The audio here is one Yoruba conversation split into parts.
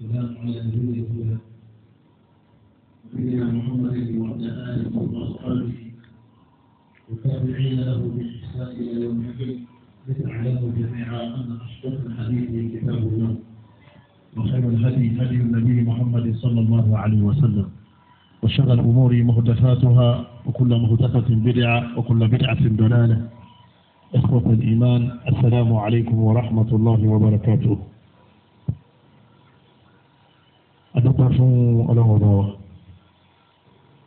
والسلام على نبي الهدى نبينا محمد وعلى آله وأصحابه والتابعين له بإحسان إلى يوم الدين لتعلموا جميعا أن أشرف الحديث كتاب الله وخير الهدي هدي النبي محمد صلى الله عليه وسلم وشر الأمور مهدفاتها وكل مهدفة بدعة وكل بدعة ضلالة إخوة الإيمان السلام عليكم ورحمة الله وبركاته dúpẹ́ fún ọlọ́run ọba wa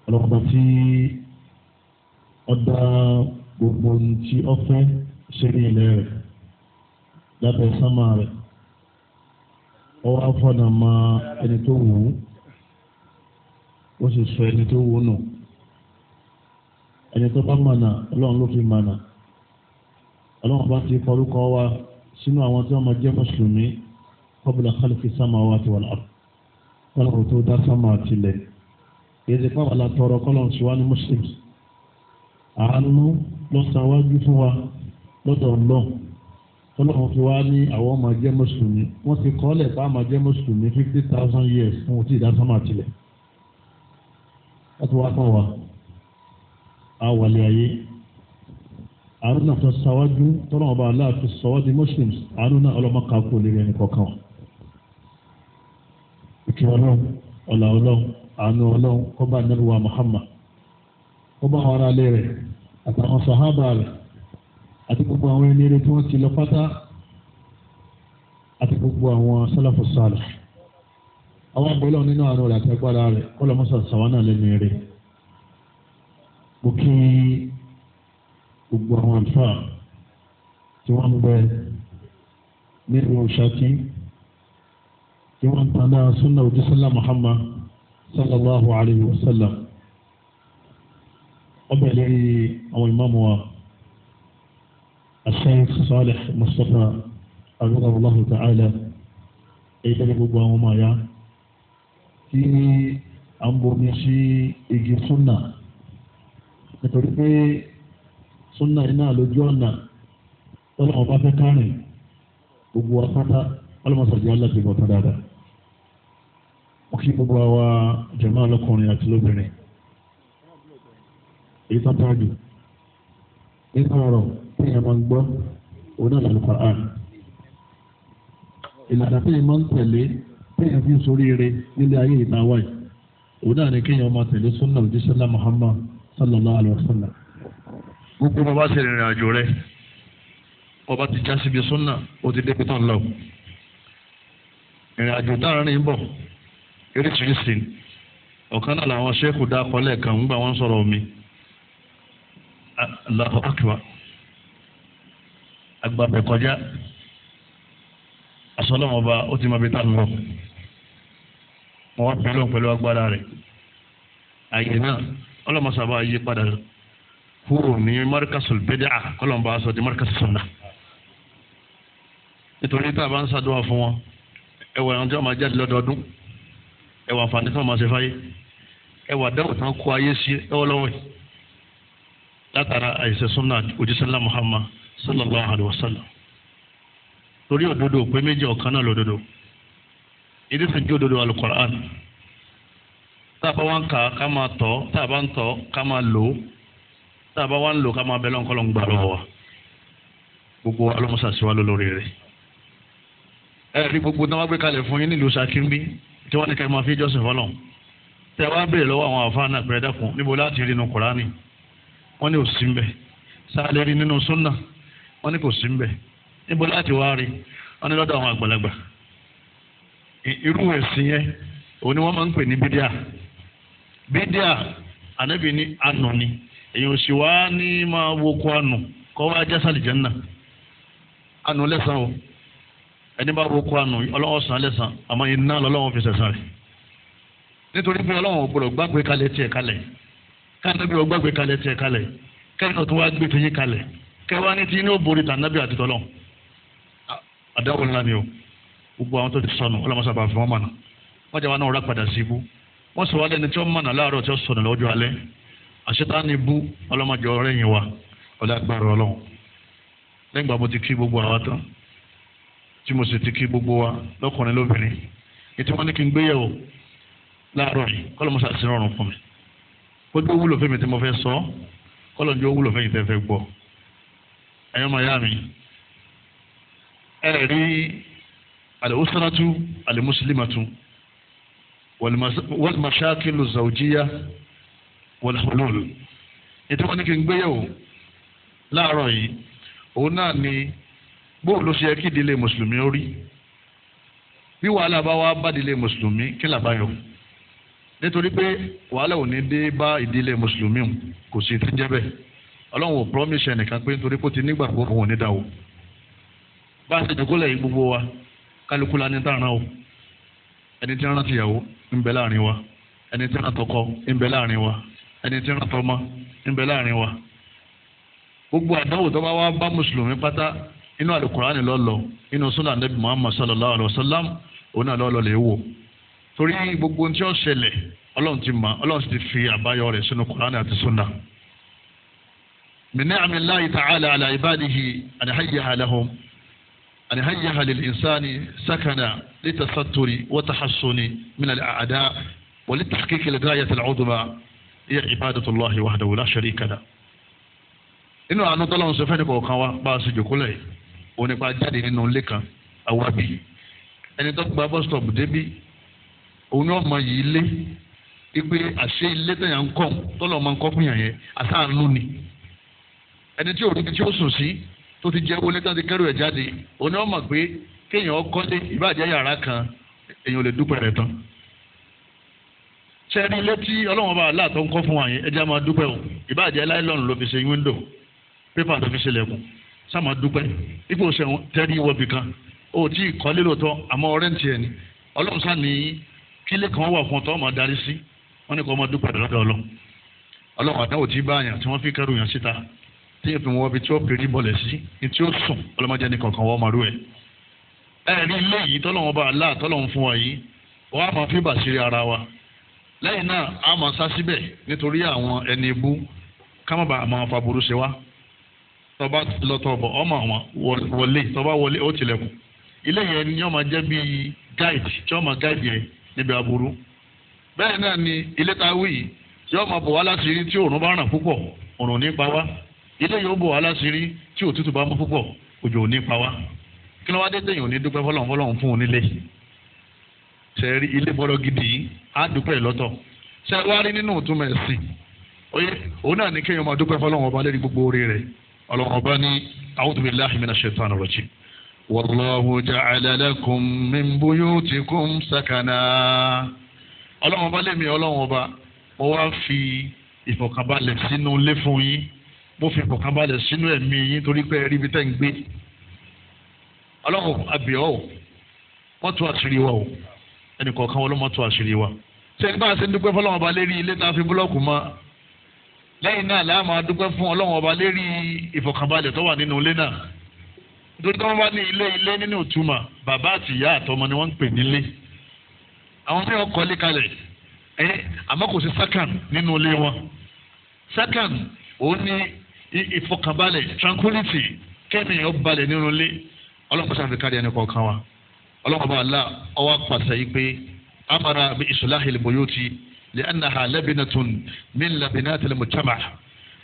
ọlọ́run ọba tí ọ̀dà gbogbo ohun tí ó fẹ́ ṣeré ilẹ̀ rẹ̀ lábẹ́ sánmà rẹ̀ ọwọ́ afọ́nà ma ẹni tó wù ú ó sì sọ ẹni tó wù ú nù ẹni tó bá mànà ọlọ́run ló fi mànà ọlọ́run bá ti kọ orúkọ wa sínú àwọn tí wọ́n máa jẹ́ mùsùlùmí kọ́bùlà kálífì sámà wa ti wà láàbù kọ́lọ́run tó dá sámà àtìlẹ̀ yìí ti pàwọn alátọrọ kọ́lọ́run sí wa ní muslims àánú lọ́sàwájú fún wa lọ́dọ̀ ọlọ́run kọ́lọ́run fi wá ní àwọn ọmọ jẹ́ mùsùlùmí wọ́n ti kọ́lẹ̀ bá ọmọ jẹ́ mùsùlùmí fifty thousand years fún òtí ìdá sámà àtìlẹ̀ wọ́n ti wá fún wa àwàlẹ̀ ayé àrùn náà tó sáwájú tọ́lọ́mọba aláàfin sọ́wọ́ di muslims àrùn náà ọlọ́mọ kakú lè rẹ̀ nìkọ̀ọ̀kan ìkẹ́ ọlọ́run ọ̀là ọlọ́run àánú ọlọ́run kọ́ba nẹ́rùwà Muhammad kọ́ba àwọn ará ilé rẹ̀ àtàwọn sàhábà rẹ̀ àti gbogbo àwọn ẹni eré tí wọ́n ti lọ pátá àti gbogbo àwọn sálàfù sálà àwọn agbọ́lọ́ nínú àánú rẹ̀ àti agbára rẹ̀ kọ́lọ́ mọ́sà sàwánà lẹ́nu eré mo gbogbo àwọn àlùfáà tí wọ́n ń bẹ nínú Ṣakí tí wọ́n ń tàná súnà òjísọ́lá Muhammad sallallahu alayhi wa sallam wọ́n bẹ̀ lórí àwọn ìmáàmù wa Sheikh Salih Mustapha abdullahu ta'ala èyí tẹ́lẹ̀ gbogbo àwọn ọmọ ya tí à ń bomi sí igi súnà nítorí pé súnà iná lójú ọ̀nà tọ́lọ́mọba fẹ́ kárìn gbogbo apáta ọlọ́mọsàgbé aláàbí bọ̀tán dáadáa mo kí gbogbo àwa jàmá ọlọ́kùnrin àti lóbìnrin èyí tó tán jù nípa ọ̀rọ̀ téèyàn máa ń gbọ́ òun náà lálùkọ àn ìlànà téèyàn máa ń tẹ̀lé téèyàn fi ń soríire nílé ayé ìta wáyé òun náà ni kéèyàn máa tẹ̀lé súnà òjíṣẹ́lá Muhammad sallallahu alayhi wa sallam. gbogbo bàbá ṣe ìrìn àjò rẹ̀ ọba ti já síbi súnà ó ti débi tán lọ ìrìn àjò dára ní bọ̀ oríṣiríṣi ọ̀kan náà làwọn ṣẹ́kù dákọ̀ lẹ́ẹ̀kan nígbà wọ́n sọ̀rọ̀ omi Allahu akbar agbábẹ̀ kọjá asọ́lọ́mọ ọba ó ti máa bí táwọn lọ mo wá pẹ̀lú pẹ̀lú agbára rẹ̀ àyè náà ọlọ́mọṣàbá yí padà kúrò ní markasul bid'a kọ́lọ́mọba aṣọ di markasul sunnah nítorí tá a bá ń ṣàdúrà fún wọn ẹ̀wọ̀n àwọn máa jáde lọ́dọọdún ẹwà àǹfààní tí wọn máa ṣe fáyé ẹwà dáhùn tán kó ayé sí ẹwọ lọ́wọ́ yìí látara àìsè súnà òjísàlá Muhammad sallallahu alayhi wa sallam lórí òdodo òpé méjì ọ̀kan náà lòdodo ìdí sì ń jó òdodo alukoran tá a bá wá ń kà ká máa tọ́ tá a bá ń tọ́ ká máa lò tá a bá wá ń lò ká máa bẹ lọ́nkọ́ lọ́n gbà lọ́wọ́ wa gbogbo alọ́mọsàsíwá ló lórí rẹ̀ ẹ̀rí gbogbo náà wá gbé kalẹ̀ fún yín nílùú Ṣakí ń tí wọ́n ní kẹ́ máa fi jọ́sìn fọlọ́n tẹ́ wá béèrè lọ́wọ́ àwọn àfáà náà pẹ̀lẹ́ dẹ́kun níbo láti rí inú kùránì wọ́n ní òsì ń bẹ̀ sáálẹ̀ rí nínú súnà wọ́n ní kò sí ń bẹ̀ níbo láti wá rí wọ́n ní lọ́dọ̀ àwọn àgbàlagbà irú ẹ̀sìn yẹn òun ni wọ́n máa ń pè ní bídíà bídíà ànábì ní ànú ni èyí ò sì wá ní máa wo kó ànú kọ́ wá jásàlì jẹ́ náà lẹ́sàn-án ẹni bá ro kó àánú ọlọ́wọ́ sàn lẹ́sàn àmọ́ iná lọ́wọ́ fi sẹ̀sán rẹ̀ nítorí pé ọlọ́wọ́ ògbọ́dọ̀ gbàgbé kalẹ̀ tiẹ̀ kalẹ̀ kánábì ọgbàgbé kalẹ̀ tiẹ̀ kalẹ̀ kẹ́yìn ọ̀tún wá gbé tiyín kalẹ̀ kẹwàá ní ti inú borí tànábì àti tọ́lọ́ àdáwò ńlá ni o gbogbo àwọn tó ti sọnù ọlọ́mọṣà bá fi wọ́n mọ̀nà wọ́n jẹ́ wọn náà rà padà sí ibú wọ́n sọ wálé ẹni tí wọ́n mọ̀nà láàárọ̀ tí wọ́n sọnù lọ́jọ́ alẹ́ àṣetáni bú ọlọ́mọdé ọ̀rẹ́yìn wa ọlọ́gbàrọ̀ ọlọ́run lẹ́yìn gbàgbọ́ ti kí gbogbo àwọn tán tí mo sì ti kí gbogbo wa lọ́kùnrin lóbìnrin ètò wọn ní kí n gbéyàwó láàárọ̀ yìí kọ́lọ́ mo ṣàṣìṣe rọrùn fún mi ó gbé wúlò fẹ́mi tí mo fẹ́ sọ kọ́lọ́ ń jó wúlò fẹ́yìn tẹ́ fẹ́ gbọ́ ẹ̀yọ́ máa yá mi ẹ rí al-usratu al-muslimatu wal-mashakilu zawjiyya wal-hulul ètò wọn ní kí n gbéyàwó láàárọ̀ yìí òun náà ni bóun ló ṣe yẹ kí ìdílé mùsùlùmí ó rí bí wàhálà bá wá bá ìdílé mùsùlùmí kí làbáyọ nítorí pé wàhálà ò ní dé bá ìdílé mùsùlùmí kò sí ti jẹ́ bẹ́ẹ̀ ọlọ́run ò promise ẹnìkan pé nítorí pé ó ti nígbàgbọ́ òun ò ní dá o bá a ṣe jòkó lẹ́yìn gbogbo wa kálukú la ní tá a ràn o ẹni tí ń rántí ìyàwó ń bẹ láàrin wa ẹni tí ń rántí ọkọ ń bẹ láàrin wa ẹni tí ń rántí ọmọ ń bẹ láàrin wa gbogbo àdánwò tó bá wá bá mùsùlùmí pátá inú alukurani lọ́lọ́ inú sunna anabi muhammad sallallahu alayhi wa sallam òun náà lọ́lọ́ lè wò torí gbogbo ohun tí ó ṣẹlẹ̀ ọlọ́run ti mọ̀ ọlọ́run ti fi àbáyọ rẹ̀ sínú kurani àti sunna. min ni'ami Allahi ta'ala ala ibadihi an hayyaha lahum an hayyaha lil insani sakana litasatturi wa tahassuni min al-a'da wa litahqiq al-ghayat al-'udma ibadatu Allahi wahdahu la sharika inú àánú tọ́lọ́run sọ fẹ́ni kọ̀ọ̀kan wa bá a sì jòkó lẹ́yìn onípa jáde nínú ilé kan awabi ẹni tó gba bus stop débi òun náà mọ yìí lé ipe àṣẹ ilé tẹ̀yà ń kọ̀ tọ́lọ̀ máa ń kọ́ fún yàn yẹn àtàánú ni ẹni tí òun tí ó sùn sí tó ti jẹ́ wọlé tán ti kẹ́rù ẹ̀ jáde òun náà mọ̀ pé kéèyàn kọ́lé ìbàjẹ́ yàrá kan èèyàn lè dúpẹ́ rẹ̀ tán sẹ́ni ilé tí aláàtọ̀ ń kọ́ fún wa yẹn ẹ jẹ́ máa dúpẹ́ o ìbàjẹ́ láìlọ́ọ̀nù ló fi ṣe wíńdò pépà tó fi ṣe lẹ́kùn sáàmà dúpẹ́ ipò sẹ́wọ̀n tẹ́rí wọ́bì kan ó tí ì kọ́lé lóòótọ́ àmọ́ ọ̀rẹ́ǹtì ẹ̀ ni ọlọ́run sá ní kílé kan wà fún ọ tó ọmọ darí sí wọ́n ní kó ọmọ dúpẹ́ lọ́dọ̀ ọlọ́run ọlọ́run àdáwò tí bá yàn tí wọ́n fi kẹ́rù yàn síta tí èpè wọn bí tí ó pèrè bọ̀lẹ̀ sí ní tí ó sùn ọlọ́mọdé ní kọ̀ọ̀kan wọ́n marú ẹ̀ ẹ̀rí ilé yìí tọ́lọ́run ọba àlá tọ́lọ́run fún wa yìí wọ́n á máa fi bàṣírí ara wa lẹ́yìn náà a máa sá síbẹ̀ nítorí àwọn ẹni ibú ká má bàa máa fa burú sí wa tọba lọtọ bọ ọmọ wọn wọlé tọba wọlé ó tilẹ̀kùn ilé yẹn ni yọọ jẹ bíi guide tí yọọ máa guide yẹn níbi aburú bẹ́ẹ̀ náà ni ilé ta wí yọọ máa bò wá láṣìírí tí òòrùn bá ràn púpọ̀ òòrùn ní pa wá ilé yóò bò wá láṣìírí tí òtútù bá mú púpọ̀ òjò ò ní pa wá kí ló wá dé téèyàn ò ní dúpẹ́ fọlọ́run fọlọ́run fún un nílé sẹ́ẹ̀rí ilé bọ́dọ̀ gidi á dúpẹ́ lọ́tọ̀ sẹ́ẹ̀ wá rí nínú ìtumọ̀ ẹ̀sìn òun náà ní kéèyàn máa dúpẹ́ fọlọ́run ọba lérí gbogbo oore rẹ̀ ọlọ́run ọba ní a'udhu billahi minash shaitanir rajim. wallahu ja'ala lakum min buyutikum sakana. ọlọ́run ọba lèmi ọlọ́run ọba mo wá fi ìfọ̀kànbalẹ̀ sínú ilé fún yín mo fi ìfọ̀kànbalẹ̀ sínú ẹ̀mí yín torí pé ẹ̀rí ibi tẹ́ ń gbé. ọlọ́run àbíọ́ o wọ́n tún àṣírí wa o ẹnì kọ̀ọ̀kan wọn ló mọ̀ tún àṣírí wa. sẹ́yìn bá a ṣe ń dúpẹ́ fọlọ́run lérí ilé tá a fi búlọ́ọ̀kù mọ́ lẹ́yìn náà láàmú adúpẹ́ fún ọlọ́run ọba lérí ìfọ̀kànbalẹ̀ tó wà nínú ilé náà nítorí tí wọ́n bá ní ilé ilé nínú ìtumọ̀ bàbá àti ìyá àtọmọ ni wọ́n ń pè nílé àwọn tí wọ́n kọ́lé kalẹ̀ ẹ àmọ́ kò sí sakan nínú ilé wọn sakan òun ni ìfọ̀kànbalẹ̀ tranquility kẹ́mi ọ̀ balẹ̀ nínú ilé ọlọ́pàá sàfihàn kárí ẹni kọ̀ọ̀kan wa ọlọ́pàá bá wà lá ọwọ́ pàṣẹ yìí pé amara bi islahil لأنها labinatun من لبنات mujtama'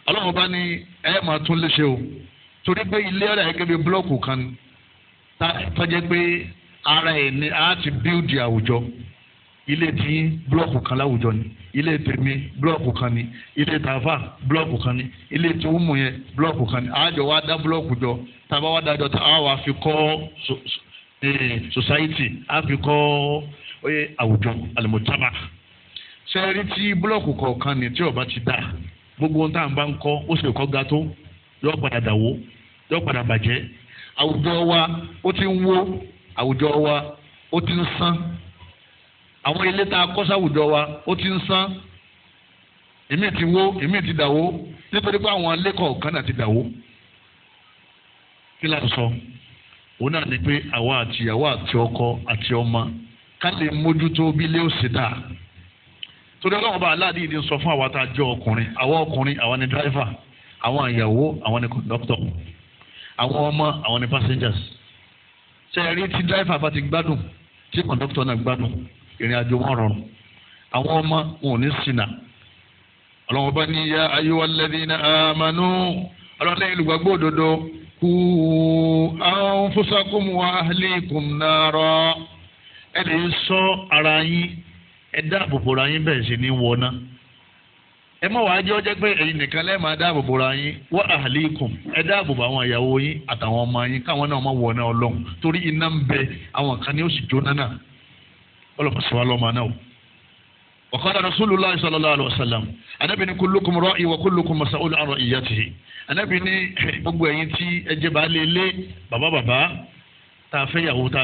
الله bá ní ẹ máa tún léṣe o torí pé ilé ọ̀rẹ́ gẹ́gẹ́ bí búlọ́ọ̀kù kan tọ́jẹ́ pé ara ẹ̀ ni a ti bíúdì àwùjọ ilé tí búlọ́ọ̀kù kan láwùjọ ni ilé tèmi búlọ́ọ̀kù kan ni ilé tàfà búlọ́ọ̀kù kan ni ilé tí wúmu yẹn búlọ́ọ̀kù kan ni àjọ wa dá búlọ́ọ̀kù jọ tàbá wa dájọ tá a wà fi kọ́ society a fi kọ́ àwùjọ alimọ̀tàmà sẹ́ẹ̀rí tí búlọ̀kù kọ̀ọ̀kan ní tí ọba ti dà gbogbo ohun tá à ń bá ń kọ́ ó sì kọ́ ga tó yọ padà dàwó yọ padà bàjẹ́ àwùjọ wa ó ti ń wó àwùjọ wa ó ti ń sán àwọn ilé tá a kọ́ sáwùjọ wa ó ti ń sán èmi ti wó èmi ti dàwó nítorí pé àwọn ilé kọ̀ọ̀kan náà ti dàwó kí la sọ òun náà ni pé àwa àti ìyàwó àti ọkọ àti ọmọ ká lè mójútó bí ilé ó sì dáa torí ọlọ́run bá aláàdí ìdí sọ fún àwa tá a jọ ọkùnrin àwa ọkùnrin àwa ni dráìfà àwọn ìyàwó àwọn ni kọ̀ǹdọ́kítọ̀ àwọn ọmọ àwọn ni passengers ṣe rí tí dráìfà bá ti gbádùn tí kọ̀ǹdọ́kítọ̀ náà gbádùn ìrìn àjò wọn rọrùn àwọn ọmọ wọn ò ní ṣìnà ọlọ́run bá ní ya ayyuhalladhina amanu ọlọ́lẹ́yìn olùgbàgbọ́ òdodo kú anfusakum wa ahlikum nara ẹ̀ lè sọ ara yín ẹ dáàbò bòrò yín bẹ́ẹ̀ sì ní wọná ẹ má wàá jẹ́ ọjẹ́ pé ẹ̀yin nìkan lẹ́ẹ̀ máa dáàbò bòrò yín wa ahlikum ẹ dáàbò bò àwọn ìyàwó yín àtàwọn ọmọ yín káwọn náà má wọná ọlọ́run torí iná ń bẹ àwọn kan ní ó sì jóná náà ọlọ́pàá wa lọ́mọ náà o. wa qala rasulullah sallallahu alayhi wa sallam anabi ni kullukum ra'i wa kullukum mas'ulun an ra'iyatihi anabi ni gbogbo ẹ̀yin tí ẹ jẹ́ bá lé lé bàbá bàbá tá a fẹ́ yàwó tá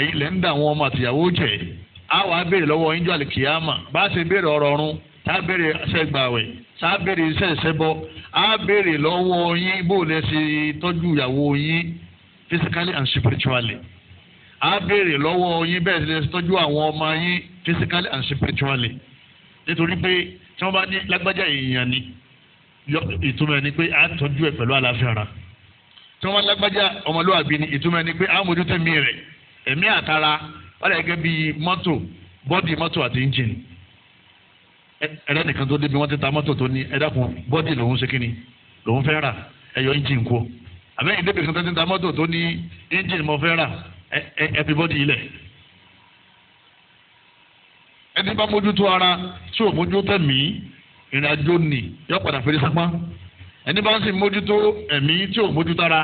ẹ̀yin lẹ́ ń dà wọn ọmọ àtìyàwó jẹ́ á wàá béèrè lọ́wọ́ yín jọ àlìkìyàmà bá a ṣe béèrè ọ̀rọ̀ ọ̀run tá a béèrè sẹ́gbàwẹ̀ tá a béèrè iṣẹ́ ìṣẹ́bọ á béèrè lọ́wọ́ yín bó lẹ ṣe tọ́jú ìyàwó yín physically and spiritually á béèrè lọ́wọ́ yín bẹ́ẹ̀ lẹ ṣe tọ́jú àwọn ọmọ yín physically and spiritually nítorí pé tí wọ́n bá ní lágbájá èèyàn ni ìtumọ̀ ẹni pé a tọ́jú ẹ̀ pẹ̀lú àlàáfíà ara tí wọ́n bá lágbájá ọmọlúwàbí ni ìtumọ̀ ẹni pé a mójútó mi rẹ̀ ẹ̀mí àtara wọ́n lè gẹ́gẹ́ bí mọ́tò bọ́dì mọ́tò àti engine ẹ̀rẹ́ nìkan tó débi wọ́n ti ta mọ́tò tó ní ẹ̀dàkùn bọ́dì lòún ṣe kíni lòún fẹ́ rà ẹ̀yọ engine kú àbẹ́yìn débi kan tó ti ta mọ́tò tó ní engine mo fẹ́ rà ẹ̀ẹ́dì bọ́dì ilẹ̀ ẹni bá mójútó ara tí ò mójútó ẹ̀mí ìrìnàjò nì yọ padà fèrè sápá ẹni bá ń sì mójútó ẹ̀mí tí ò mójútó ara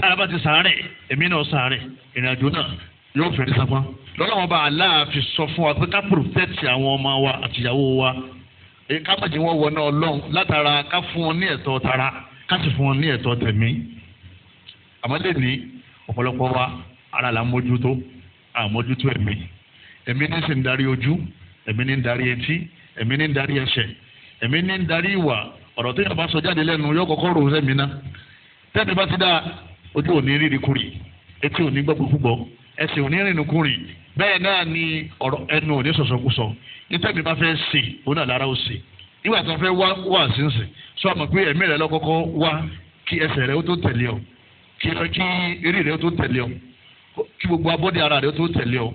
tábà ti sàárẹ̀ èmi náà sàárẹ̀ ìrìnàjò náà yóò fẹ̀rí sápá. lọ́lọ́wọ́n bá Allah sọ fún wa pé ká protect àwọn ọmọ wa àtìyàwó wa ká má jẹ́ wọ́n wọ náà lọ́hùn látara ká fún wọn ní ẹ̀tọ́ tara ká sì fún wọn ní ẹ̀tọ́ tẹ̀mí. àmọ́ lè ní ọ̀pọ̀lọpọ̀ wa ara là ń mójútó àmójútó ẹ̀mí ẹ̀mí ní sì ń darí ojú ẹ̀mí ní ń darí etí ẹ̀mí ní ń darí ẹsẹ̀ ẹ̀mí ní ń darí ìwà ọ̀rọ̀ tó yàrá bá sọ jáde lẹ́nu yóò kọ́kọ́ rò sẹ́mi náà tẹ́tẹ̀ bá ti dáa ojú ò ní rírí kúrì etí ò ní gbọ́ gbogbo ẹsẹ̀ ò ní rìnnú bẹ́ẹ̀ náà ni ọ̀rọ̀ ẹnu ò ní sọ̀sọ̀kúsọ nítẹ̀mí bá fẹ́ sè ó náà lára ó sè nígbà tó fẹ́ wá wà sínsìn sọ àmọ̀ pé ẹ̀mí rẹ lọ́kọ́kọ́ wá kí ẹsẹ̀ rẹ ó tó tẹ̀lé ọ kí eré rẹ ó tó tẹ̀lé ọ kí gbogbo abọ́dé ara rẹ ó tó tẹ̀lé ọ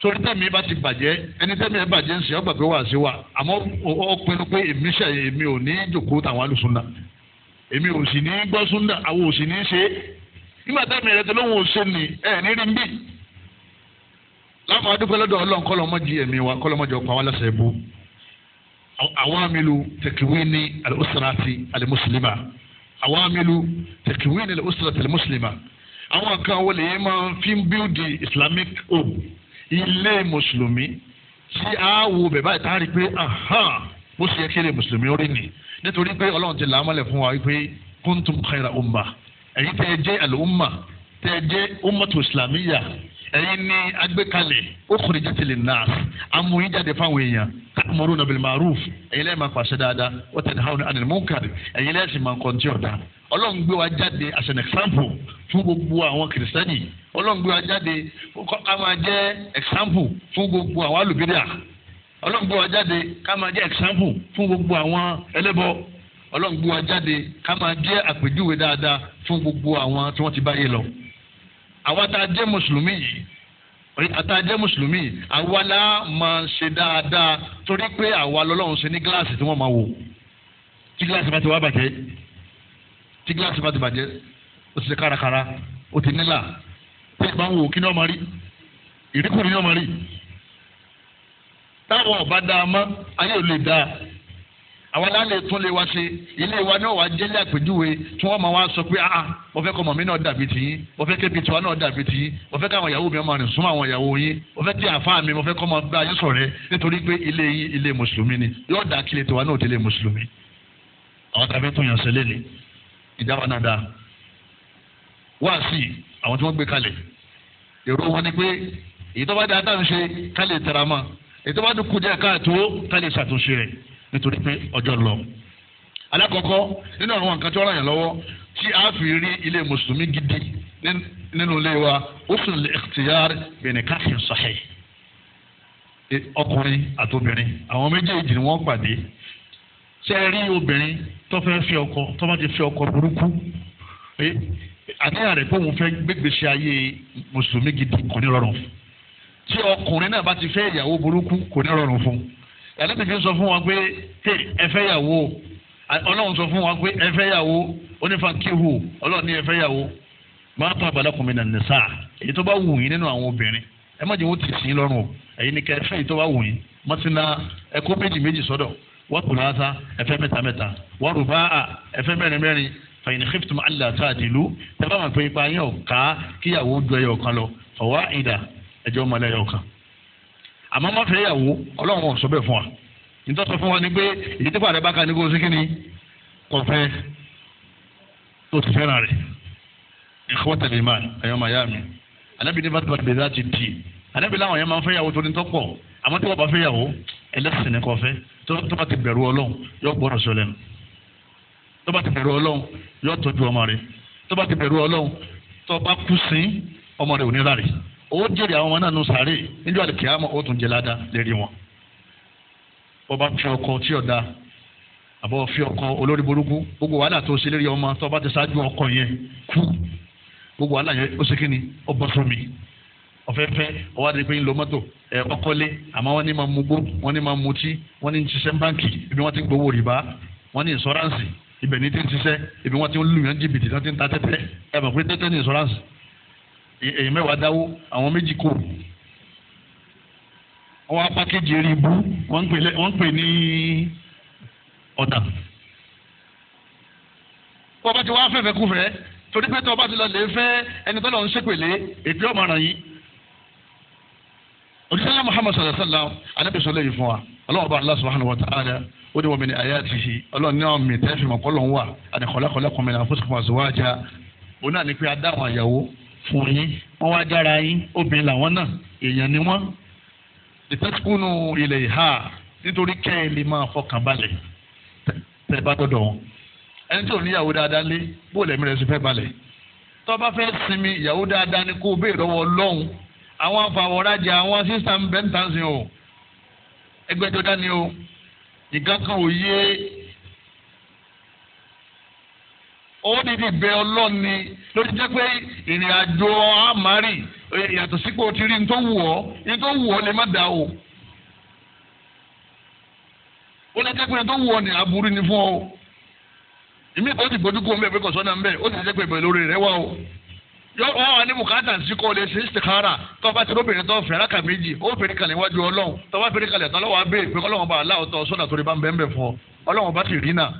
torí tẹ̀mí bá ti bàjẹ́ ẹni tẹ̀mí ẹ bàjẹ́ ń sè ọgbà pé wà sí wa àmọ́ ọ pinnu pé èmi ṣàyè èmi ò ní jòkó táwọn alùsùn náà èmi ò sì ní gbọ́ súnà àwọn ò sì ní ṣe é nígbà táwọn èèyàn tó lóun ò ṣe ni ẹ ní rí bí láwọn adúpẹ́ lọ́dọ̀ ọlọ́run kọ́ lọ́mọ jí ẹ̀mí wa kọ́ lọ́mọ jọ pa wá lọ́sẹ̀ bó àwọn amílu tẹkiwini alùsàràtì alùmùsùlùmà àwọn amílu tẹkiwini alùsàràtì alùmùsùlùmà àwọn kan wọlé yẹn máa fi ń bíúdi islamic home ilé mùsùlùmí tí a wo bẹ̀ báyìí tá a rí i pé bó ṣe yẹ kí èrè mùsùlùmí ó rí nì nítorí pé ọlọ́run ti làámọ́lẹ̀ fún wa wípé kúntùm khaira umma ẹ̀yin tẹ́ ẹ jẹ́ al-umma tẹ́ ẹ jẹ́ ummatu islamiyya ẹ̀yin ní agbékalẹ̀ ukhrijat lin-nas amúyín jáde fáwọn èèyàn ta'muruna bil ma'ruf ẹ̀yin lẹ́yìn máa pàṣẹ dáadáa wa tanhauna example fún gbogbo àwọn kìrìsìtẹ́nì ọlọ́run gbé example fún gbogbo ọlọ́run gbé wa jáde ká máa jẹ́ example fún gbogbo àwọn ẹlẹ́bọ ọlọ́run gbé wa jáde ká máa jẹ́ àpèjúwe dáadáa fún gbogbo àwọn tí wọ́n ti báyé lọ. àwa tá a jẹ́ mùsùlùmí yìí àtà jẹ́ mùsùlùmí àwa la máa ṣe dáadáa torí pé àwa lọ́lọ́run ṣe ní gíláàsì tí wọ́n máa wò tí gíláàsì bá ti wá bàjẹ́ tí gíláàsì bá ti bàjẹ́ ó ti ṣe kárakára ó ti nílà tí ìbá ń wò kí ni wọ́n máa rí ìríkùn táwọn ọba dá a mọ́ ayé ò lè dá a àwọn aláàlẹ̀ tún lè wá ṣe ilé wa náà wá jẹ́lé àpèjúwe tí wọ́n máa wá sọ pé ah, ah mo fẹ́ kọ́ ọmọ mi náà dàbí tiyín mo fẹ́ kébi tiwa náà dàbí tiyín mo fẹ́ káwọn ìyàwó mi ọmọ rìn súnmọ́ àwọn ìyàwó yín mo fẹ́ kí àáfàá mi mo fẹ́ kọ́ ọmọ bá yín sọ̀rẹ́ nítorí pé ilé yín ilé mùsùlùmí ni yóò dá kílẹ̀ tiwa náà délé mùsùlùmí. àwọn tàbí tún yàn sẹ́lẹ̀ ni ìjábọ̀ náà dáa wá sí àwọn tí wọ́n gbé kalẹ̀ èrò wọn ni pé èyí tó bá dáa dáa ń ṣe kálẹ̀ tẹ̀ra mọ́ ètò bá dúkú díẹ̀ káàtó ká lè ṣàtúnṣe rẹ̀ nítorí pé ọjọ́ lọ. alákọ̀ọ́kọ́ nínú àwọn nǹkan tí wọ́n ràn lọ́wọ́ tí a fi rí ilé mùsùlùmí gidi nínú ilé wa usul ikhtiyar binikafin sahih ọkùnrin àtobìnrin àwọn méjèèjì ni wọ́n pàdé ṣe rí obìnrin tó fẹ́ fi ọkọ tó bá ti fi ọkọ burúkú àníyàn rẹ̀ pé òun fẹ́ gbégbèsè ayé mùsùlùmí gidi kò ní rọrùn fún tí ọkùnrin náà bá ti fẹ́ ìyàwó burúkú kò ní rọrùn fún un ẹlẹ́tì fi sọ fún wa pé hey ẹ fẹ́ yàwó ọlọ́run sọ fún wa pé ẹ fẹ́ yàwó onífàkíhù ọlọ́run ní ẹ fẹ́ yàwó máa tọ́ àbálẹ́kùn mi nà ní sáà èyí tó bá wù yín nínú àwọn obìnrin ẹ má jẹ́ wọ́n ti sìn lọ́rùn o ẹ̀yin ni kẹ́ ẹ fẹ́ èyí tó bá wù yín mọ́tínà ẹ kó méjì méjì sọ́dọ̀ wọ́n ẹjọ́ ọmọ ẹlẹ́yọ̀ kan àmọ́ má fẹ́ yàwó ọlọ́run ò sọ bẹ́ẹ̀ fún wa nítorí sọ fún wa ni pé èyí tí pàdé bá ka ní kó sí kíni kò fẹ́ tó ti fẹ́ràn rẹ̀ ìkọ́tà lè má ẹ̀yọ́ máa yá mi anábì ní bàtà bàtà bẹ̀rẹ̀ láti di anábì láwọn yẹn máa ń fẹ́ yàwó tó ní tọ́pọ̀ àmọ́ tí wọ́n bá fẹ́ yàwó ẹlẹ́sìn ní kò fẹ́ tó bá ti bẹ̀rù ọlọ́run yóò gbọ́dọ̀ sọ lẹ́nu tó bá ti bẹ̀rù ọlọ́run yóò ó jèrè àwọn ọmọ náà nù sàárè níjọ́ àlìkìyàmọ̀ ó tún jẹ ládàá lérí wọn bó bá fi ọkọ tí ọ̀dà àbọ̀ fi ọkọ olórí burúkú gbogbo wàhálà tó ṣe lérí ọmọ tó bá ti ṣáájú ọkọ yẹn kú gbogbo wàhálà yẹn ó ṣe kí ni ó bọ́ fún mi ọ̀fẹ́fẹ́ ọwádìí pé ń lo mọ́tò ẹ ọkọ́lé àmọ́ wọ́n ní máa mugbó wọ́n ní máa mutí wọ́n ní ṣiṣẹ́ báǹkì ibi wọ́n ti ń gbowó rìbá wọ́n ní ìṣọ́ráǹsì ibẹ̀ ní ti ń ṣiṣẹ́ ibi wọ́n ti ń lùyàn jìbìtì wọ́n ti ń ta tẹ́tẹ́ ẹ mọ̀ pé tẹ́tẹ́ ní ìṣọ́ráǹsì èyàn mẹ́wàá dáwó àwọn méjì kò wọ́n wá pákéjì eré ibú wọ́n ń pè ní ọ̀tà. bọ́ba ti wá fẹ́fẹ́ kú fẹ́ torí pé tọ́ba ti lọ lè fẹ́ ẹni tó lọ ń ṣépèlé èpè ọmọ ràn yín. òjísàlá muhammad sallallahu alayhi wa sallam anábìsọ lẹ́yìn fún wa ọlọ́run ọba allah subhanahu wa ta'ala ó ní wọ́n mi ní ayé àtìsí ọlọ́run ní ọ̀mì tẹ́fìmọ̀ kọ́lọ̀ ń wà àdìkọ́lá kọ́lá kọ́mẹ́lá fún yín wọ́n wá dára yín obìnrin làwọn náà èèyàn ni wọ́n ìtẹ́síkúnú ilẹ̀ ìhà nítorí kẹ́ ẹ lè máa fọkàn balẹ̀ bá tọ́dọ̀ wọn ẹni tí ò níyàwó dáadáa lé bóòlù ẹ̀mí rẹ̀ sì fẹ́ balẹ̀ tó bá fẹ́ sinmi ìyàwó dáadáa ni kó o béèrè lọ́wọ́ lọ́hùn àwọn afàwọ̀rajà àwọn sísá ń bẹ́ńtà ń sìn o ẹgbẹ́ tó dání o ìkankan ò yé ó dìde bẹ ọlọ́ni ló ti jẹ́ pé ìrìn àjò àmárì yàtọ̀ sípò ti rí nítorí wù ọ́ nítorí wù ọ́ lè má dà o. ó ní jẹ́ pé nítorí wù ọ́ ní aburú ni fún ọ. ìmí ó ti gbójú kó mbẹ́ pé kọ̀sọ́nà mbẹ́ ó sì jẹ́ pé ìbẹ̀lú rẹ̀ wá o. yọ ọ wà ní bùkátà sí kọ́ lè ṣe istikhara tó bá ti lóbìnrin tó fẹ́ rákà méjì ó fẹ́rẹ́ kalẹ̀ wájú ọlọ́run tó bá fẹ́rẹ́ kalẹ̀ tán lọ́wọ́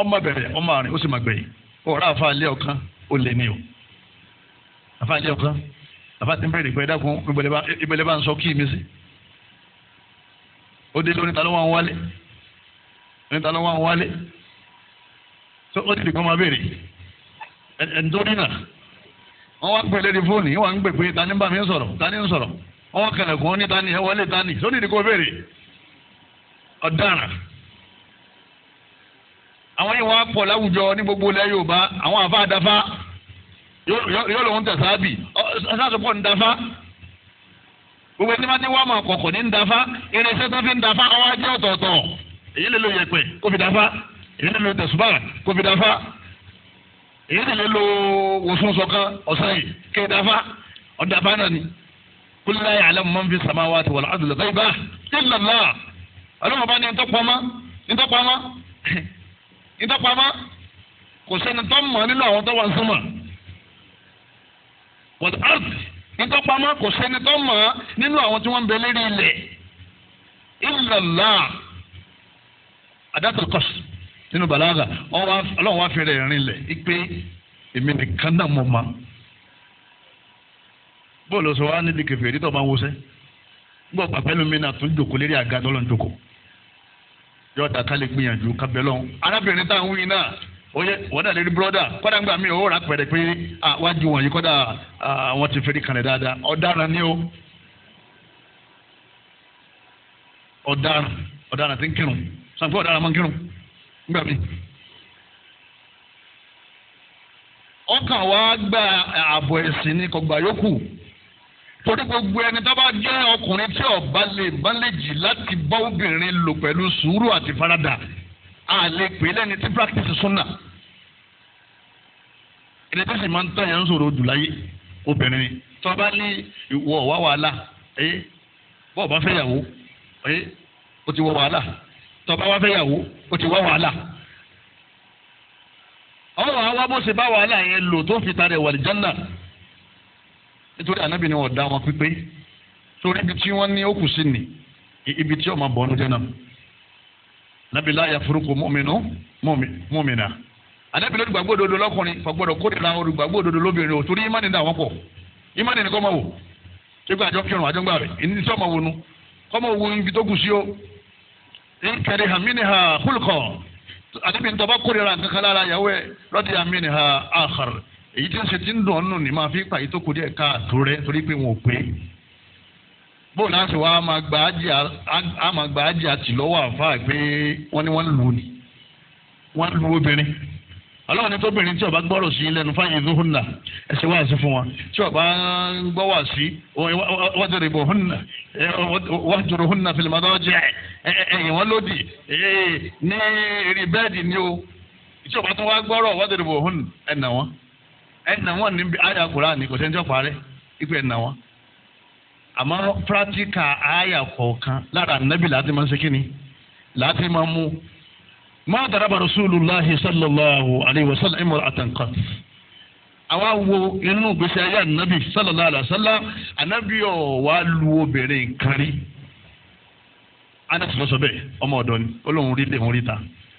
ọmọ bẹ̀rẹ̀ ọmọ àrìn ó sì máa gbẹ̀yìn ọ̀rọ̀ àfa alẹ́ ọ̀kan ó lè ní o àfa alẹ́ ọ̀kan àfa ti ń bẹ̀rẹ̀ pé dákun ìbẹ̀lẹ̀ bá ń sọ kí mi sí ó dé lónìí ló wà ń wálé ní ló wà ń wálé tó ó dìgbọ́n máa bèrè ẹ̀ńtórí náà wọ́n wá pẹ̀lẹ́ di fóònù wọ́n ń gbè pé ta ni bá mi ń sọ̀rọ̀ tani ni ń sọ̀rọ̀ wọ́n wá kẹlẹ̀kùn ó ní ta ni ẹ wọlé ta ni ìdíkọ́ bèrè ọ̀daràn àwọn yìí wọ́n á pọ̀ láwùjọ ní gbogbo ilẹ̀ Yorùbá àwọn àfa àdáfá yóò lòun tẹ̀sáàbì ọ̀sásùpọ̀ ń dáfá gbogbo ẹni máa ní wàá máa kọ̀kọ̀ ní ń dáfá irinṣẹ́ tó fi ń dáfá ọwọ́ ajé ọ̀tọ̀ọ̀tọ̀ èyí lè lo yẹ̀pẹ̀ kó fi dáfá èyí lè lo tẹ̀sùbà kó fi dáfá èyí lè lo wòsùnsọ̀kan ọ̀sán yìí kí dáfá ọ̀dàfá náà ni kul la ya'lamu fi samawati wal ardi al-ghayba illa ìtọ́pamọ́ kò sẹ́ni tó mọ̀ nínú àwọn tó wà ń súnmọ́ wọ́n ọ́ọ̀tì ìtọ́pamọ́ kò sẹ́ni tó mọ̀ nínú àwọn tí wọ́n ń bẹ lérí ilẹ̀ ìlàlá àdàtọ̀ kọ́sù nínú balaga ọlọ́run wá fi rẹ̀ rìn lẹ̀ ipe èmi nìkan náà mọ̀ ma bóòlù sọ wá níbi kẹfẹ́ èdè tó máa wọṣẹ́ gbọ́ pàpẹ́lú mi náà tún jòkó lérí àga tó lọ́n jòkó yóò ta kálí gbìyànjú kábẹ́lọ́ arábìnrin tá à ń wí náà ó wọ́dà lérí búrọ́dà kọ́dà ńgbà mi ò rà pẹ̀rẹ̀ pé wájú wọ̀nyí kọ́dà àwọn ti fẹ́rí kalẹ̀ dáadáa ọ̀daràn ni ó ọ̀daràn ọ̀daràn ti ń kírun sanfó ọ̀daràn máa ń kírun ńgbà mi. ọkàn wa gba ààbọ̀ ẹ̀sìn ni kọ̀gbà yókù torí gbogbo ẹni tó bá jẹ́ ọkùnrin tí ọba lè bá lè jì láti bá obìnrin lò pẹ̀lú sùúrù àti faradà a lè pè lẹ́ni tí practice sunna ẹni tó sì máa ń tẹ̀yàn sọ̀rọ̀ jù láyé obìnrin ni tó bá ní ìwọ wá wàhálà ẹ bọ́ọ̀ bá fẹ́ yàwó ẹ o ti wọ wàhálà tó bá wá fẹ́ yàwó o ti wá wàhálà ọ̀rọ̀ àwa bó ṣe bá wàhálà yẹn lò tó fi tarẹ̀ wàlìjánná nítorí ànábì ni wọ́n dá wọn pípé torí ibi tí wọ́n ní ó kù sí ni ibi tí ọmọ bọ̀ ọ́nú jẹ́nà ànábì láyà furuukù mọ́mìnú mọ́mìnà ànábì lórí gbàgbọ́ òdodo lọ́kùnrin fàgbọ́dọ̀ kórìíra orí gbàgbọ́ òdodo lóbìnrin o torí ìmánì dà wọ́n pọ̀ ìmánì ni kọ́ máa wò ṣégbà àjọ kírun àjọ gbà rẹ̀ ìní tí ọmọ wo nu kọ́ máa wo ibi tó kù sí o nkẹrẹ hàmínì ha kúlùkọ́ ànábì ní tọ́ bá kórìíra nǹkan kan lára yàwó ha àkàrẹ̀ èyí tí ń ṣe ti ń dùn ọ́ nù ní máa fi pàyí tó kù díẹ̀ káàtó rẹ torí pé wọn ò pé bóun láti wá a máa gba ájì àti lọ́wọ́ àfáà pé wọ́n ní wọ́n lù ú ni wọ́n lù obìnrin ọlọ́run ní tóbìnrin tí ó bá gbọ́rọ̀ sí lẹ́nu fáyìn ìlú húnna ẹ ṣe wáàsí fún wọn tí ó bá gbọ́ wá sí wájúrìbò húnna wájúrò húnna fìlìmọ́tò jẹ ẹ̀yìn wọn lódì ní èrè ni o tí ó bá wá gbọ́rọ̀ wájúrìbò húnna ẹ̀ nà wọn. ẹnà wọn aya àyà kúránì kò sẹ́ni tí wọ́n parẹ́ ipò ẹnà wọn àmọ́ pírátíkà àyà kọ̀ọ̀kan lára nàbì láti máa ń ṣe ni láti máa mú má daraba rasulullahi sallallahu alayhi wa sallam atankan àwa wo inú gbèsè alayhi wa sallam ànábì ọ̀ wá lu obìnrin kárí anas lọ sọ bẹ́ẹ̀ ọmọ ọ̀dọ̀ ni ó rí lè rí ta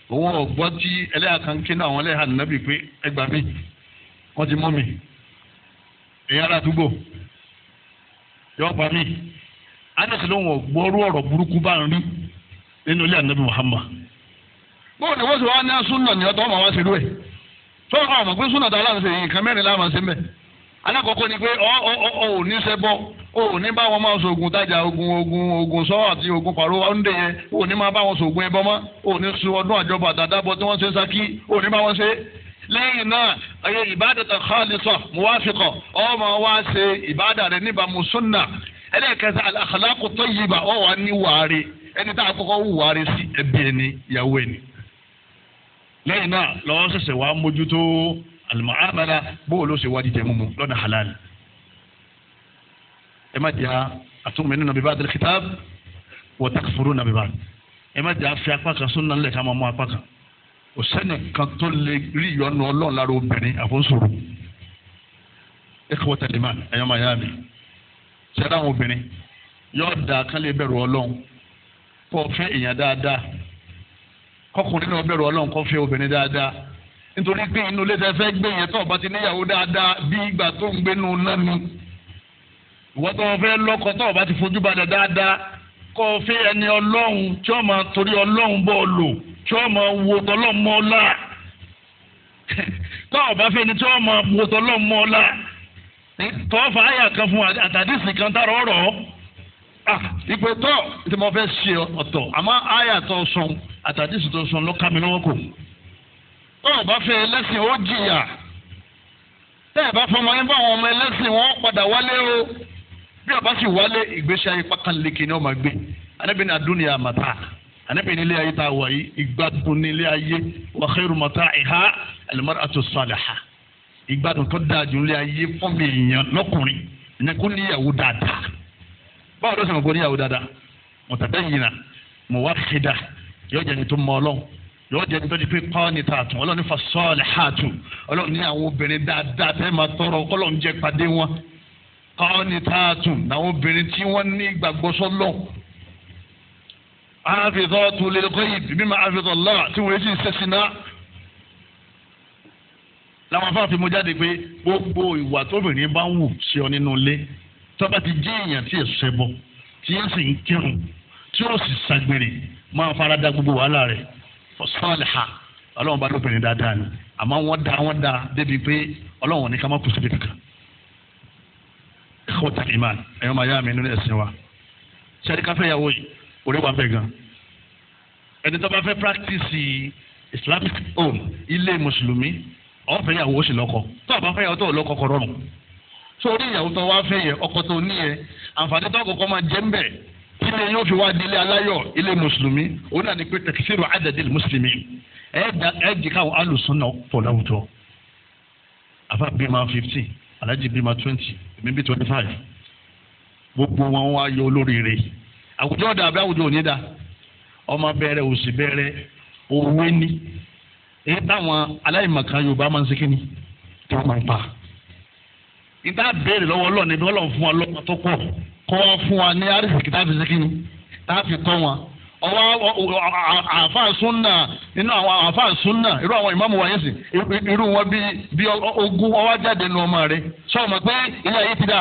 òun tí ẹlẹ́yà kan kí pé ẹgbàá mi wọ́n ti mọ́ mi èyí ara àdúgbò yọ pa mí anas ló ń wọ gbọ́rú ọ̀rọ̀ burúkú bá ń rí nínú ilé anabi muhammad bóun ni wọ́n sọ wá ní asúnà ní ọ̀tọ̀ ọmọ wa ṣe lú ẹ̀ tó ń kọ́ ọmọ pé súnà tó aláǹsẹ̀ yìí nǹkan mẹ́rin láàmà sí mẹ́ alákọ̀ọ́kọ́ ni pé ọ ọ ọ ò ní ṣẹbọ o ò ní bá wọn máa sògùn tajà ogun ogun ogun sọ àti ogun pàrọ ọ̀ndẹ̀ yẹn o ò ní máa bá wọn sògùn ẹbọ mọ́ o ò ní sun ọdún àjọba àtàdábọ tí wọ́n ṣe ń saki o ò ní bá wọn ṣe lẹ́yìn náà ẹ̀yẹ ìbádàtàn khalisah muwafiqah ọmọ wa ṣe ìbádà rẹ̀ níbàámu sunna ẹlẹ́ẹ̀kẹta al-akhlaqu tayyiba ọ wà ní wàárí ẹni tá a kọ́kọ́ wù wàárí sí ẹbí ẹni ìyàwó ẹni lẹ́yìn náà lọ́wọ́ ṣẹ̀ṣẹ̀ wàá mójútó al-mu'amala bóòlù ṣe wá jíjẹ mímu lọ́nà halal ẹ má jà atu'minuna bi ba'dil kitab wa takfuruna bi ba'd ẹ má jà fi apá kan sunna lẹ̀ ká máa mú apá kan kò sẹ́nìkan tó lè rí ìyọnu ọlọ́run lára obìnrin àfọ́nsòrò ẹ̀kọ́ tẹ̀lémà ẹ̀yọ́mọ̀ ayá mi sẹ́dá àwọn obìnrin yóò da kán lè bẹ̀rù ọlọ́run kó fẹ́ èèyàn dáadáa kọkùnrin náà bẹ̀rù ọlọ́run kó fẹ́ obìnrin dáadáa nítorí pé inú ilé tẹ́ fẹ́ gbé yẹn tó bá ti níyàwó dáadáa bí ìgbà tó ń gbénu náà ni ìwọ́n tó fẹ́ lọ́kọ tó bá ti fojú balẹ̀ dáadáa kọ́ ọ fẹ́ ẹni ọlọ́run tí wọ́n máa torí ọlọ́run bọ́ ọ lò tí wọ́n máa wo tọ́lọ́mọ́ ọlá tọ́ ọ̀bá fẹ́ ni tí wọ́n máa wo tọ́lọ́mọ́ ọlá hmm? tọ́ fà áyà kan fún àtàdísì kan tá rọ̀ọ̀rọ̀ ìpè tọ́ tí mo fẹ́ ṣe ọ̀tọ̀ àmọ́ áyà tó sùn àtàdísì tó sùn ló ká mi lọ́wọ́ kò tọ́ ọ̀bá fẹ́ ẹlẹ́sìn ó jìyà tẹ́ bá fọmọ yín bá àwọn ọmọ ẹlẹ́sìn wọn padà wálé o bí a bá sì wálé ìgbésí ayé pákàlẹ́kì ni wọ́n máa gbé anábì ní adúniya màtá anábì ní ilé ayé tá a wà yìí ìgbádùn ní ilé ayé wa khairu mata'iha al-mar'atu salihah ìgbádùn tó dáa jù ní ayé fún mi èèyàn lọ́kùnrin ìyẹn kó níyàwó dáadáa báwo ló sì mọ̀ kó níyàwó dáadáa mutadayyina muwahhida yóò jẹ́ ni tó mọ ọlọ́run yóò jẹ́ nítorí pé kọ́ni tààtù ọlọ́run fa salihatu ọlọ́run ní àwọn obìnrin dáadáa ọ̀ọ́nì tààtù làwọn obìnrin tí wọ́n ní ìgbàgbọ́ sọ́lọ́ àfihàn tó lè lọ́kọ́ yìí mímọ́ àfihàn lọ́wọ́ tí wọ́n sì ń ṣẹ́sìn náà làwọn afáàfin mo jáde pé gbogbo ìwà tóbìnrin bá ń wù sí ọ nínú ilé tó bá ti jẹ́ èèyàn tí èso ẹbọ tí yẹn sì ń kírun tí ó sì ṣàgbèrè máa farada gbogbo wàhálà rẹ̀ fọ́sọ́ọ̀lẹ́hà ọlọ́run bá lóbìnrin dáadáa ni àmọ́ wọ́n dá wọ́n dá débi pé ọlọ́run ní ká má kù síbi kankan kọ́ta iman ẹ̀yọ́ máa yá mi nínú ẹ̀sìn wa sẹ́ni káfẹ́ ìyàwó yìí orí wa ń bẹ̀ gan ẹni tó bá fẹ́ practice islamic home ilé mùsùlùmí ọ̀fẹ́ ìyàwó ó sì lọ́kọ tó o bá fẹ́ ìyàwó tó o lọ́kọ kọ rọrùn so orí ìyàwó tó wá fẹ́ yẹ ọkọ tó ní yẹ àǹfààní tó kọ́kọ́ máa jẹ́ ń bẹ̀ ilé yóò fi wá di ilé aláyọ̀ ilé mùsùlùmí òun náà ni pé tẹkisiru adadil mùsùlùmí ẹ jì káwọn alùsùn náà pọ̀ láwùjọ àbá bímọ fifteen alájì bímọ twenty èmi bí twenty five gbogbo wọn wá yọ olóríire àwùjọ ọ̀dà àbí àwùjọ òní da ọmọ bẹ̀rẹ̀ òsì bẹ̀rẹ̀ òwe ni èyí táwọn aláìmọ̀kan Yorùbá máa ń ṣe kíni tí wọ́n máa ń pa níta béèrè lọ́wọ́ ọlọ́ọ̀ni bí ọlọ́ọ̀ fún wa lọ́mọ tó pọ̀ kọ́ fún wa ní àrísìkì tá a fi ṣe kíni tá a fi kọ́ wọn àwọn àáfàá súnà nínú àwọn àáfàá súnà irú àwọn ìmáàmù wáyé sí irú wọn bí bí ogún ọwọ́ jáde nu ọmọ rẹ sọ ma pé ilé ayé ti dá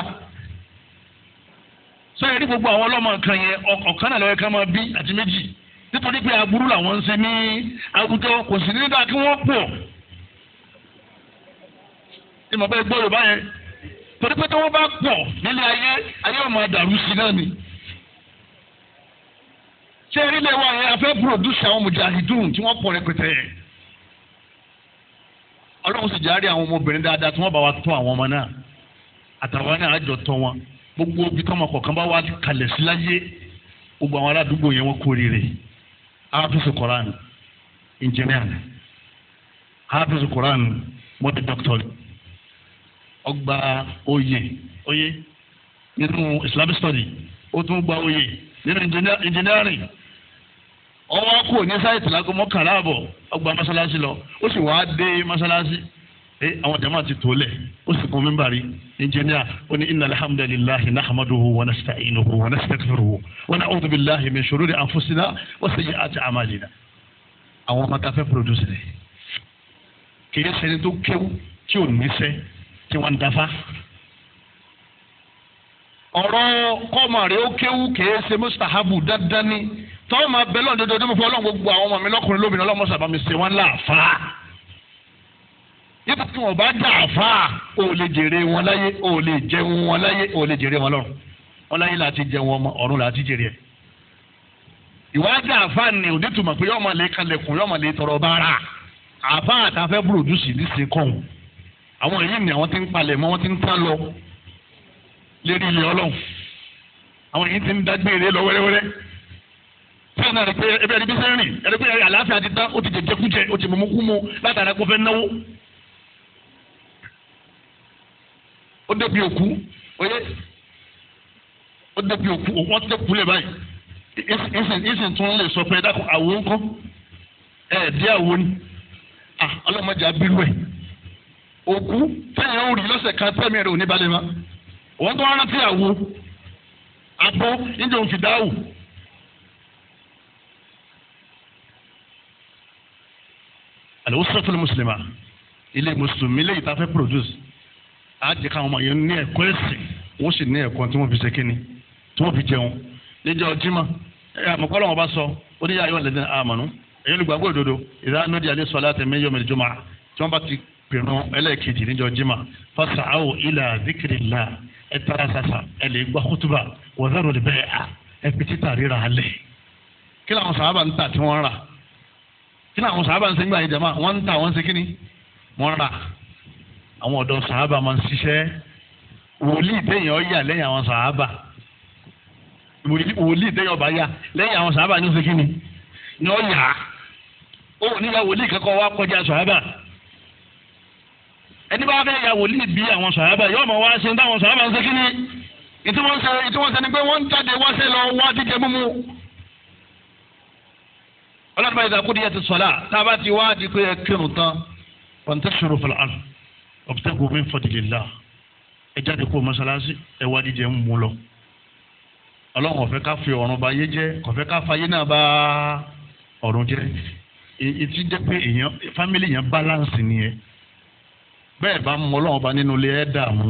sọ yẹn ní gbogbo àwọn ọlọ́mọ nǹkan yẹn ọ̀kan náà lọ́yẹ̀ ká máa bí àti méjì nítorí pé aburú làwọn ń ṣe ní àwùjọ kò sí ní dáa kí wọ́n pọ̀ ìmọ̀ bẹ́ẹ̀ gbọ́ Yorùbá torí pé tí wọ́n bá pọ̀ nílé ayé ayé ọmọ dàrú sí náà ni ṣé erílẹ̀ wa yẹn afẹ́ pòròdúsì àwọn mùjàhídùn tí wọ́n pọ̀ rẹpẹtẹ. ọlọ́run sì járe àwọn ọmọbìnrin dáadáa tí wọ́n bá wa tọ́ àwọn ọmọ náà àtàwọn náà àjọ tọ́ wọn gbogbo ibi tọ́mọ kọ̀ọ̀kan bá wà kalẹ̀ sí láyé gbogbo àwọn aládùúgbò yẹn wọ́n kórìíre hafizu koran engineer hafizu koran mọ́tò doctor ọgbà oyè oyè nínú islamic study ó tún gba oyè nínú engineering ọwọ́ kù ní sáìtì lágọ́ mọ́kànlá àbọ̀ ọgbà mọ́sálásí lọ ó sì wáá dé mọ́sálásí ẹ àwọn jama ti tó lẹ̀ ó sì kún mímbàrí engineer ó ní inna alhamdulilahi nahmaduhu wa nasta'inuhu wa nastaghfiruhu wa na'udhu billahi min shururi anfusina wa sayyi'ati a'malina àwọn ọmọ tá fẹ́ produce rẹ̀ kì í ṣẹni tó kéwú tí ò níṣẹ́ tí wọ́n ń dáfá ọ̀rọ̀ kọ́mọ̀ rẹ̀ ó kéwú kì í ṣe mustahabu dandan ni tọ́wọ́ máa bẹ lọ́n dodo dúró fún ọlọ́run gbogbo àwọn ọmọ mi lọ́kùnrin lóbìnrin ọlọ́mọ sábà mi ṣe wọ́n láàfà yípa tí wọn bá dàáfà ò lè jèrè wọn láyé ò lè jẹun wọn láyé ò lè jèrè wọn lọ́run wọn láyé láti jẹun ọmọ ọ̀run láti jèrè ẹ̀ ìwádìí àfa ni òde tuma pé yọọ ma lè kalẹ̀kùn yọọ ma lè tọrọ bára àfa àtàfẹ́ bùrọ̀dùsì ní sekọ́n àwọn ni àwọn ti ń palẹ̀ mọ́ wọ́n ti ń tà lọ lérí sáà náà rẹ pé ebi ẹni bí sẹ́ rìn ẹni pé àlàáfíà ti tán ó ti jẹjẹ kújẹ ó ti mọ̀mú kú mu látara kó fẹ́ náwó. ó débi òkú oyé ó débi òkú wọ́n ti kú lẹ̀ báyìí ìsìn tún lè sọ pé dákun àwo ńkọ́ ẹ̀ dí àwo ni ọlọ́mọdé abirú ẹ̀ òkú tẹ̀yìn ó rí lọ́sẹ̀ kan tẹ̀mí rẹ̀ ò ní balẹ̀ mọ́ wọ́n tó rántí àwo àbọ̀ al-usratul muslimah ilé mùsùlùmí lẹ́yìn tá a fẹ́ produce á jẹ́ káwọn ọmọ yẹn ní ẹ̀kọ́ ẹ̀sìn wọ́n sì ní ẹ̀kọ́ tí wọ́n fi ṣe kínní tí wọ́n fi jẹun níjọ́ jimá ẹ̀ àmọ́kọ́ lọ́wọ́ bá sọ ó ní yáyọ́ lẹ́dín àmọ́nú èyí olùgbàgbọ́ òdodo ìdáná di alẹ́ sọ láti mẹ́yọ́ mẹ́rin jọmọ́ tí wọ́n bá ti pèrún ẹlẹ́ẹ̀kejì níjọ́ jimá fásitì àwọ̀ ilà zikirillah ẹ tara sàṣà ẹ lè gbọ́ kútùbà wọ́n fẹ́ràn olùbẹ́ẹ̀ ẹ fi títà ríra kí làwọn sàábà ń tà tí wọ́n ń kí ni àwọn sàábà ń ṣe ń gbà yẹn jama wọ́n ń ta wọ́n ń ṣe kí ni wọ́n rà àwọn ọ̀dọ́ sàábà máa ń ṣiṣẹ́ wòlíì téèyàn ó yà lẹ́yìn àwọn sàábà wòlíì téèyàn ọba yà lẹ́yìn àwọn sàábà ní ṣe kí ni ni ó yà á ó níyà wòlíì kẹ́kọ̀ọ́ wa kọjá sàábà ẹni bá fẹ́ ya wòlíì bí àwọn sàábà yóò máa wá ṣe ń táwọn sàábà ń ṣe kí ni ìtí wọ́n ń ṣe ni pé wọ́n ń jáde wáṣẹ́ lọ wá jíjẹ mímu ọlọ́run bá ìdá kúndìyà ti sọ̀lá tá a bá ti wá di pé kírun tán wọn tẹ sọ̀rọ̀ fẹlẹ àlù ọbítẹkù mi fọdìlélá ẹ jáde kó mọ́sálásí ẹ wá dídì ẹ ń mú lọ ọlọ́run kò ká fi ọ̀run ba yé jẹ́ kò ká fa yé náà bá ọ̀run jẹ́ ìtí jẹ́ pé èèyàn fámìlì yẹn báláǹsì nìyẹn bẹ́ẹ̀ bá mú ọlọ́run ba nínú ilé ẹ dààmú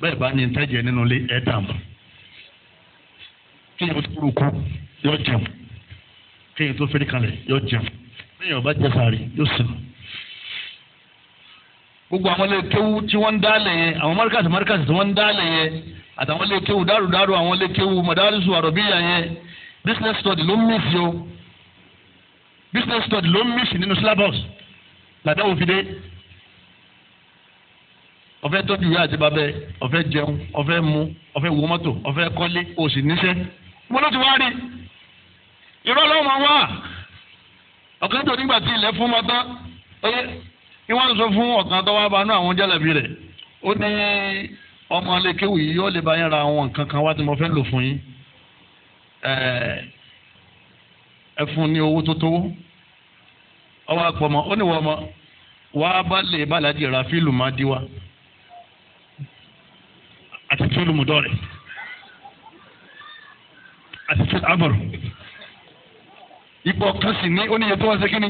bẹ́ẹ̀ bá ní ìtẹ́jẹ nínú ilé ẹ dààmú kí ni mo ti kúrò kú yọ jẹun kéyìn tó fẹ́rí kalẹ̀ yóò jẹun lẹ́yìn ọba jẹ sàárì yóò sìn. gbogbo àwọn ilé kéwú tí wọ́n ń dálẹ̀ yẹn àwọn márkàsì márkàsì tí wọ́n ń dálẹ̀ yẹn àtàwọn ilé dárúdárú àwọn ilé madarisu arabiya yẹn business study ló ń mìsì o business study ló ń mìsì nínú syllabus làdáwò fi dé ọfẹ tọ́jú ìyá àti babẹ ọfẹ jẹun ọfẹ mu ọfẹ wọ mọ́tò ọfẹ kọ́lé òsì níṣẹ́ mo ló ti wá rí irọ́ ló máa wà ọ̀kan tó nígbà tí ilẹ̀ fún wọn tán oye kí wọ́n sọ fún ọ̀kan tó wá banú àwọn jálẹ̀bí rẹ̀ ó ní ọmọ alékéwì yìí yóò lè bá yẹn ra àwọn nǹkan kan wá tí mo fẹ́ lò fún yín ẹ fún ní owó tó tówó ọwọ́ àpọ̀mọ́ ó ní wọ́n ọmọ wàá bá lè bàlájì ra fíìlù má dí wa àti fíìlù mùdọ́rẹ̀ àti fíìlù àbọ̀rọ̀ ìbọn kan sì ní oníyẹ tí wọ́n ṣe kíni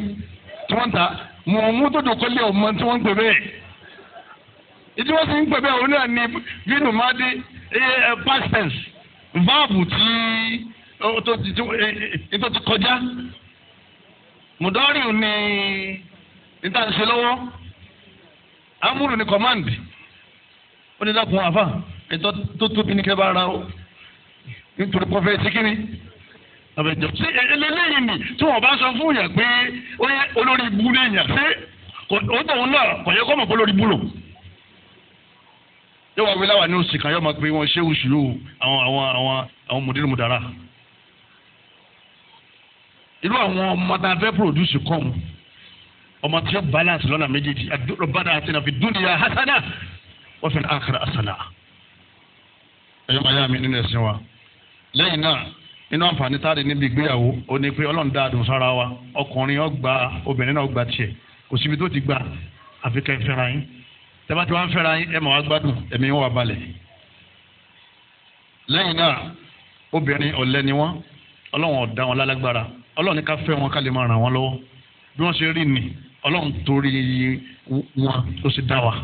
tí wọ́n ń ta mọ̀ mú dòdò kọ́lé ọmọ tí wọ́n ń pè bẹ́ẹ̀ ìdí wọ́n sì ń pè bẹ́ẹ̀ oníyà ní bínú máa dé past tense tí tó ti kọjá mùdọ́rì ni ìtànṣe lọ́wọ́ amúrù ni command ó ní dákun àfà ètò tó tóbi ní kẹ́ bá ra o nítorí pọ́fẹ́tì kíni àbẹ̀jọ́ ṣé eléyìí ni tí wọ́n bá sọ fún yàn pé olórí ibu lèèyàn ṣé òótọ́wọ́n náà kò yẹ kó mọ̀ pé olórí ibu lò. yóò wá wí ní oṣù kan máa pe wọn ṣé oṣù yóò àwọn àwọn àwọn àwọn mòdìrí mòdàrà. irú àwọn ọmọ tá a fẹ́ pòròdúsì kọ́ mu ọmọ tí ó balance lọ́nà méjèèjì àdúróbádà àti nàfi dúnìyà hasana wọ́n fi àkàrà hasana. ẹ̀yọ́ màá yá mi nínú ẹ̀sìn wa lẹ́yìn náà nínú àǹfààní táàdì níbi ìgbéyàwó ó ní pé ọlọ́run dáa dùn sára wa ọkùnrin ó gba obìnrin náà gba tiẹ̀ kò síbi tó ti gba àfi kẹ́ fẹ́ra yín tẹ́bá tí wọ́n ń fẹ́ra yín ẹ̀ mọ̀ wá gbádùn ẹ̀mí wà balẹ̀. lẹ́yìn náà obìnrin ọ̀lẹ́ ni wọ́n ọlọ́run ò dá wọn lálágbára ọlọ́run ní ká fẹ́ wọn ká lè máa ràn wọ́n lọ́wọ́ bí wọ́n ṣe rí ni ọlọ́run torí wọn ló ṣe dá wa.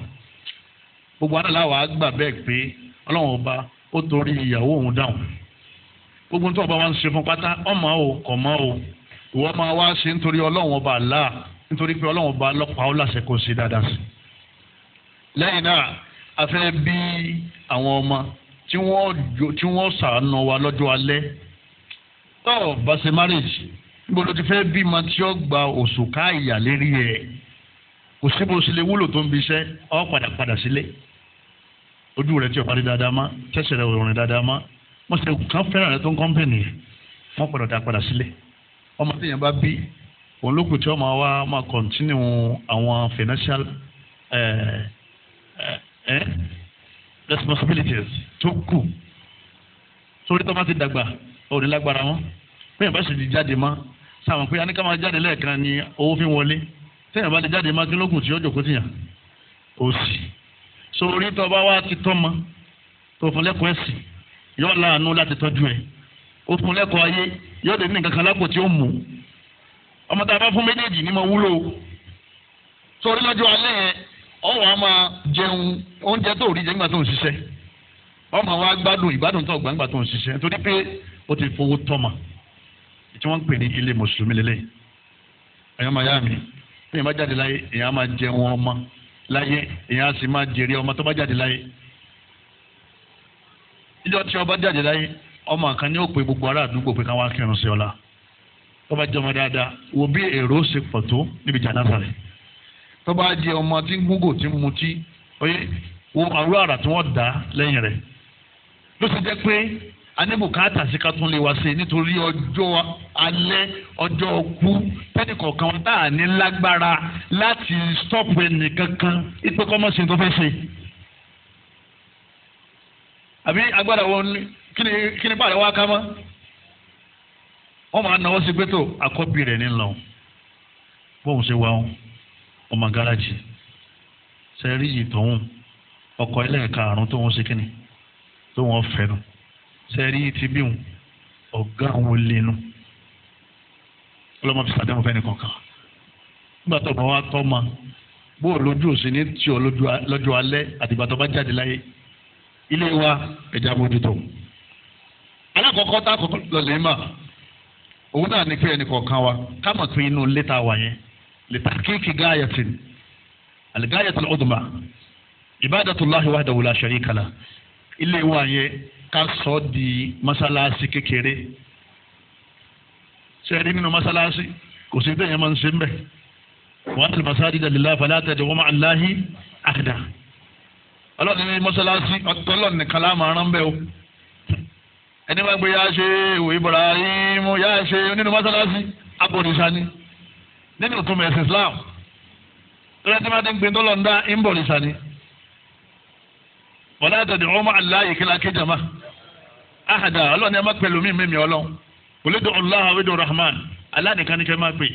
gbogbo adáláwa gbà bẹ́ẹ̀ pé ọlọ́run gbogbo nítorí ọba wa ń ṣe fún pátá ọmọ o kò mọ o ìwọ máa wá ṣe nítorí ọlọ́run ọba àlá nítorí pé ọlọ́run ọba lọ́pàá ó láṣẹ kó ṣe dáadáa sí. lẹ́yìn náà a fẹ́ bí àwọn ọmọ tí wọ́n ṣàánú wa lọ́jọ́ alẹ́ tó bá ṣe márèjì níbo ló ti fẹ́ bímọ tí ó gba oṣù káàyà lérí ẹ̀ kò síbo sílé wúlò tó ń bí iṣẹ́ ọ padà padà sílé ojú rẹ̀ tí ò parí dáadáa má tẹ̀sẹ̀ rẹ̀ ò dáadáa má wọ́n ṣe kàn fẹ́ràn rẹ tó ń kọ́ńpẹ̀nì wọ́n padà dá padà sílẹ̀ ọmọ tí yẹn bá bí òun ló kù tí wọ́n máa wá máa kọ̀ntínú àwọn financial eh, eh, eh, responsibilities tó kù sórí tó bá ti dàgbà òun ní lágbára wọn bẹ́ẹ̀ bá sì ti jáde mọ́ sáwọn pé aníkà máa jáde lẹ́ẹ̀kan ni owó fi ń wọlé tẹ́yìn bá ti jáde mọ́ kí ló tí ó jòkó tìyàn ó sórí tó bá wá ti tọ́ mọ́ tó fún ẹ̀sìn yóò láàánú láti tọ́jú ẹ̀ ó fún lẹ́kọ̀ọ́ ayé yóò dé ní nǹkan kan lápò tí ó mú ọmọ tá a bá fún méjèèjì ní mo wúlò sórí lọ́jọ́ alẹ́ yẹn ọ̀wọ́ a máa jẹun oúnjẹ tó rí jẹ nígbà tó ń ṣiṣẹ́ ọmọ wa gbádùn ìgbádùn tó gbàǹgbà tó ń ṣiṣẹ́ nítorí pé ó ti fowó tọ́mà tí wọ́n ń pè ní ilé mùsùlùmí lélẹ̀ ẹ̀yọ́ máa yá mi bí èèyàn bá jáde láyé èèyàn máa jẹun ọmọ láyé èèyàn á sì máa jèrè ọmọ tó bá jáde láyé níjọ́ tí ọba jáde láyé ọmọ kan ní ó pe gbogbo ará àdúgbò pé ká wá kírun sí ọlá tọ́ba jẹ́ ọmọ dáadáa wo bí èrò ṣe pọ̀ tó níbi jàǹdà rẹ̀ tọ́ba jẹ́ ọmọ tí ń gúngò tí ń mutí oye wo àrùn àrà tí wọ́n dá lẹ́yìn rẹ̀ ló ti jẹ́ pé anibukata sí ká tún lè wá sí nítorí ọjọ́ alẹ́ ọjọ́ ọkú tẹ́nì kọ̀ọ̀kan tá à ní lágbára láti stọ́pù ẹnì kankan ìpẹ́kọ́mọ́sìn tó fẹ́ ṣe àbí agbára wọn ni kí ni pàdé wá ká mọ́ wọ́n máa náwó sí pétò àkọ́bí rẹ̀ nílọ bóun ṣe wá wọn ọmọ gáràjì sẹ́rí yìí tóun ọkọ̀ ẹlẹ́ẹ̀karùn tóun ṣe kínní tóun ọ̀fẹ́ nu sẹ́rí yìí ti bí wọn ọ̀gá àwọn olè nu ọlọ́mọ fi sàdéhùn fẹ́ni kankan nígbà tó bá wa tọ́ ma bó lójú òsì ní tí lójú alẹ́ àtìgbà tó bá jáde láyé ilé wa ẹja mójútó alákọ̀ọ́kọ́ tá a kọ́kọ́ lọ́sẹ̀ mà òun náà ní pé ẹnì kọ̀ọ̀kan wa ká mọ̀ pé inú létà wà yẹn létà kéèkì gáyàtìn àlìgáyàtìn ọ̀dùnmá ìbádàtúláhi wahdahu la sharika lah ilé wa yẹn ká sọ ọ́ di mọ́sálásí kékeré sẹ́ẹ̀rí nínú mọ́sálásí kò sí bẹ́ẹ̀ yẹn máa ń ṣe ń bẹ̀ wàá tẹ̀lé masáàdì dàlílá wọ́n máa ń láhí àkàdá ọlọ́run ní mọ́sálásí ọlọ́run nìkan láàmú aràn bẹ́ẹ̀ o ẹni wá gbé yáa ṣe ìwé Ibrahim yáa ṣe nínú mọ́sálásí abọ̀rìṣà ni nínú ìtumọ̀ ẹ̀sìn Islam tọ́lá tí wọ́n ti ń gbin tọ́lọ̀ ń dá ìbọ̀rìṣà ni wọ́n láti tẹ̀lé ọmọ aláyè kí lákè jama ahada ọlọ́run ni a máa pẹ̀lú mi mímí ọlọ́run olódò ọlọ́run awédò Rahman aláàdìkan ni kẹ́ máa pè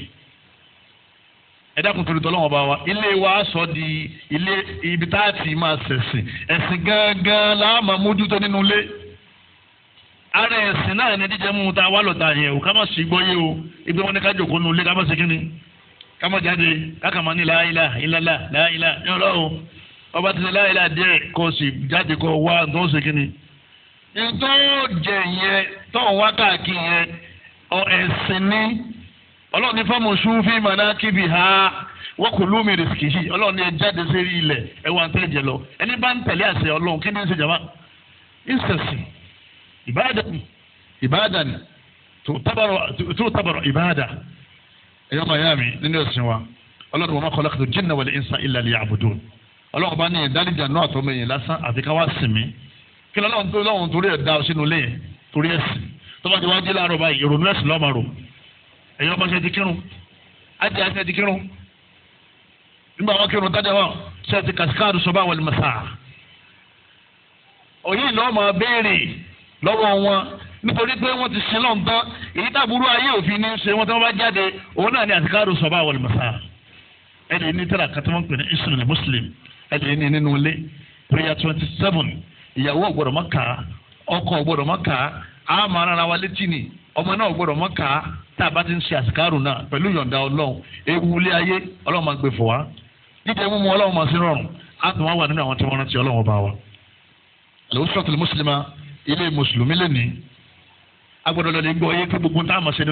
ẹ dákun torí tọ́lọ́wọ́n bá wa ilé wa sọ di ilé ibi tá a ti máa ṣẹ̀sìn ẹ̀sìn gangan la máa mójútó nínú ilé ara ẹ̀sìn náà ní jíjẹ mú ta wà lọ́ta yẹn o ká má sì gbọ́yé o ibi wọn ní ká jòkó nínú ilé ká má ṣe kíni ká má jáde káka má ní láìlà ìlàlà láìlà ní ọlọ́run ọba ti ní láìlà díẹ̀ kó sì jáde kó wá tó ṣe kíni. ìtọ́jẹ̀ yẹn tó wákàkì yẹn ẹ̀sìn ní ọlọ́run ní fáwọn sùnfín mọ̀nà kíbi ha wọ́n kò lómi rìsíkì yìí ọlọ́run ní ẹ jáde sí rí ilẹ̀ ẹ wà tẹ́ jẹ lọ ẹni bá ń tẹ̀lé àṣẹ ọlọ́run kí ni ń ṣe jàmá ìṣẹ̀sìn ìbáàdàn ìbáàdàn tó tábàrọ̀ ìbáàdà ẹ̀yọ́ máa yá mi nínú ẹ̀sìn wa ọlọ́run wọn kọ́lá kìtò jinna wal insa illa liya'budun ọlọ́run bá ní ẹ̀yin ọmọ ṣe ti kírun àti àti ẹ̀ ti kírun nígbà wọn kírun tájà wọn ṣe ti kàṣíkàdù sọ báwọn lè mọ̀sá. òyìn náà máa béèrè lọ́wọ́ wọn nítorí pé wọ́n ti sin náà tán èyí tàbúrú ayé òfin ní ṣe wọ́n tí wọ́n bá jáde òun náà ni àṣíkàdù sọ báwọn lè mọ̀sá. ní tẹ́lá kàtí wọ́n pè ní islam muslim ẹni ní nínú ilé prayer twenty seven ìyàwó ọ̀gbọ̀dọ̀ mọ́ka ọkọ ọ̀gbọ̀dọ̀ mọ́ka a máa rán ara wa létí ni ọmọ náà gbọ́dọ̀ mọ ká tá a bá ti ń ṣe àsìkárù náà pẹ̀lú ìyọ̀ǹda Ọlọ́run ewu ilé ayé máa gbé fò wá mímu rọrùn a tún wá wà nínú àwọn tí wọ́n rántí Ọlọ́run ọba wa. mùsùlùmá ilé mùsùlùmí lọ́ọ́ gbọ́ yé kí gbogbo tá a máa ṣe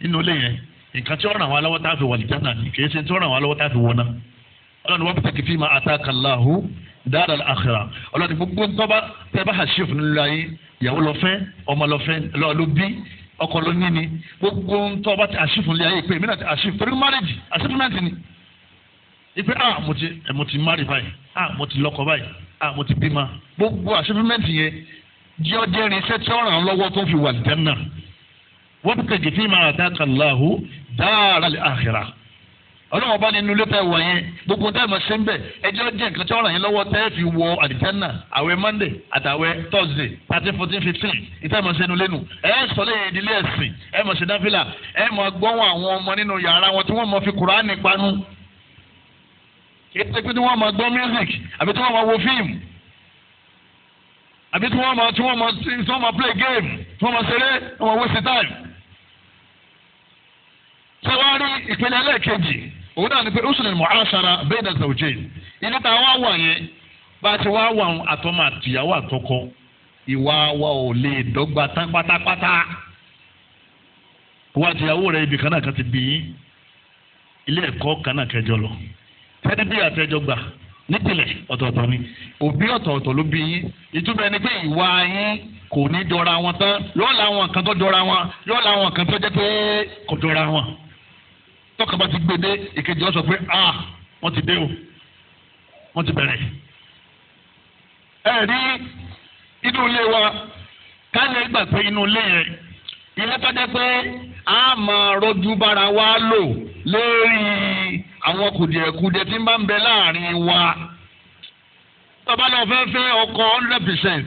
nínú ilé yẹn nǹkan tí ó ràn wá lọ́wọ́ tá a fi wà dára àkàrà ọlọ́ni gbogbo tọ́ba tẹ́ bá hàṣíf nílò ayé ìyàwó lọ fẹ́ ọmọ lọ fẹ́ lọ bí ọkọ ló ní ni gbogbo tọ́ba tẹ́ hàṣíf nílò ayé pé èmi náà tẹ́ hàṣíf torí márèjì àṣífúnmẹ́ǹtì ni ipe a ah, mo ti eh, mo ti mari báyìí a ah, mo ti lọ́kọ báyìí a ah, mo ti bímọ gbogbo àṣífúnmẹ́ǹtì yẹn jẹ́ ọjẹ́ irinṣẹ́ tí ó lọ́wọ́ tó fi wà ní tẹ́ńnà ọlọ́wọ́n bá nínú ilé tẹ wọ̀ yẹn gbogbo tẹ́ mọ̀ sí ń bẹ̀ ẹjọ́ jẹ́ nǹkan tí wọ́n ràn yín lọ́wọ́ tẹ́ fi wọ àdìjánà àwẹ̀ monday àtàwẹ̀ thursday thirteen fourteen fifteen ìtẹ́ mọ̀ sí inú lẹ́nu ẹ sọlẹ̀ ìdílé ẹ̀sìn ẹ mọ̀ sí dáfílà ẹ mọ̀ gbọ́wọ́ àwọn ọmọ nínú yàrá wọn tí wọ́n mọ̀ fi kùránì panu kì wọ́n music àbí tí wọ́n mọ̀ wo fíìmù game tí wọ́n mọ̀ ṣeré tí wọ́n mọ̀ rí ìpínlẹ̀ ẹlẹ́ẹ̀kejì òun náà ni pé usun mu'ashara bayna zawjayn ilé tá a wá wà yẹn bá a ti wá wà ń àtọmọ àtìyàwó àtọkọ ìwà wa ò lè dọ́gba tán pátápátá wọ́n àtìyàwó rẹ̀ ibì kan náà kan ti bì í ilé ẹ̀kọ́ kan náà kẹjọ lọ fẹ́ẹ́ bí àtẹjọ gbà nípìnlẹ̀ ọ̀tọ̀ọ̀tọ̀ ni òbí ọ̀tọ̀ọ̀tọ̀ ló bí yín ìtumọ̀ ẹni pé ìwà yín kò ní jọra wọn tán yóò láwọn kan tó jọra wọn yóò láwọn kan tó jẹ́ pé kò jọra wọn tọ́ka bá ti gbé dé ìkejì ọ sọ pé a wọ́n ti dé o wọ́n ti bẹ̀rẹ̀. ẹ rí inú ilé wa ká lè gbà pé inú ilé yẹn ilé tó jẹ́ pé a máa rọ́jú bára wa lò lórí àwọn kùdìẹ̀kudiẹ tí ń bá ń bẹ láàrin wa. tọ́ba lọ fẹ́ fẹ́ ọkọ hundred percent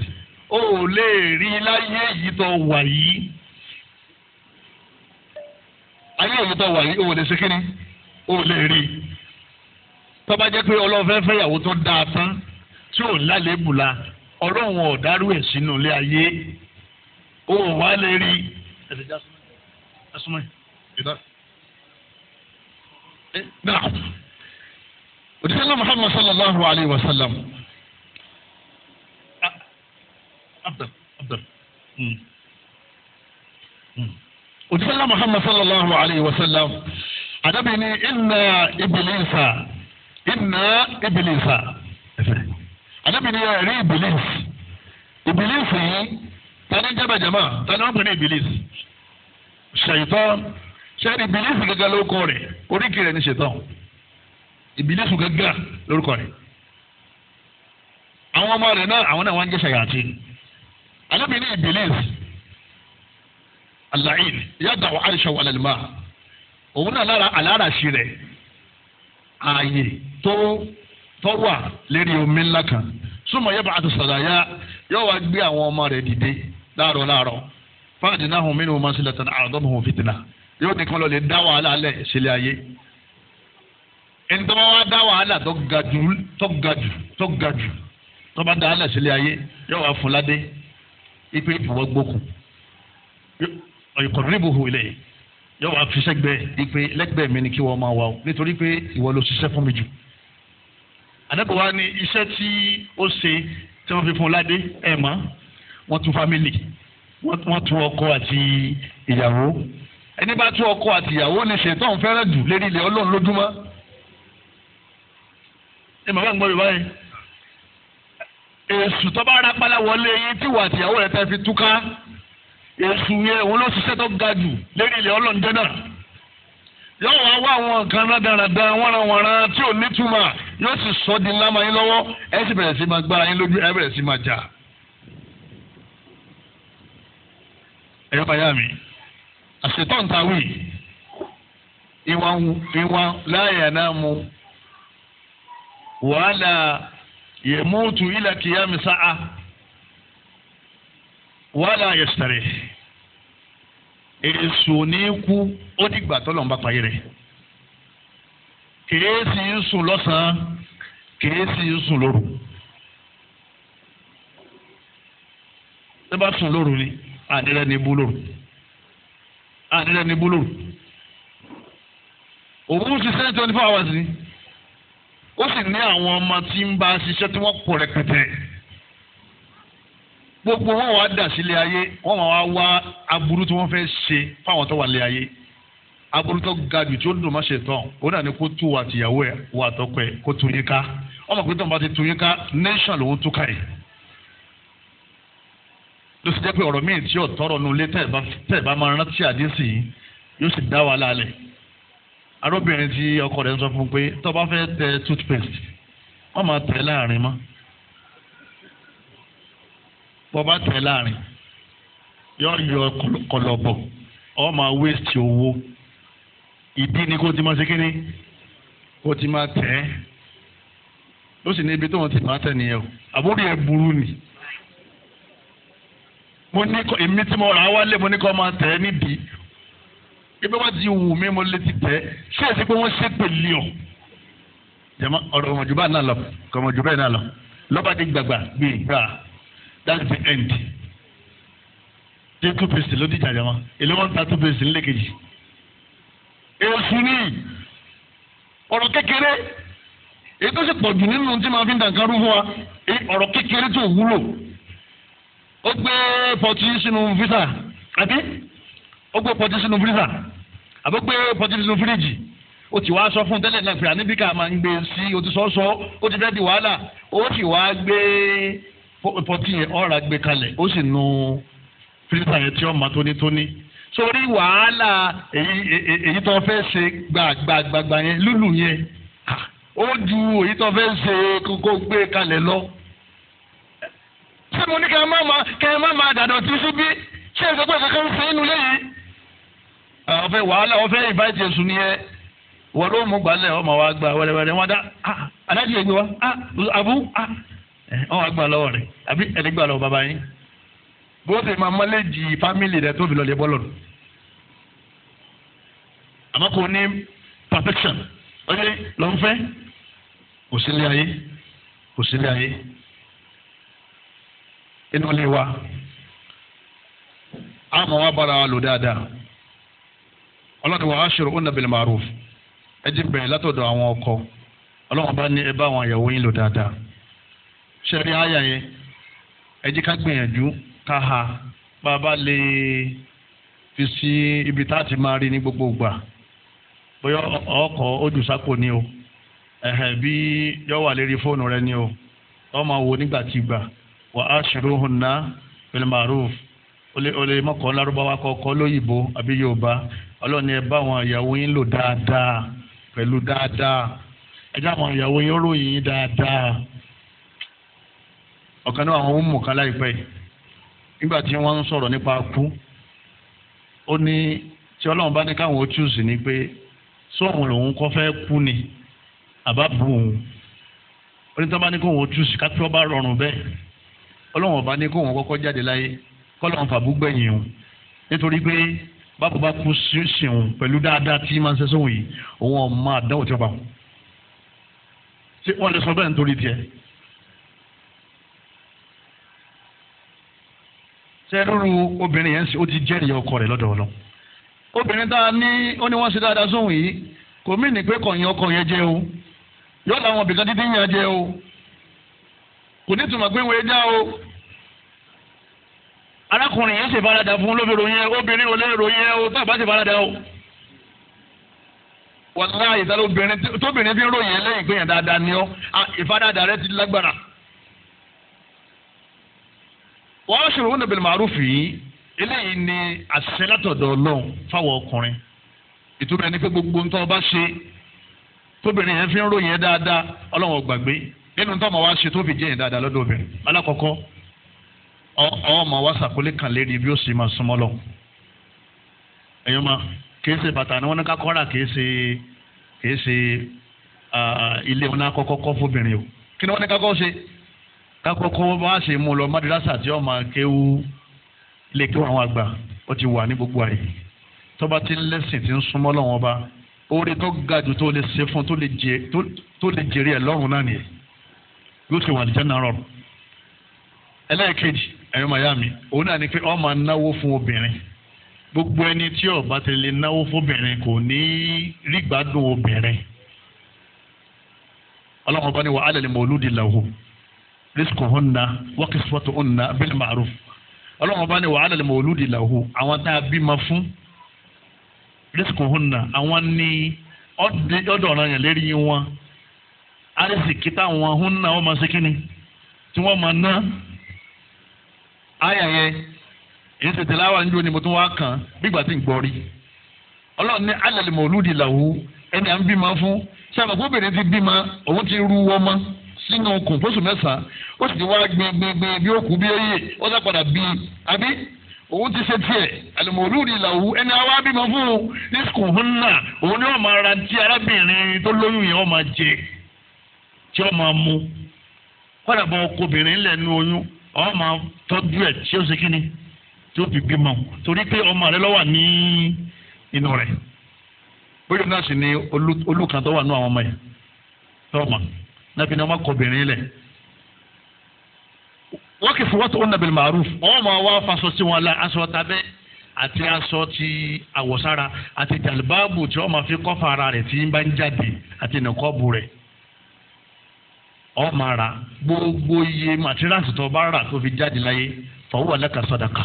o ò lè rí láyé yìí tó wà yìí ayé òye tó wà yìí òwò lè ṣe kíni òwò lè rí i tó bá jẹ́ pé ọlọ́fẹ́ fẹ́yàwó tó dáa tán tí ò lálébù la ọlọ́run ọ̀dárú ẹ̀ sínú ilé ayé òwò wà lè rí i. òdìsẹ́lá Muhammad sallallahu alayhi wa sallam. Abdul, Abdul. Mm. Mm òjíṣẹ́lá muhammad sallallahu alayhi wa sallam àdábì ní inna ibilisa inna ibilisa àdábì ní ẹ̀rí ibilis ibilis yìí tani jẹ́bẹ̀jẹ̀mọ́ tani wọ́n pè ní ibilis ṣèyítán ṣẹ́ni ibilis gẹ́gẹ́ lórúkọ rẹ̀ oríkì rẹ̀ ní ṣèyítán ibilis gẹ́gẹ́ lórúkọ rẹ̀ àwọn ọmọ rẹ̀ náà àwọn náà wọ́n ń jẹ́ ṣàyàtì àdábì ní ibilis alain yàtọ̀ àwọn àríṣà wà lẹ́lẹ́mà òun náà lára aláràṣì rẹ̀ ààyè tó tó wà lérí omi ńlá kan súnmọ́ yẹ́bà àti sàdáyà yóò wá gbé àwọn ọmọ rẹ̀ dìde láàárọ̀ láàárọ̀ fáàdì náà hùn mí ni mo máa ń sílẹ̀ tán àádọ́ mọ̀ hùn fìtìnà yóò ní kán lọ lè dá wàhálà alẹ́ sílẹ̀ ayé ẹni wá dá wàhálà tó ga jù tó ga jù tó ga jù tó bá dá wàhálà sílẹ̀ ayé yóò wá fún ipe ìwọ́ ọ̀yọ̀kọ̀rìbùhù ilẹ̀ yóò wá fi sẹ́gbẹ́ ipe lẹ́gbẹ́ mi ni kí wọ́n máa wà o nítorí pé ìwọ ló ṣiṣẹ́ fún mi jù. àdàbọ̀ wa ni iṣẹ́ tí ó ṣe tí wọ́n fi fún ládé ẹ̀ mọ́ wọ́n tún fámìlì wọ́n tún ọkọ àti ìyàwó ẹni bá tún ọkọ àti ìyàwó ni ṣètọ́n fẹ́ràn jù lérí ilẹ̀ ọlọ́run lójúmọ́. ẹ màmá gbọ́ mi báyìí èsù tó bá rápálá wọlé yín tí wà àtìyàwó rẹ̀ tẹ́ fi túká èsù yẹn òun ló ṣiṣẹ́ tó ga jù lérí ilẹ̀ ọlọ́njẹ́ náà yóò wá wá àwọn nǹkan rádaràda wọ́nranwọ̀nran tí ò nítumọ̀ yóò sì sọ di lámà yín lọ́wọ́ ẹ sì bẹ̀rẹ̀ sí máa gbára yín lójú ẹ bẹ̀rẹ̀ sí máa jà. ẹ̀yọ́ bàyá mi àṣetán tàwí ìwà ìwà náà mu wàhálà yẹ̀mú tù kìyàmì sáà wàhálà ayẹsẹrẹ èso ní kú ó dìgbà tọ́lọ̀ ń bá payé rẹ̀ kìí sì ń sùn lọ́sàn-án kìí sì ń sùn lóru tó bá sùn lóru ni àdìrẹ́ ni bú lóru àdìrẹ́ ni bú lóru òun ṣiṣẹ́ twenty four hours ni ó sì ní àwọn ọmọ tí ń bá ṣiṣẹ́ tí wọ́n pọ̀ rẹpẹtẹ gbogbo wọn wàá dà sílé ayé wọn wàá wá aburú tí wọn fẹ́ ṣe fáwọn tó wà lé ayé aburú tó ga jù tí ó dùn má ṣe tán ó dà ní kó tú wà tìyàwó ẹ wà tọpẹ kó tú yín ká ọmọ pé tóun bá ti tú yín ká nation lòun tú ká yìí ló sì jẹ́ pé ọ̀rọ̀ míì tí ò tọrọ nu ilé tẹ́ bá máa rántí àdínsì yìí yóò sì dá wàhálà lẹ̀ arábìnrin tí ọkọ rẹ̀ ń sọ fún un pé tó bá fẹ́ tẹ toothpaste wọ́n máa tẹ̀ láàrin mọ́ bọ́bá tẹ̀ láàrin yọ yọ kọlọ̀bọ̀ ọ máa waste owó ìdí ni kó ti máa ṣe kí ni kó ti máa tẹ̀ ẹ́ ó sì ní ibi tó wọn ti máa tẹ̀ nìyẹn o àbúrò yẹn burú ni mo ní kọ èmi tí mo rà á wálé mo ní kọ́ máa tẹ̀ ẹ́ nídìí ibi wá ti wù mí mo lè ti tẹ̀ ẹ́ ṣé èsì pé wọ́n ṣe pèlè ọ̀ jẹ́mọ́ ọ̀rọ̀ ọmọdé bá náà lọ kọ̀mọdé bẹ́ẹ̀ náà lọ lọ́ba ti gbàgbà gbé e gbà that's the end jẹ́ two pèsè ló dìjà jama eleven ta two pèsè nílé kejì èsù ni ọ̀rọ̀ kékeré èyí tó sì pọ̀ jù nínú tí màá fi ń dànkan rú fún wa ọ̀rọ̀ kékeré tó wúlò ó gbé pọtí sínú físà àbí ó gbé pọtí sínú físà àbí ó gbé pọtí sínú fíríjì ó ti wá sọ fún tẹ́lẹ̀ náà pé àníbíkà máa ń gbé sí o ti sọ sọ ó ti dẹ́ di wàhálà ó sì wá gbé pọtí yẹn ọ̀rá gbé kalẹ̀ ó sì nu fírísà yẹn tí ó ma tónítóní sórí wàhálà èyí tó fẹ́ ṣe gbàgbàgbàgbà yẹn lúlù yẹn ó ju èyí tó fẹ́ ṣe kókó gbé kalẹ̀ lọ. ṣé mo ní kẹ́ ẹ má ma kẹ́ ẹ má ma dàdọ̀ tí síbí ṣé ẹ sọ pé kankan ń ṣe inú lẹ́yìn. ọ̀fẹ́ wàhálà ọ̀fẹ́ ìbáyìí Jésù nìyẹn wọ́n ló mú gbalẹ̀ ọmọ wa gba wẹ́rẹ́wẹ́rẹ́ wọn dá ah, adájú ẹgbẹ́ wa àbú ah, wọn wá gbà lọ́wọ́ rẹ̀ àbí ẹni gbà lọ́wọ́ bàbá yín bó ṣe máa mọlẹ́jì fámìlì rẹ̀ tóbi lọ́lẹ̀ bọ́lọ̀ nù. àmọ́ kò ní perfection ọyẹ lọ́nfẹ́ kò sílé ayé kò sílé ayé inú ilé wa àmọ́ wa bára wa lò dáadáa ọlọ́dún wa aṣọ́rọ̀ ọ̀nà bil ma'ruf ẹ jí bẹ̀rẹ̀ látọ̀dọ̀ àwọn ọkọ ọlọ́wọ́n bá ní ẹ bá àwọn ìyàwó yín lò dáadáa. ṣẹ́rí àyà yẹn ẹ kaha ká gbìyànjú fi sí ibi tá a ti máa rí ní gbogbo ìgbà bóyá ọkọ̀ ni o ẹ̀hẹ̀ bí yóò wà lérí rẹ ni o ọ máa wo nígbàkigbà wà á ṣòro hùn ná bil ma'ruf o lè lárúbáwá kọ́kọ́ lóyìnbó àbí yorùbá ọlọ́run ni ẹ bá àwọn ìyàwó yín lò dáadáa pẹ̀lú dáadáa ẹ jẹ́ àwọn ọ̀kan náà àwọn ọmọ kan láìpẹ́ nígbà tí wọ́n ń sọ̀rọ̀ nípa kú ó ní tí ọlọ́run bá ní káwọn ó ni pé sóhun lòun kọ́ fẹ́ kú ni àbá bu òun ó ní tí wọ́n bá ní káwọn ó túùsì kápẹ́ ọba rọrùn bẹ́ẹ̀ ọlọ́run ọba ní káwọn kọ́kọ́ jáde láyé kọ́lọ́run fàbúgbẹ̀yìn òun nítorí pé báwo bá kú sísìn pẹ̀lú dáadáa tí máa ń sẹ́sọ̀ wọ̀nyí òun ọ̀ sẹ́rúurú obìnrin yẹn ó ti jẹ́rìí ọkọ rẹ̀ lọ́dọ̀ ọlọ́ obìnrin tá a ní ó ní wọ́n ṣe dáadáa sóhun yìí kò mí ní pé kọ̀yìn ọkọ yẹn jẹ́ o yọ̀ọ́ làwọn ibìkan títí yẹn jẹ́ o kò ní tùmọ̀ pé wọ́n já o arákùnrin yẹn ṣe farada fún lóbìnrin yẹn obìnrin ò lè ròyìn o tó àbá ṣe farada o wàlá ìtàlóbìnrin tóbìnrin fi ń ròyìn ẹ lẹ́yìn pé yẹn dáadáa ni ọ ìfaradà rẹ ti lágbára wọ́n á ṣòro wọn nàbẹ̀lẹ̀ màrúfì yìí eléyìí ni àṣẹ látọ̀dọ̀ ọlọ́run fáwọn ọkùnrin ìtumọ̀ ẹni pé gbogbo nǹkan ọba ṣe tóbìnrin yẹn fi ń ròyìn yẹn dáadáa ọlọ́run ò gbàgbé nínú tó ọmọ wa ṣe tó fi jẹ́ yẹn dáadáa lọ́dọ̀ obìnrin alákọ̀ọ́kọ́ àwọn ọmọ wa ṣàkólé kan lérí bí ó sì máa súnmọ́ lọ. ẹ̀yin ma kì í ṣe bàtà ni wọ́n ní ká kọ́ra kì í ṣe kì ṣe ilé wọn ní akọ́kọ́ fóbìnrin o kí ni wọ́n ní ká ṣe kakoko bá ṣe mú lọ madrasa tí ọmọ akéwú lè kí wọn àgbà ó ti wà ní gbogbo àyè tọba ti ń lẹ́sìn tí ń súnmọ́ lọ́wọ́ ọba oore tó ga jù tó lè ṣe fún tó lè jèrè ẹ̀ lọ́rùn náà nìyẹn yóò ṣe wà ní jẹ́nà ẹlẹ́ẹ̀kejì ẹ̀yọ́ màyá òun náà ni pé ó máa náwó fún obìnrin gbogbo ẹni tí ó bá ti lè náwó fóbìnrin kò ní rí gbádùn obìnrin ọlọ́run bá ní wà á lè lè mọ olúdi làwọn. rizquhunna wa qiswatuhunna bil ma'ruf ọlọ́run bá ní wàhálà lè mọ olùdí làwù àwọn tá a bímọ fún rizquhunna àwọn ní ọ̀dọ̀ ọ̀ràn yẹn lérí wọn arísìkí wọn máa ṣe kíni tí wọ́n máa ná ayẹyẹ ti sínú okùn fóṣù mẹ́sàn-án ó sì ti wá gbẹngbẹngbẹng bí ó kú bí ó yè ó sá padà bí i àbí òun ti ṣe tiẹ̀ àlùmọ̀lúùrì làwù ẹni àwa bímọ fún un ní sùkùn hún náà òun ni wọn máa ra ti arábìnrin tó lóyún yẹn wọn máa jẹ tí wọn máa mú kọ́dà bọ́ ọkọbìnrin lẹ̀ nu oyún wọn máa tọ́jú ẹ̀ tí ó ṣe kíni tí ó fi bímọ torí pé ọmọ rẹ ló ní inú rẹ̀ bóyá náà sì ni olùkàn wà nú àwọn ọmọ yẹn tó ọmọ nàfi ni wọn kọ obìnrin lẹ wọ́n kì í fọwọ́ tó ń nàbẹ̀lẹ̀ màrú. wọ́n máa wá faṣọ sí wọn la aṣọ tabẹ́ àti aṣọ ti àwọ̀sára àti jàlbáàbù tí wọ́n máa fi kọ́fà ara rẹ̀ tí ń bá ń jáde àti nìkọ́bù rẹ̀ wọ́n máa ra gbogbo iye màtíráàsì tó bá rà tó fi jáde láyé fọwọ́ lẹ́ka sọ̀dàkà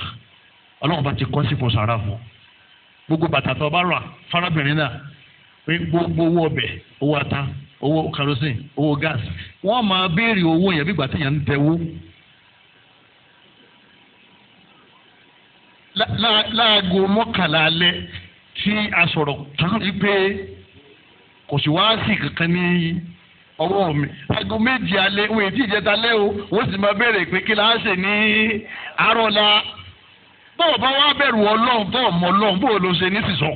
ọlọ́run bá ti kọ́ sí kò fún gbogbo bàtà tó bá rà farabirin náà gbogbo owó ọbẹ̀ owó ata owó kerosene owó gas wọ́n máa béèrè owó yẹn bí ìgbà téèyàn ń tẹ̀wó. láago mọ́kànlá alẹ́ tí a sọ̀rọ̀ tán rí pé kò sí wáásì kankan ní ọwọ́ mi aago méjì alẹ́ òun èyí tí ìjẹta lẹ́ o ó sì máa béèrè pé kí la á ṣe ní àárọ̀ la bọ́ọ̀ bá wá bẹ̀rù ọlọ́run bọ́ọ̀ mọ́ ọlọ́run bọ́ọ̀ ló ṣe ní sísọ.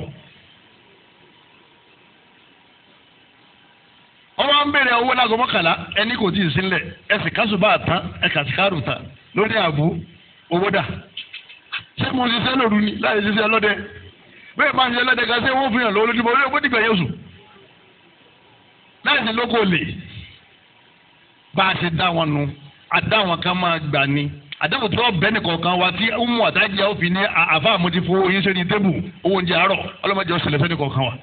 ọwọ́ ń bèrè owó lágọ̀ mọ́kànlá ẹni kò tí ì sílẹ̀ ẹ sì kásù bá tán ẹ kà sí kárù tán lórí àbú owó dà ṣé mo ṣiṣẹ́ lòru ni láì ṣiṣẹ́ ọlọ́dẹ bẹ́ẹ̀ máa ń ṣe ọlọ́dẹ kan ṣé wọ́n fi hàn lọ́wọ́ lójúmọ́ orí ogójì gbẹ̀yẹ̀ oṣù láì sí lóko lè bá a ṣe dá wọn nu àdá wọn kan máa gbà ni àdáwò tó bẹ́ẹ̀ nìkan kan wa tí umu àtàjẹ́ òfin ní àfáàmù ti fowó yín sẹ́ni tébù owó oúnjẹ àárọ̀ ọlọ́mọdé ọ̀sẹ̀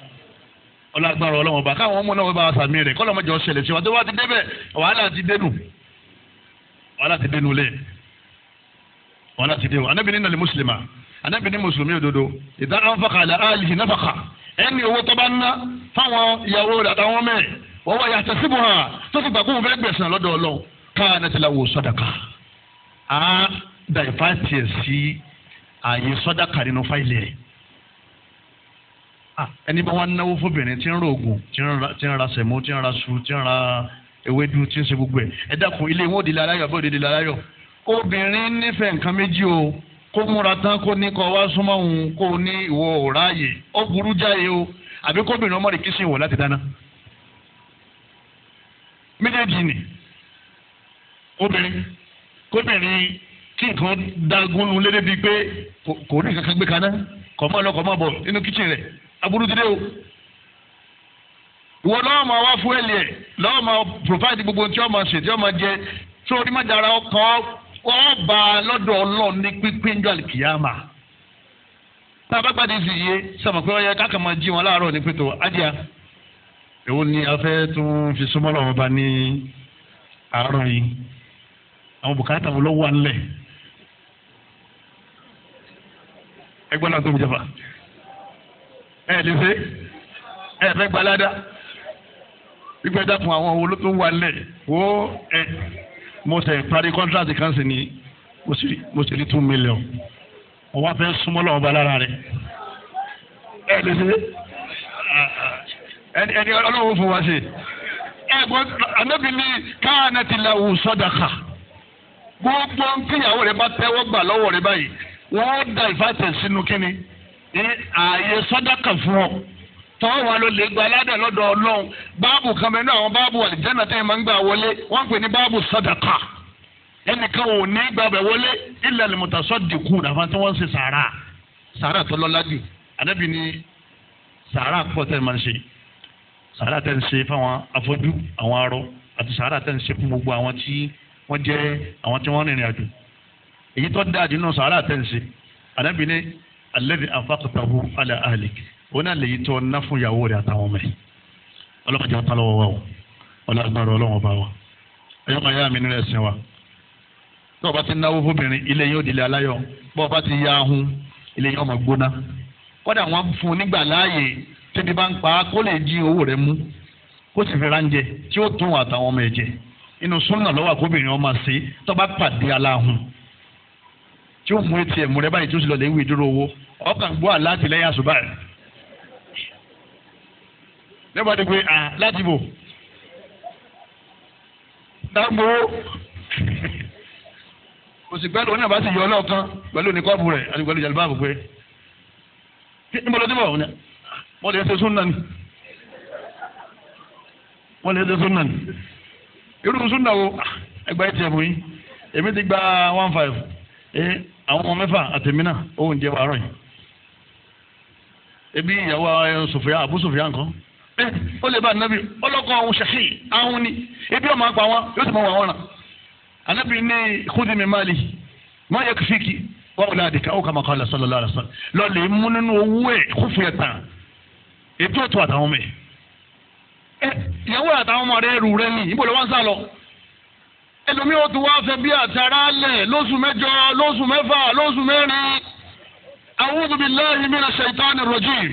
ọlágbára ọlọ́wọ́n bá káwọn ọmọ náà wọ́n bá wa sàmì rẹ̀ kọ́lọ́ mọ́jọ ṣẹlẹ̀ sí wa tó bá ti débẹ̀ wàhálà ti dénú wàhálà ti dénú lẹ̀ wàhálà ti dénú anábì ní nàlẹ́ mùsùlùmá anábì ní mùsùlùmí òdodo ìdá ànfàkà àlà àlìhì náfàkà ẹni owó tó bá ń ná fáwọn ìyàwó rẹ̀ àtàwọn mẹ́ẹ̀ wọ́n wá yàtọ̀ síbò hàn tó ti gbàgbọ́ fẹ́ gbẹ̀sán lọ́dọ̀ ti la wò sọ́dàkà á dàìfà tiẹ̀ sí àyè sọ́dàkà nínú Ah. ẹni bá wọn náwó fóbìnrin tí ń ra oògùn tí ń ra sẹ̀mó tí ń ra su tí ń ra ewédú tí ń ṣe gbogbo ẹ̀ ẹ dákun ilé wọn ò di láyọ̀ bó di láyọ̀ obìnrin nífẹ̀ẹ́ nǹkan méjì o kó múra tán kó ní kó wá súnmọ́ òun kó ní ìwọ ò ráàyè ó burú jáyé o àbí kóbìnrin ọmọdé kí sì wọ̀ láti dáná méjèèjì ni obìnrin kóbìnrin kí nǹkan dágúnlé débi pé kò ní kankan gbé kaná kò lọ kò bọ̀ nínú kíchìn rẹ̀ aburudire o ìwọ lọ́wọ́ máa wá fún ẹ̀lì ẹ̀ lọ́wọ́ máa provide gbogbo tí wọ́n máa ṣe tí wọ́n máa jẹ tí wọ́n máa dára ọkàn wọ́n bá a lọ́dọ̀ ọlọ́run ní pínpín ní alikiyama tá a bá gbàdé sí iye sọmọ pé wọ́n yẹ káàkiri máa jí wọn láàárọ̀ ní pẹ̀tọ́ adìyà èwo ni a fẹ́ tún fi súnmọ́ lọ́wọ́ bá ní àárọ̀ yìí àwọn bùkátà wọn lọ́wọ́ à ń lẹ̀ náà tó ń jẹba ẹ lè ṣe ẹ fẹ́ gbalada gbígbẹ́ dàpọ̀ àwọn owó tó wà lẹ̀ wo ẹ mo ṣe parí kọ́ńtrátì kan sì ni mo sì rí two million mo wá fẹ́ súnmọ́ lọ́wọ́ ba lára rẹ̀ ẹ lè ṣe ẹni ọlọ́wọ́ fún wa ṣe ẹ gbọ́ anábì ní káànà ti la wù sọ́dàkà gbogbo nkíyàwó rẹ̀ bá tẹ́wọ́ gbà lọ́wọ́ rẹ̀ báyìí wọ́n da ìfàtẹ̀ sínú kínni ní ààyè sọ́dọ̀kà fún ọ tọ́wọ́ wa ló lè gba aládàá lọ́dọ̀ ọlọ́run báàbù kan bẹ́ẹ̀ náà àwọn báàbù àlìjáná tẹ́ ẹ máa ń gbà wọlé wọ́n pè ní báàbù sọ́dọ̀kà ẹnìkan ò ní gbàbẹ̀ wọlé illa al-mutasaddiqun àfa tí wọ́n ń ṣe sàárà sàárà tó lọ́lá jù ànábì ni sàárà pọ̀ tẹ́ ẹ máa ń ṣe sàárà tẹ́ ń ṣe fáwọn afọ́jú àwọn arọ àti sàárà tẹ́ ń ṣe fún gbogbo àwọn tí wọ́n jẹ́ àwọn tí wọ́n rìnrìn àjò èyí tó dáa jù nínú sàárà tẹ́ ń ṣe ànábì ni alẹ́dẹ̀ afakọ̀tàbù alẹ́ àlè ó náà lè yí tọ́ ná fún ìyàwó rẹ̀ àtàwọn mẹ́ ọlọ́kàjá ta lọ́wọ́ wa o ọlọ́gbàrọ̀ ọlọ́wọ́ bá wa ẹ̀yọ́ máa yá mi nínú ẹ̀sìn wa tó o bá ti náwó fóbìnrin ilé yóò dilẹ̀ aláyọ̀ bó o bá ti ya ahun ilé yóò máa gbóná kódà wọ́n fún nígbà láàyè tẹ́bi bá ń pa kó lè jí owó rẹ̀ mú kó sì fi ránjẹ tí ó tún àtàwọn ọmọ ẹ̀ inú súnà lọ́wọ́ àkóbìnrin ọmọ sí tó bá pàdé aláhùn tí ó mú etí ẹ̀mú rẹ báyìí tí ó sì lọ lè wí dúró owó ọkàn gbọ́ àláàtì lẹ́yìn àṣùbà rẹ̀ lẹ́bàá ti pé à láti bò dágbó òsì pẹ́lú oní àbá sì yọ ọlọ́ọ̀kan pẹ̀lú oníkọ́ọ̀bù rẹ̀ àti pẹ̀lú ìjàlùbá àbò pé níbo ló dé bọ̀ ọ̀hún wọ́n lè ṣe súnà ni wọ́n lè ṣe súnà ni irú súnà wo ẹgbẹ́ tiẹ̀ fún yín èmi ti gba one five ee àwọn ọmọ mẹ́fà àtẹ̀mínà òun jẹ́ wàárọ̀ yìí ebi ìyàwó sòfìyà àbú sòfìyà nǹkan bẹ́ẹ̀ ó lè bá ànábì ọlọ́kọ̀ ọ̀hún ṣàṣì ahun ni ebi ọmọ apá wọn yóò sì mọ wọn ràn ànábì ní khudhi min mali ma yakfiki wa auladika ó kà máa kọ́ àlà sallallahu alaihi wasallam lọ́ọ̀lẹ̀ mú nínú owó ẹ̀ kúfù yẹn tán ètò ètò àtàwọn mẹ́ ìyàwó àtàwọn ọmọ rẹ̀ rù rẹ̀ ní ìbò lọ́wọ́ ń sá lọ ẹlòmí ó ti wá ṣe bí àtàrà lẹ̀ lóṣù mẹ́jọ lóṣù mẹ́fà lóṣù mẹ́rin a'udhu billahi minash shaitani rajim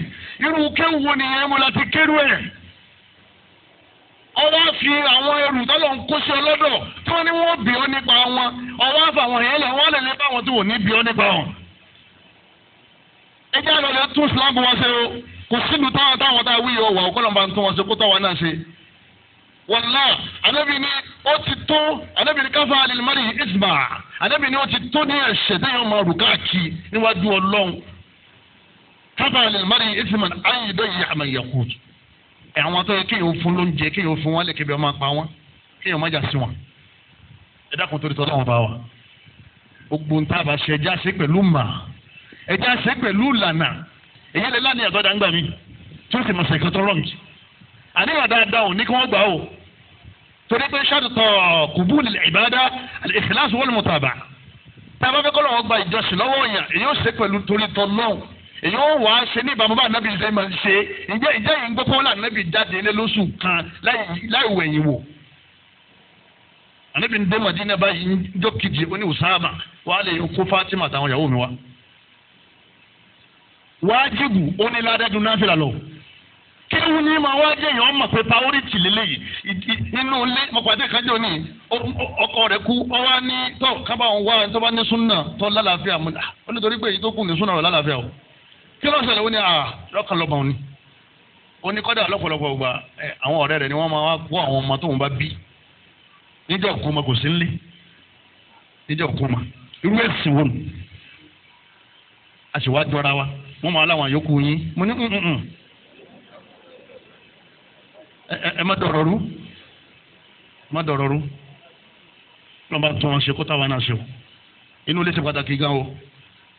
irú kéwù nìyẹn mo láti kérú ẹ̀ ọwọ́ fi àwọn ẹrù tọ́lọ̀ ń kó sí ọlọ́dọ̀ tí wọ́n ní wọ́n bí ọ nípa wọn ọwọ́ àfàwọn yẹn lẹ̀ wọ́n lè lè bá wọn tí wọ́n ní bí ọ nípa wọn. ẹ jẹ́ àlọ́ lẹ́tún Islam wọn ṣe o kò sínú táwọn táwọn táwọn wíyọ̀ wà ó kọ́ wàllá anabi ni ó ti tó anabi ni káfa alimari isma anabi ni ó ti tó ní ẹsẹ ní ọmọ ruka kí níwájú Ọlọ́run káfa alimari isma ayé dọ yìí àmà yakut ẹ àwọn tó yẹ kí yóò fún lóúnjẹ kí yóò fún wọn lẹkẹ bí ọmọ apá wọn kí má jà wọn ẹ dákun torí tọ́lá wọn bá wa gbogbo ń tábà ṣe ẹjá ṣe pẹ̀lú mà ẹjá ṣe pẹ̀lú lànà èyí lè lánìí àtọ́jà ń gbà tí ó sì mọ̀ ṣèkọ́tọ̀ rọ̀ǹkì àníyàn dáadáa ò ní kí wọ́n gbà ó torí pé ṣàtúntọ̀ kùbú ìbádà ìkìláàsì wọ́n mùtàbà tá a bá fẹ́ kọ́ lọ́wọ́ gba ìjọsìn lọ́wọ́ yàn èyí ó ṣe pẹ̀lú torí tọ́ lọ́hùn èyí ó wàá ṣe ní ìbámu bá ànábì ṣe máa ń ṣe ǹjẹ́ ìjẹ́ yìí ń gbọ́ pé wọ́n lé ànábì jáde ilé lóṣù kan láì wẹ̀yìn wò ànábì ń dé Madina báyìí ń jọ́ kejì oní Usama wàá lè kó Fatima àtàwọn ìyàwó mi wá wájibu kéwù ní ma wá jẹ́ èèyàn mọ̀ pé priority lélẹ́yìí nínú ilé mọ̀pàdé kan jò ní ọkọ rẹ̀ kú ọwá ní tọ́ kábà wọn wá tó bá ní súnà tó lálàáfíà mu ah, ó ní torí pé èyí tó kù ní súnà rẹ̀ lálàáfíà o kí ló ń ṣẹlẹ̀ ó ní ah, lọ́kàn lọ́gbà òní ó ní kọ́dà lọ́pọ̀lọpọ̀ gbà eh, àwọn ọ̀rẹ́ rẹ̀ ni wọ́n máa kó àwọn ọmọ tóun bá bí níjọ́ kú ọmọ kò sí ńlé níjọ́ kú ọmọ irú ẹ̀sìn wo ni a sì wá jọra wa wọ́n máa láwọn àyókù yín mo ní mm, mm, mm. ẹ má dọ̀rọ̀ rú má dọ̀rọ̀ rú bá tún wọn ṣe kó táwọn náà ṣe o inú ilé ṣe pàtàkì gan o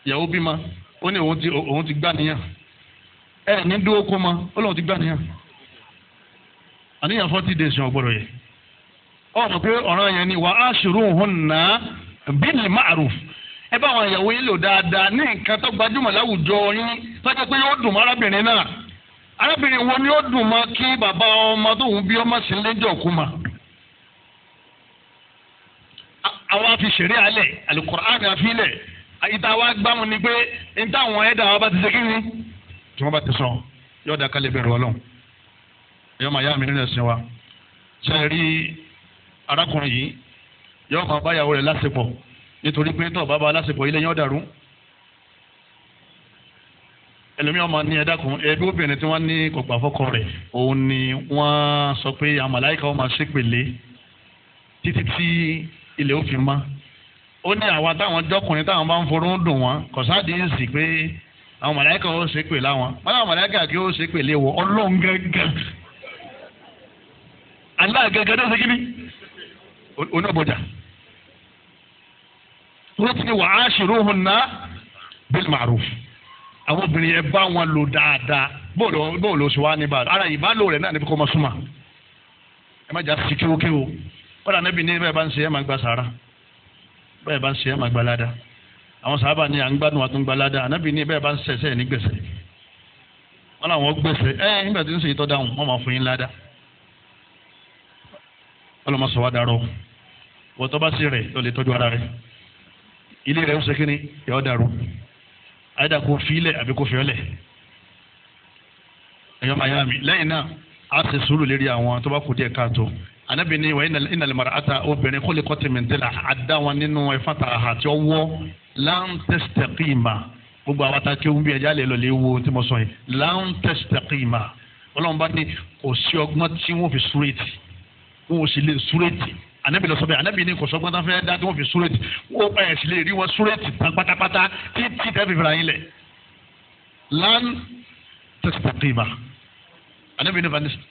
ìyàwó bímọ ó ní òun ti òun ti gbá nìyàn ẹ ní dúró kó mọ ó ti gbá nìyàn àníyàn days yẹn ọgbọ́dọ̀ yẹ ọ̀rọ̀ pé ọ̀ràn yẹn ni wà á ṣòro òun nà ẹ bá àwọn ìyàwó yín lò dáadáa ní nǹkan tó gbajúmọ̀ láwùjọ yín tó arábìnrin wo ni ó dùn mọ́ kí bàbá ọmọ tóun bí ọmọ sí lẹ́jọ́ kú mọ́ àwọn afi ṣeré alẹ̀ alukur'an afi lẹ̀ ìta wa gbàmù ni pé níta àwọn ẹ̀dá wa bá ti ṣe kí ni tí wọ́n bá ti sọ yóò dá kálí bẹ̀rù ọlọ́run yóò máa yá mi nínú ẹ̀sìn wa ṣe rí arákùnrin yìí yóò kàn báyàwó rẹ̀ lásìkò nítorí pé tó bá bá lásìkò ilé yóò dàrú ẹlòmíì ọmọ ní ẹ̀dá kun ẹbí obìnrin tí wọ́n ní kọgbà fọkọ rẹ̀ òun ni wọ́n sọ pé àmàláyíká wọn máa ṣe pèlè títí tí ilẹ̀ ó fi mọ́ ó ní àwa táwọn jọkùnrin táwọn bá ń forún dùn wọn kò sáàdì ń sì pé àwọn màláyíká ó ṣe pèlè àwọn wọn àwọn kí ó ṣe pèlè wọ ọlọ́run gángan aláàgángan ló ṣe kí ni oníbọjà wọ́n ti wàá ṣòro hùn náà bil ma'ruf àwọn obìnrin yẹn bá wọn lò dáadáa bóòlù oṣù wa ní ìbàdàn ara ìbálò rẹ̀ náà níbi kó máa súnmọ́ ẹ má jà sí kíwókíwó ó dà níbi ní bẹ́ẹ̀ bá ń ṣe ẹ máa gba sàrà bẹ́ẹ̀ bá ń ṣe ẹ máa gba ládàá àwọn sàábà ní à ń gbádùn àtúngbà ládàá ànábì ní bẹ́ẹ̀ bá ń ṣẹ̀ṣẹ̀ ní gbèsè wọn làwọn gbèsè ẹ nígbà tí ń ṣe ìtọ́ dáhùn wọn máa fún yín ládàá ọlọmọ sọ àyẹ̀dà kò filẹ̀ àbí kò fiọ́lẹ̀ ẹ̀yọ́ màyà mi lẹ́yìn náà a ṣe sùúrù lérí àwọn tó bá kù díẹ̀ káàtó anabi ni wàyí ìnàlẹ̀ mara ata obìnrin kò lè kọ́ tèmi ń tẹ́lẹ̀ àdá wọn nínú ẹ̀fọn ta àhà tí ó wọ́ láǹtẹ̀sítẹ̀kìmà gbogbo àwọn ata kí wúbi ẹja lè lọ lè wo tí mo sọ yìí láǹtẹ̀sítẹ̀kìmà ọlọ́run bá kò sí ọgbọ́n tí wọ́n fi súrètì wọ́n sì lè súrètì anabi lọ sọ bẹ́ẹ̀ anabi ní kòsọgbọn tán fẹẹ dá tí wọn fi súrètì wọn pa ẹsìn lè rí wọn súrètì tán pátápátá títí tẹ́ fi fìlà yín lẹ̀ lan tastaqima anabi ní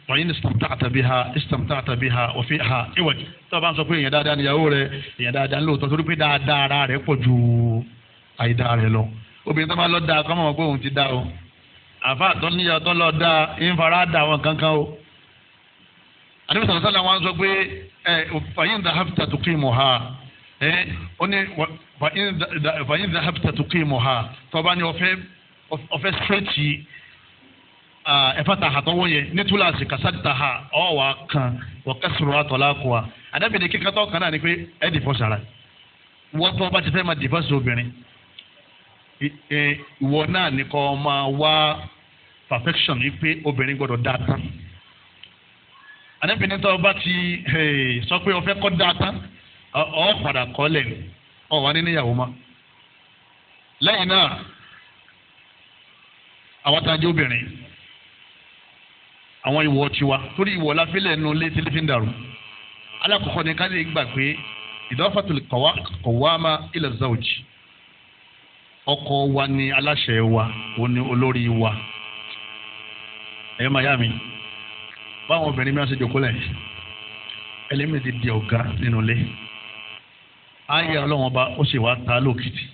fàyín istamta'ta biha istamta'ta biha wa fiha iwaj tó o bá ń sọ pé èèyàn dáadáa níyàwó rẹ èèyàn dáadáa lóòótọ́ torí pé dáadáa ara rẹ pọ̀ ju àìdáa rẹ lọ obìnrin tó bá lọ dáa kọ́mọ̀ pé òun ti dáa o àfa àtọ́ níyàwó lọ dáa ń fara wọn kankan o àdébí sàlẹ̀ sàlẹ̀ wọn sọ pé ẹ fàyín dà hàbìtà tó kí mu ha ẹ ó ní fàyín dà hàbìtà tó kí mu ha tọ́ba ni ọ̀fẹ́ ọ̀fẹ́ sírẹ́tì ẹ̀fà tà àtọ́wọ́ yẹ ní túláàsì kàsáàtì tà ha ọ̀ wà kàn wọ́n kẹ́sìrò àtọ̀lá kù wa àdébí ni kíkatọ́ kan náà ni pé ẹ̀ dì fọ́ wọ́n tọ́ bá ti fẹ́ máa dì sí obìnrin ìwọ náà nìkan máa wá perfection yìí pé obìnrin gbọ́dọ̀ dáa tán ànábì ní sọ́ọ́ bá ti sọ pé ọ̀fẹ́ kọ́ dáa tán ọ̀ padà kọ́ lẹ̀ ní ọ̀ wá nínú ìyàwó ma lẹ́yìn náà àwọn tá a jẹ́ obìnrin àwọn ìwọ tiwa torí ìwọ láfílẹ̀ nu létí létí ń dàrú alákọ̀ọ́kọ́ ni ká lè gbà pé ìdọ́fàtò kọ̀wáàmà ilẹ̀ zawji ọkọ wa ni aláṣẹ wa òun ni olórí wa ẹ̀yọ́ màyá báwọn obìnrin mìíràn ṣe jòkó lẹ̀ ẹlẹ́mìí ti di ọ̀gá nínú ilé ayé ọlọ́wọ́n bá ó sì wá ta lókìtì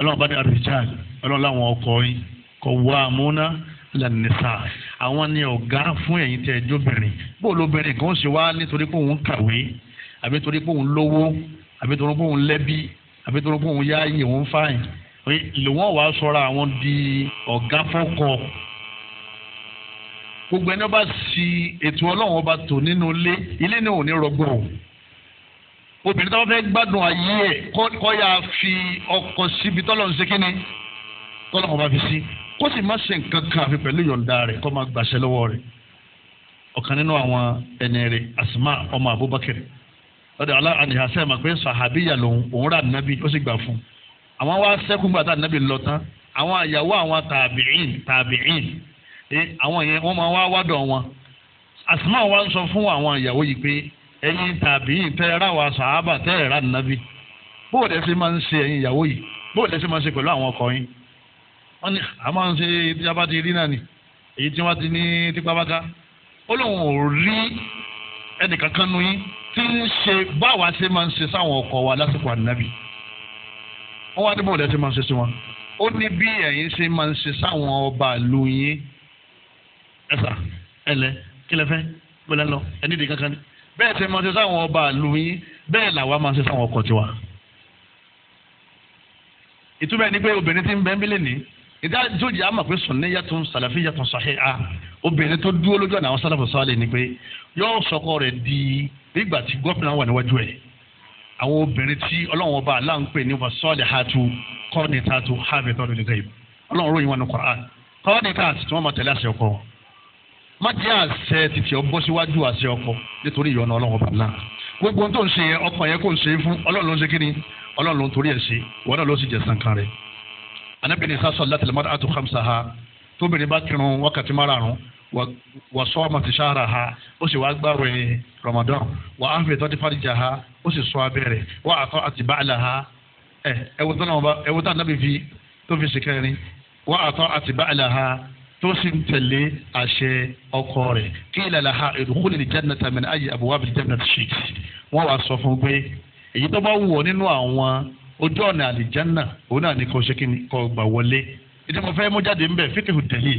ọlọ́wọ́n bá ní abijad ọlọ́wọ́n láwọn ọkọ yín kò wá amúná lẹ́nìísà àwọn ni ọ̀gá fún ẹ̀yin tẹ́ ẹjọ́bìnrin bó lóbìnrin kan ṣe wá nítorí pé òun kàwé àbí torí pé òun lówó àbí torí pé òun lẹ́bí àbí torí pé òun yáàyè òun fáyìn lòun wàá sọra àwọn di ọ̀gá fọ́kọ̀ọ́ gbogbo ẹni ọba sí ètò ọlọ́run ọba tò nínú ilé ilé náà ò rọgbọ o obìnrin tó bá fẹ́ gbádùn ayé ẹ̀ kọ́ ya fi ọkọ síbi tọ́lọ̀ ń ṣe kí ni tọ́lọ̀ kan bá fi sí kó sì má ṣe nǹkan kan àfi pẹ̀lú ìyọ̀ǹda rẹ̀ kó máa gbàṣẹ lọ́wọ́ rẹ̀ ọ̀kan nínú àwọn ẹni rẹ̀ Asma ọmọ Abubakar lọ́dọ̀ Allah àníhà sẹ́ẹ̀mà pé sàhábíyà lòun òun rà nábì ó sì gbà fún àwọn wa sẹ́kùn gbàtà nábì lọ tán àwọn àyàwó àwọn tàbíìn tàbíìn àwọn yẹn wọ́n máa wá wádọ̀ wọn Asma wa ń sọ fún àwọn ìyàwó yìí pé ẹ̀yin tàbí ìtẹ́ra wa sàábà tẹ́ẹ̀rà nàbí bóòdù ẹ ṣe máa ń ṣe ẹ̀yin ìyàwó yìí bóòdù ẹ ṣe máa ń ṣe pẹ̀lú àwọn ọkọ yín wọ́n ní a máa ń ṣe tíjábá ti rí náà ni èyí tí wọ́n ti ní tipábáká ó lóun ò rí ẹnìkankan nu yín tí ń ṣe báwa ṣe máa ń ṣe sáwọn ọkọ wa lásìkò ànábì wọ́n wá ní bóòdù ẹ ṣe máa ń ṣe sí wọn ó ní bí ẹ̀yin ṣe máa ń ṣe sáwọn ọba ìlú yín ẹ̀sà ẹ̀lẹ́ kílẹ̀fẹ́ gbọ́dọ̀ lọ ẹni dè kankan ni bẹ́ẹ̀ tẹ máa ṣe sáwọn ọba àlù yín bẹ́ẹ̀ làwa máa ṣe sáwọn ọkọ̀ tiwa. ìtumọ̀ ẹni pé obìnrin ti ń bẹ́ẹ̀ bí lẹ́nìí ìdá jòjì àmọ̀ pé sùnní yàtọ̀ sàlàfí yàtọ̀ sàhẹ́ a obìnrin tó dúró lójú ọ̀nà àwọn sàlàfí sọ́ọ́lẹ̀ ni pé yóò sọkọ rẹ̀ di nígbà tí gómìnà wà níwájú ẹ̀ àwọn obìnrin tí ọlọ́run ọba aláà pè ní wà sọ́ọ̀lẹ̀ hatu kọ́ọ̀nì tatu hàbẹ̀tọ̀ lónìí gẹ̀yìn ọlọ́run ròyìn wọn ní Qur'an kọ́ọ̀nì tatu tí wọ́n máa tẹ̀lé àṣẹ ọkọ wọn má jẹ́ àṣẹ títí ọ bọ́ síwájú àṣẹ ọkọ nítorí ìyọnu ọlọ́run bàbá gbogbo ohun tó ń ṣe yẹn ọkọ yẹn kò ń ṣe é fún ọlọ́run ló ń ṣe kí ni ọlọ́run ló ń torí ẹ̀ ṣe ìwọ náà ló sì jẹ sànkàn rẹ. anábìyẹn ní sásọ láti lèmọ́tò àtò hamsa ha tóbìnrin bá kírun wákàtí márààrún wà sọ ọmọ ti sára ha ó sì wá gbààwẹ̀ Ramadan wà á ń fàdíjà ha ó sì sọ abẹ́rẹ́ wà á àti bàálà ha ẹ̀wò tó náà ẹ̀wò tó àná tó sì ń tẹ̀lé àṣẹ ọkọ rẹ̀ kí ìlànà ha ìdúkúlẹ̀ lè jáde nàta mẹ́rin ayé àbúwá bìí jáde nàta ṣèjì wọ́n wàá sọ fún un pé èyí tó bá wù ọ́ nínú àwọn ojú ọ̀nà àlìjánà òun náà ní kò ṣe kí kò gbà wọlé ìdí mo fẹ́ mú jáde ńbẹ̀ fíkìhù tẹ̀lé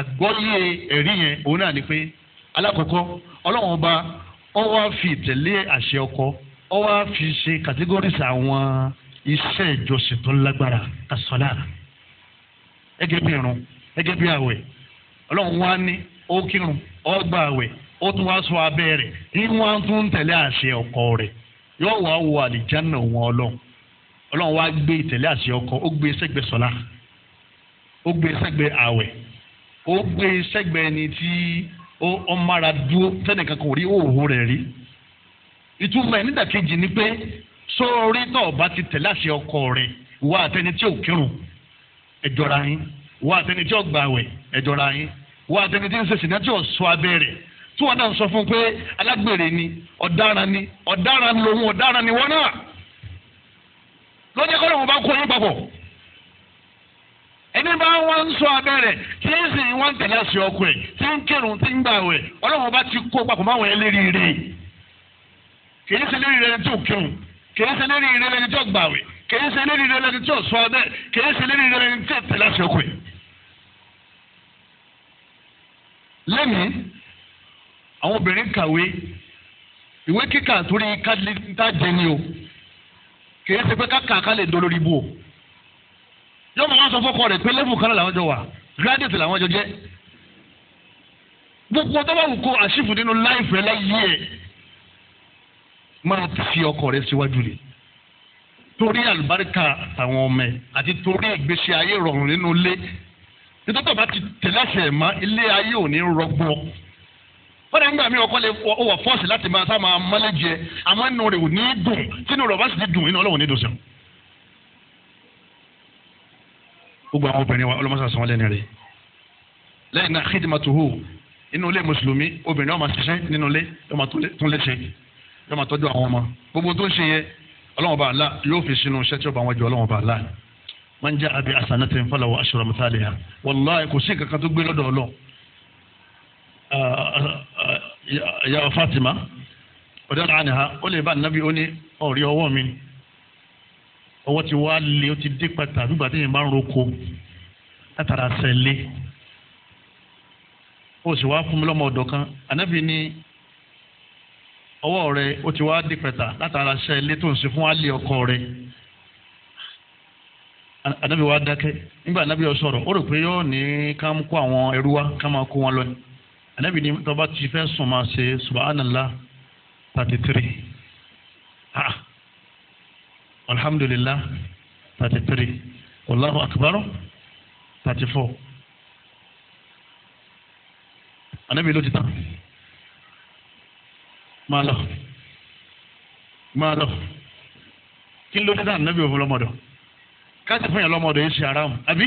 àgbọ́yé ẹ̀rí yẹn òun náà ni pé alákọ̀ọ́kọ́ ọlọ́run ọba ọ wá fi tẹ̀lé àṣẹ ọkọ ọ wá fi ṣe kàtégórìsì àwọn iṣẹ́ ìjọsìn tó lágbára kàṣọ́lá ẹgẹ́ bí irun gẹ́gẹ́ bí àwẹ̀ ọlọ́run wá ní ó kírun ó gba àwẹ̀ ó tún wá sọ abẹ́ rẹ̀ ìwọ̀n á tún tẹ̀lé àṣẹ ọkọ rẹ̀ yóò wá wo àlìjánà wọn ọlọ́run ọlọ́run wá gbé ìtẹ̀lé àṣẹ ọkọ ó gbé sẹ́gbẹ̀ẹ́ sọ́lá ó gbé sẹ́gbẹ̀ẹ́ àwẹ̀ ó gbé sẹ́gbẹ̀ẹ́ ẹni tí ó mára dúró tẹ́nìkan kò rí òwò rẹ̀ rí ìtumọ̀ ẹ̀ nídàkejì ni pé sórí tó o bá ti tẹ̀lé àṣẹ ọkọ rẹ̀ wá àtẹni tí ò kírun ẹ jọra yín. wọ́n àtẹni tí ó gbà ẹ̀jọ̀ ra yín wọ́n àtẹni tí ń ṣe sìnà tí abẹ́rẹ́ ni ọ̀daràn ni ọ̀daràn lòun ọ̀daràn ni wọ́n náà lọ́jọ́ kọ́ lóun bá kó yín papọ̀ ẹni bá wọn ń sọ abẹ́rẹ́ tí ń sìn wọn tẹ̀lé àṣẹ ọkọ ti kó papọ̀ máwọn ẹlẹ́rìí rẹ̀ kì í ṣe lérí rẹ̀ tí ò kírun kì í kìí ṣe lé dídọ́ lẹ́ni tí ò sọ bẹ́ẹ̀ kìí ṣe lé dídọ́ lẹ́ni tí ò tẹ̀lé àṣẹ òkú ẹ̀. lẹ́mìí àwọn obìnrin kàwé ìwé kíkà torí kájíńtà jẹni o kìí ṣe pé káka ká lè dolórí bò ó. yóò máa wá sọ fọ́kọ rẹ̀ pé lẹ́bù kan làwọn jọ wà gírádìtì làwọn jọ jẹ́. gbogbo tó bá wù kó àṣìfù nínú láìfẹ́ láyé ẹ̀ máa fi ọkọ rẹ̀ síwájú rẹ̀ torí àlùbáríkà àwọn ọmọ ẹ àti torí ìgbésí ayé rọrùn nínú ilé nítorí bàbá ti tẹ̀lẹ́sẹ̀ mọ́ ilé ayé ò ní rọgbọ. wọ́n dàgbà mí ọkọ lè wọ fọ́ọ̀sì láti máa sá máa mọ́lé jẹ àmọ́ inú rẹ̀ ò ní dùn tínú rẹ̀ ọba sì ti dùn inú ọlọ́run ní dùn sẹ́wọ̀n. gbogbo àwọn obìnrin wa ọlọ́mọṣà sàn lẹ́nu rẹ̀ lẹ́yìn náà khidmatuhu inú ilé mùsùlùmí obìnrin ọmọ ṣiṣẹ́ nínú ilé ọmọ tó lé ṣe ọmọ tọ́jú àwọn ọmọ gbogbo tó ń ṣe yẹ ọlọ́run bá ńlá yóò fi sínú iṣẹ́ tí ó bá wọn jọ ọlọ́run bá ńlá man jaa bi hasanatin falahu ashru amthaliha wallahi kò sí kankan tó gbé lọ́dọ̀ ọlọ́ ya Fatima ọ̀dọ́dọ̀ àníhà ó lè bá nàbí ó ní ọ̀rí ọwọ́ mi ọwọ́ ti wá lé ó ti dé pátá nígbà tí yẹn bá ń roko látara sẹ́lé ó sì wá fún mi lọ́mọ ọ̀dọ̀ kan ànábì ní ọwọ́ rẹ o ti wá dìpẹ̀tà látara ṣe ilé tó ń ṣe fún alẹ́ ọkọ rẹ anabi wa dákẹ́ nígbà anabi yọ sọ̀rọ̀ ó rò pé yóò ní ká ń kó àwọn ẹrú wa ká máa kó wọn lọ ni anabi ní tọ́ba ti fẹ́ sùn máa ṣe subhanallah thirty three ah alhamdulillah thirty three wallahu akbar thirty four anabi ló ti tán malo malo máa lọ kí ló dé dáná nábì òfin lọ́mọdọ̀ káàtì fún yẹn lọ́mọdọ̀ yìí ṣe aráàmù àbí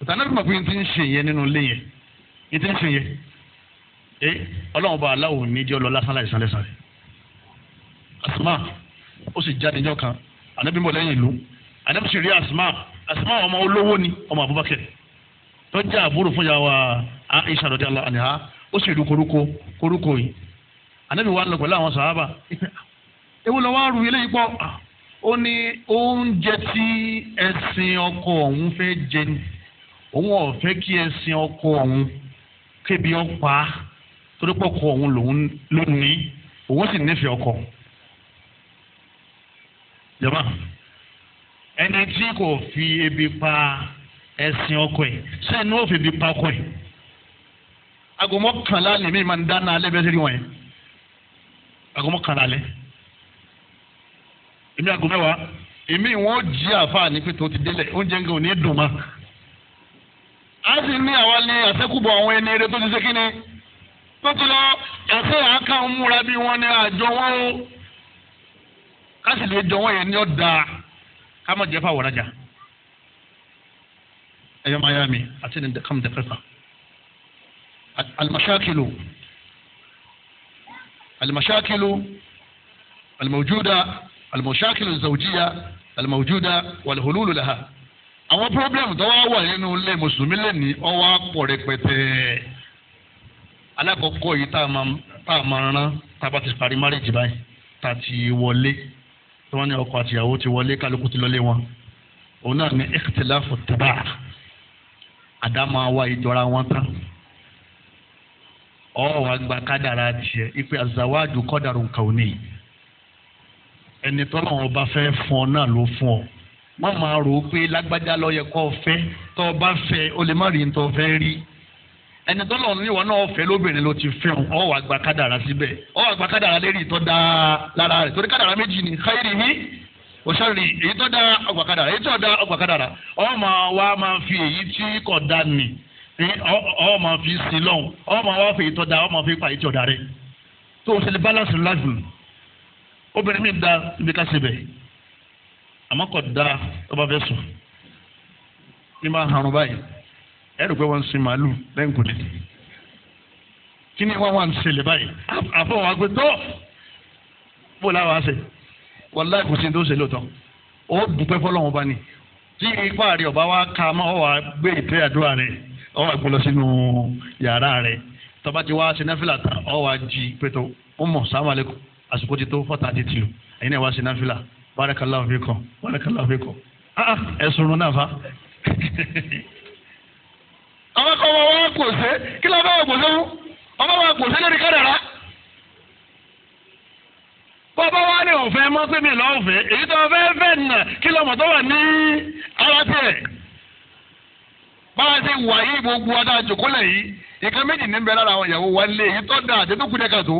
òtá nábì mọ̀ pé n ti ń ṣe yẹn nínú ilé yẹn n ti ń ṣe yẹn ẹ ọlọ́run bá aláwọ̀ níjọ́ lọ lásán láì sálẹ̀ sálẹ̀ asuma ó sì jáde níjọ́ kan ànábì mọ̀ lẹ́yìn ìlú ànábì sì rí asuma asuma ọmọ olówó ni ọmọ Abubakar tó jẹ́ àbúrò fún yàrá Aisha radiyallahu anha ó sì rí koríko koríko yìí anabi wa lọ pẹ̀lú àwọn sàhábà ewu lọ wá ru eléyìí pọ̀ ó ní oúnjẹ tí ẹṣin ọkọ òun fẹ́ jẹ ni òun ò fẹ́ kí ẹṣin ọkọ òun kébi ọpa torí pọkọ òun lòun lónìí òun sì nífẹ̀ẹ́ ọkọ jọba ẹni tí kò fi ebi pa ẹṣin ọkọ ẹ̀ sẹ́ni ó fi ebi pa ọkọ ẹ̀ aago mọ́kànlá lèmi máa ń dáná alẹ́ bẹ́ẹ̀ sí wọn yẹn aago mọ́kànlá lẹ́ èmi aago mẹ́wàá èmi wọ́n jí àfa ní pé tó ti délẹ̀ oúnjẹ nǹkan ò ní dùn mọ́ a sì ní àwa ní àṣẹ́kùbọ̀ àwọn ẹni eré tó ti ṣe kí ni tó ti lọ ẹ̀sẹ̀ àáká ń múra bí wọ́n ní àjọ wọn o ká sì lè jọ wọn yẹn ní ọ̀dà ká má jẹ́ fáwọn ọ̀rajà ẹ̀yọ́ máa àti ní kàmdẹ́kẹ́fà al-mashakilu. المشاكل الموجودة المشاكل الزوجية الموجودة والحلول لها àwọn problem tó wá wà nínú ilé mùsùlùmí lẹ́nìí ó wá pọ̀ rẹpẹtẹ alákọ̀ọ́kọ́ yìí tá a máa rán tá a bá ti parí márèjì báyìí tá a ti wọlé tí wọ́n ní ọkọ àtìyàwó ti wọlé kálukú ti lọ́lé wọn òun náà ní ikhtilafu tibaa àdámọ́ wa ìjọra wọn tán ọ wà gba kádàrá tiẹ̀ ipe azawájú kọ́dàrú kàwọ́nì ẹni tọ́lọ́ wọn bá fẹ́ fún ọ náà ló fún ọ má máa rò ó pé lágbájá ló yẹ kó fẹ́ tó o bá fẹ́ o lè má rí nítorí fẹ́ rí ẹni tọ́lọ́ níwọ̀n náà fẹ́ lóbìnrin ló ti fẹ́ ọ ọ wà gba síbẹ̀ ọ wà gba lérí ìtọ́ da lára rẹ̀ torí kádàrá méjì ni káyìrì mi òṣèré èyí tó da ọgbà kádàrá èyí tó da ọgbà kádàrá ọ ọ máa fi sin lọ́hùn ọ máa wá fi ìtọ́jà ọ máa fi pa ìtọ́jà rẹ tó o ṣe lè balance life obìnrin mi da ibi ká ṣe bẹ̀ àmọ́ kò da tó bá fẹ́ sùn ní máa harun báyìí ẹ rò pé wọ́n ń sin màálù lẹ́yìn kò dé kí ni wọ́n wà ń ṣẹlẹ̀ báyìí àfọwọ́n àgbẹ̀ tó bó láwọn àṣẹ wàláì kò sí ní tó o lóòótọ́ o dùpẹ́ fọlọ́wọ́n bá ní tí ipá rẹ̀ ọba wa ka máa wà gbé ìpè àdúrà rẹ̀ ọ wà gbọ́dọ̀ sínú yàrá rẹ̀ tọ́ba ti wá sinafila ta ọ wà jí pẹ̀tọ́ ó mọ̀ sàmà lẹ́kọ̀ọ́ àsìkò ti tó fọ́tà ti tì ó ẹ̀yin náà wá sinafila barakallahu fikum barakallahu fikum ah, ah ẹ̀sùn rún náà fa. àwọn kan wọ́n wá gbòòsè kí ló bá wà gbòòsè fún ọmọ wa gbòòsè lórí kádàrá bọ́bá wa ní òfin mọ́ mi lọ́ọ́ fẹ́ èyí tó fẹ́ fẹ́ nà kí lọ́mọ tó wà ní ara tiẹ̀ báwa ṣe wà yí gbogbo ọ̀dà àjòkólẹ̀ yìí ìkan méjì ní bẹ lára àwọn ìyàwó wa lé èyí tó da àti tó kú dẹ́ka tó.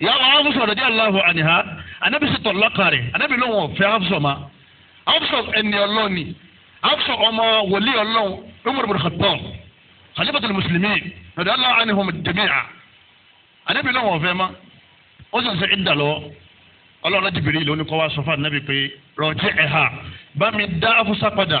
ìyàwó Hafsa radiyallahu anha anábì sì tọ̀ lọ́kàrẹ̀ anábì ló wọn fẹ́ Hafsa ma Hafsa ẹni ọlọ́ni Hafsa ọmọ wòlíì ọlọ́run Umar ibn Khattab khalifatul muslimin radiyallahu anhum jami'a anábì ló wọn fẹ́ ma ó sì ń sẹ́ ìdà lọ́wọ́ ọlọ́run Jibril ló ní kọ́ wá sọ fún anábì bá mi dá Hafsa padà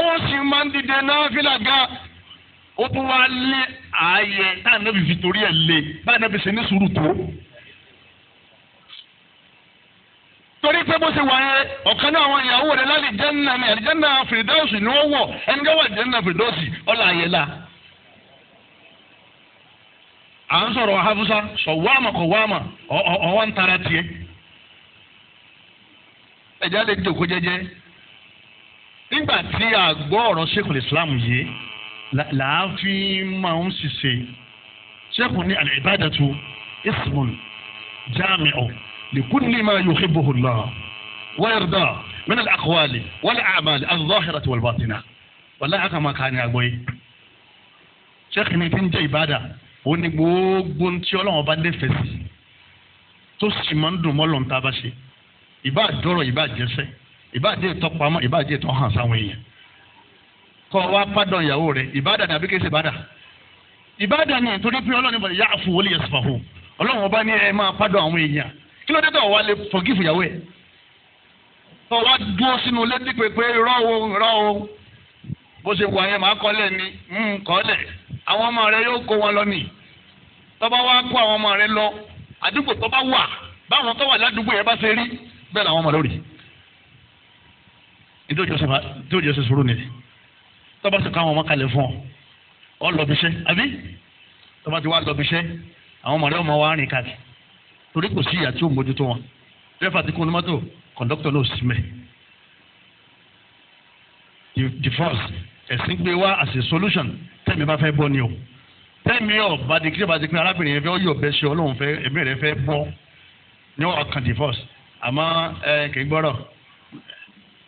ó sì máa ń dìde náfìlà gan ó tún wá lé ààyè táà náà fi torí ẹ̀ lé báà náà fi ní sùúrù tó. torí pé bó ṣe wà ọ̀kan náà àwọn ìyàwó rẹ̀ láti jẹ́nà àdìjẹ́nà fìdíọ́sì ni wọ́n wọ̀ ẹni jẹ́nà fìdíọ́sì ọ̀là hafusa sọ wàmà kọ wàmà ń tara tiẹ̀. ẹ̀jẹ̀ á lè nígbà tí a gbọ́ ọ̀rọ̀ Sheikhul Islam yìí làá fi máa ń ṣiṣẹ́ Sheikhul ní al-ibadatu ismun jami'u likulli ma yuhibbuhu Allah wa yarda min al-aqwali wal-a'mal al-zahirati wal-batina wàlá àkàmàkà ni àgbọ̀ yìí Sheikh ni ti ń jẹ́ ìbádà ó gbogbo tí Ọlọ́run bá nífẹ̀ẹ́ sí tó sì máa ń dùn mọ́ lọ́n tá a bá ṣe ìbá àjọrọ̀ ìbáàjẹ́ ìtọ́ pamọ́ ìbáàjẹ́ ìtọ́ hàn sáwọn èèyàn kọ́ wa pádàn ìyàwó rẹ̀ ìbádà ni àbí kìí ṣe ìbádà ìbádà ni torí pé ọlọ́run ìbàdàn yá àfù wọlé yẹsùn fàfù ọlọ́run ọba ní ẹ máa pádàn àwọn èèyàn kí ló dé tọ̀ wá lè forgive ìyàwó ẹ̀ tọ́ wa dúró sínú létí pé pé rọ́ o rọ́ o bó ṣe wà yẹn máa kọ́lẹ̀ ni hmm, kọ́lẹ̀ àwọn ọmọ rẹ yóò kó wọn lọ nì tọ́ bá wá kó àwọn ọmọ rẹ lọ àdúgbò tó bá wà báwọn tó ládùúgbò yẹn bá ṣe rí bẹ́ẹ̀ làwọn ọmọ lórí nítorí ọ̀sẹ̀ sòrò nìyẹn tọ́ba sì káwọn ọmọ kalẹ̀ fún ọ ọ lọ́bíṣẹ́ àbí tọ́ba ti wá lọ́bíṣẹ́ àwọn ọmọ rẹ ọmọ wa rìn káàkiri torí kò sí ìyá tí ó mójútó wọn dẹ́fà ti kún ní mọ́tò kọ̀ǹdọ́kítọ̀ náà sì mẹ́ the first ẹ̀sìn gbé wá as a solution tẹ́mi bá fẹ́ bọ́ ni o tẹ́mi ọ̀ bá di kíjọba ti pín arábìnrin yẹn fẹ́ ọ̀yọ̀ bẹ́ ṣe ọlọ́run fẹ́ ẹ̀mí rẹ̀ fẹ́ bọ́ ní ọ̀kan divorce àmọ́ ẹ kì í gbọ́rọ̀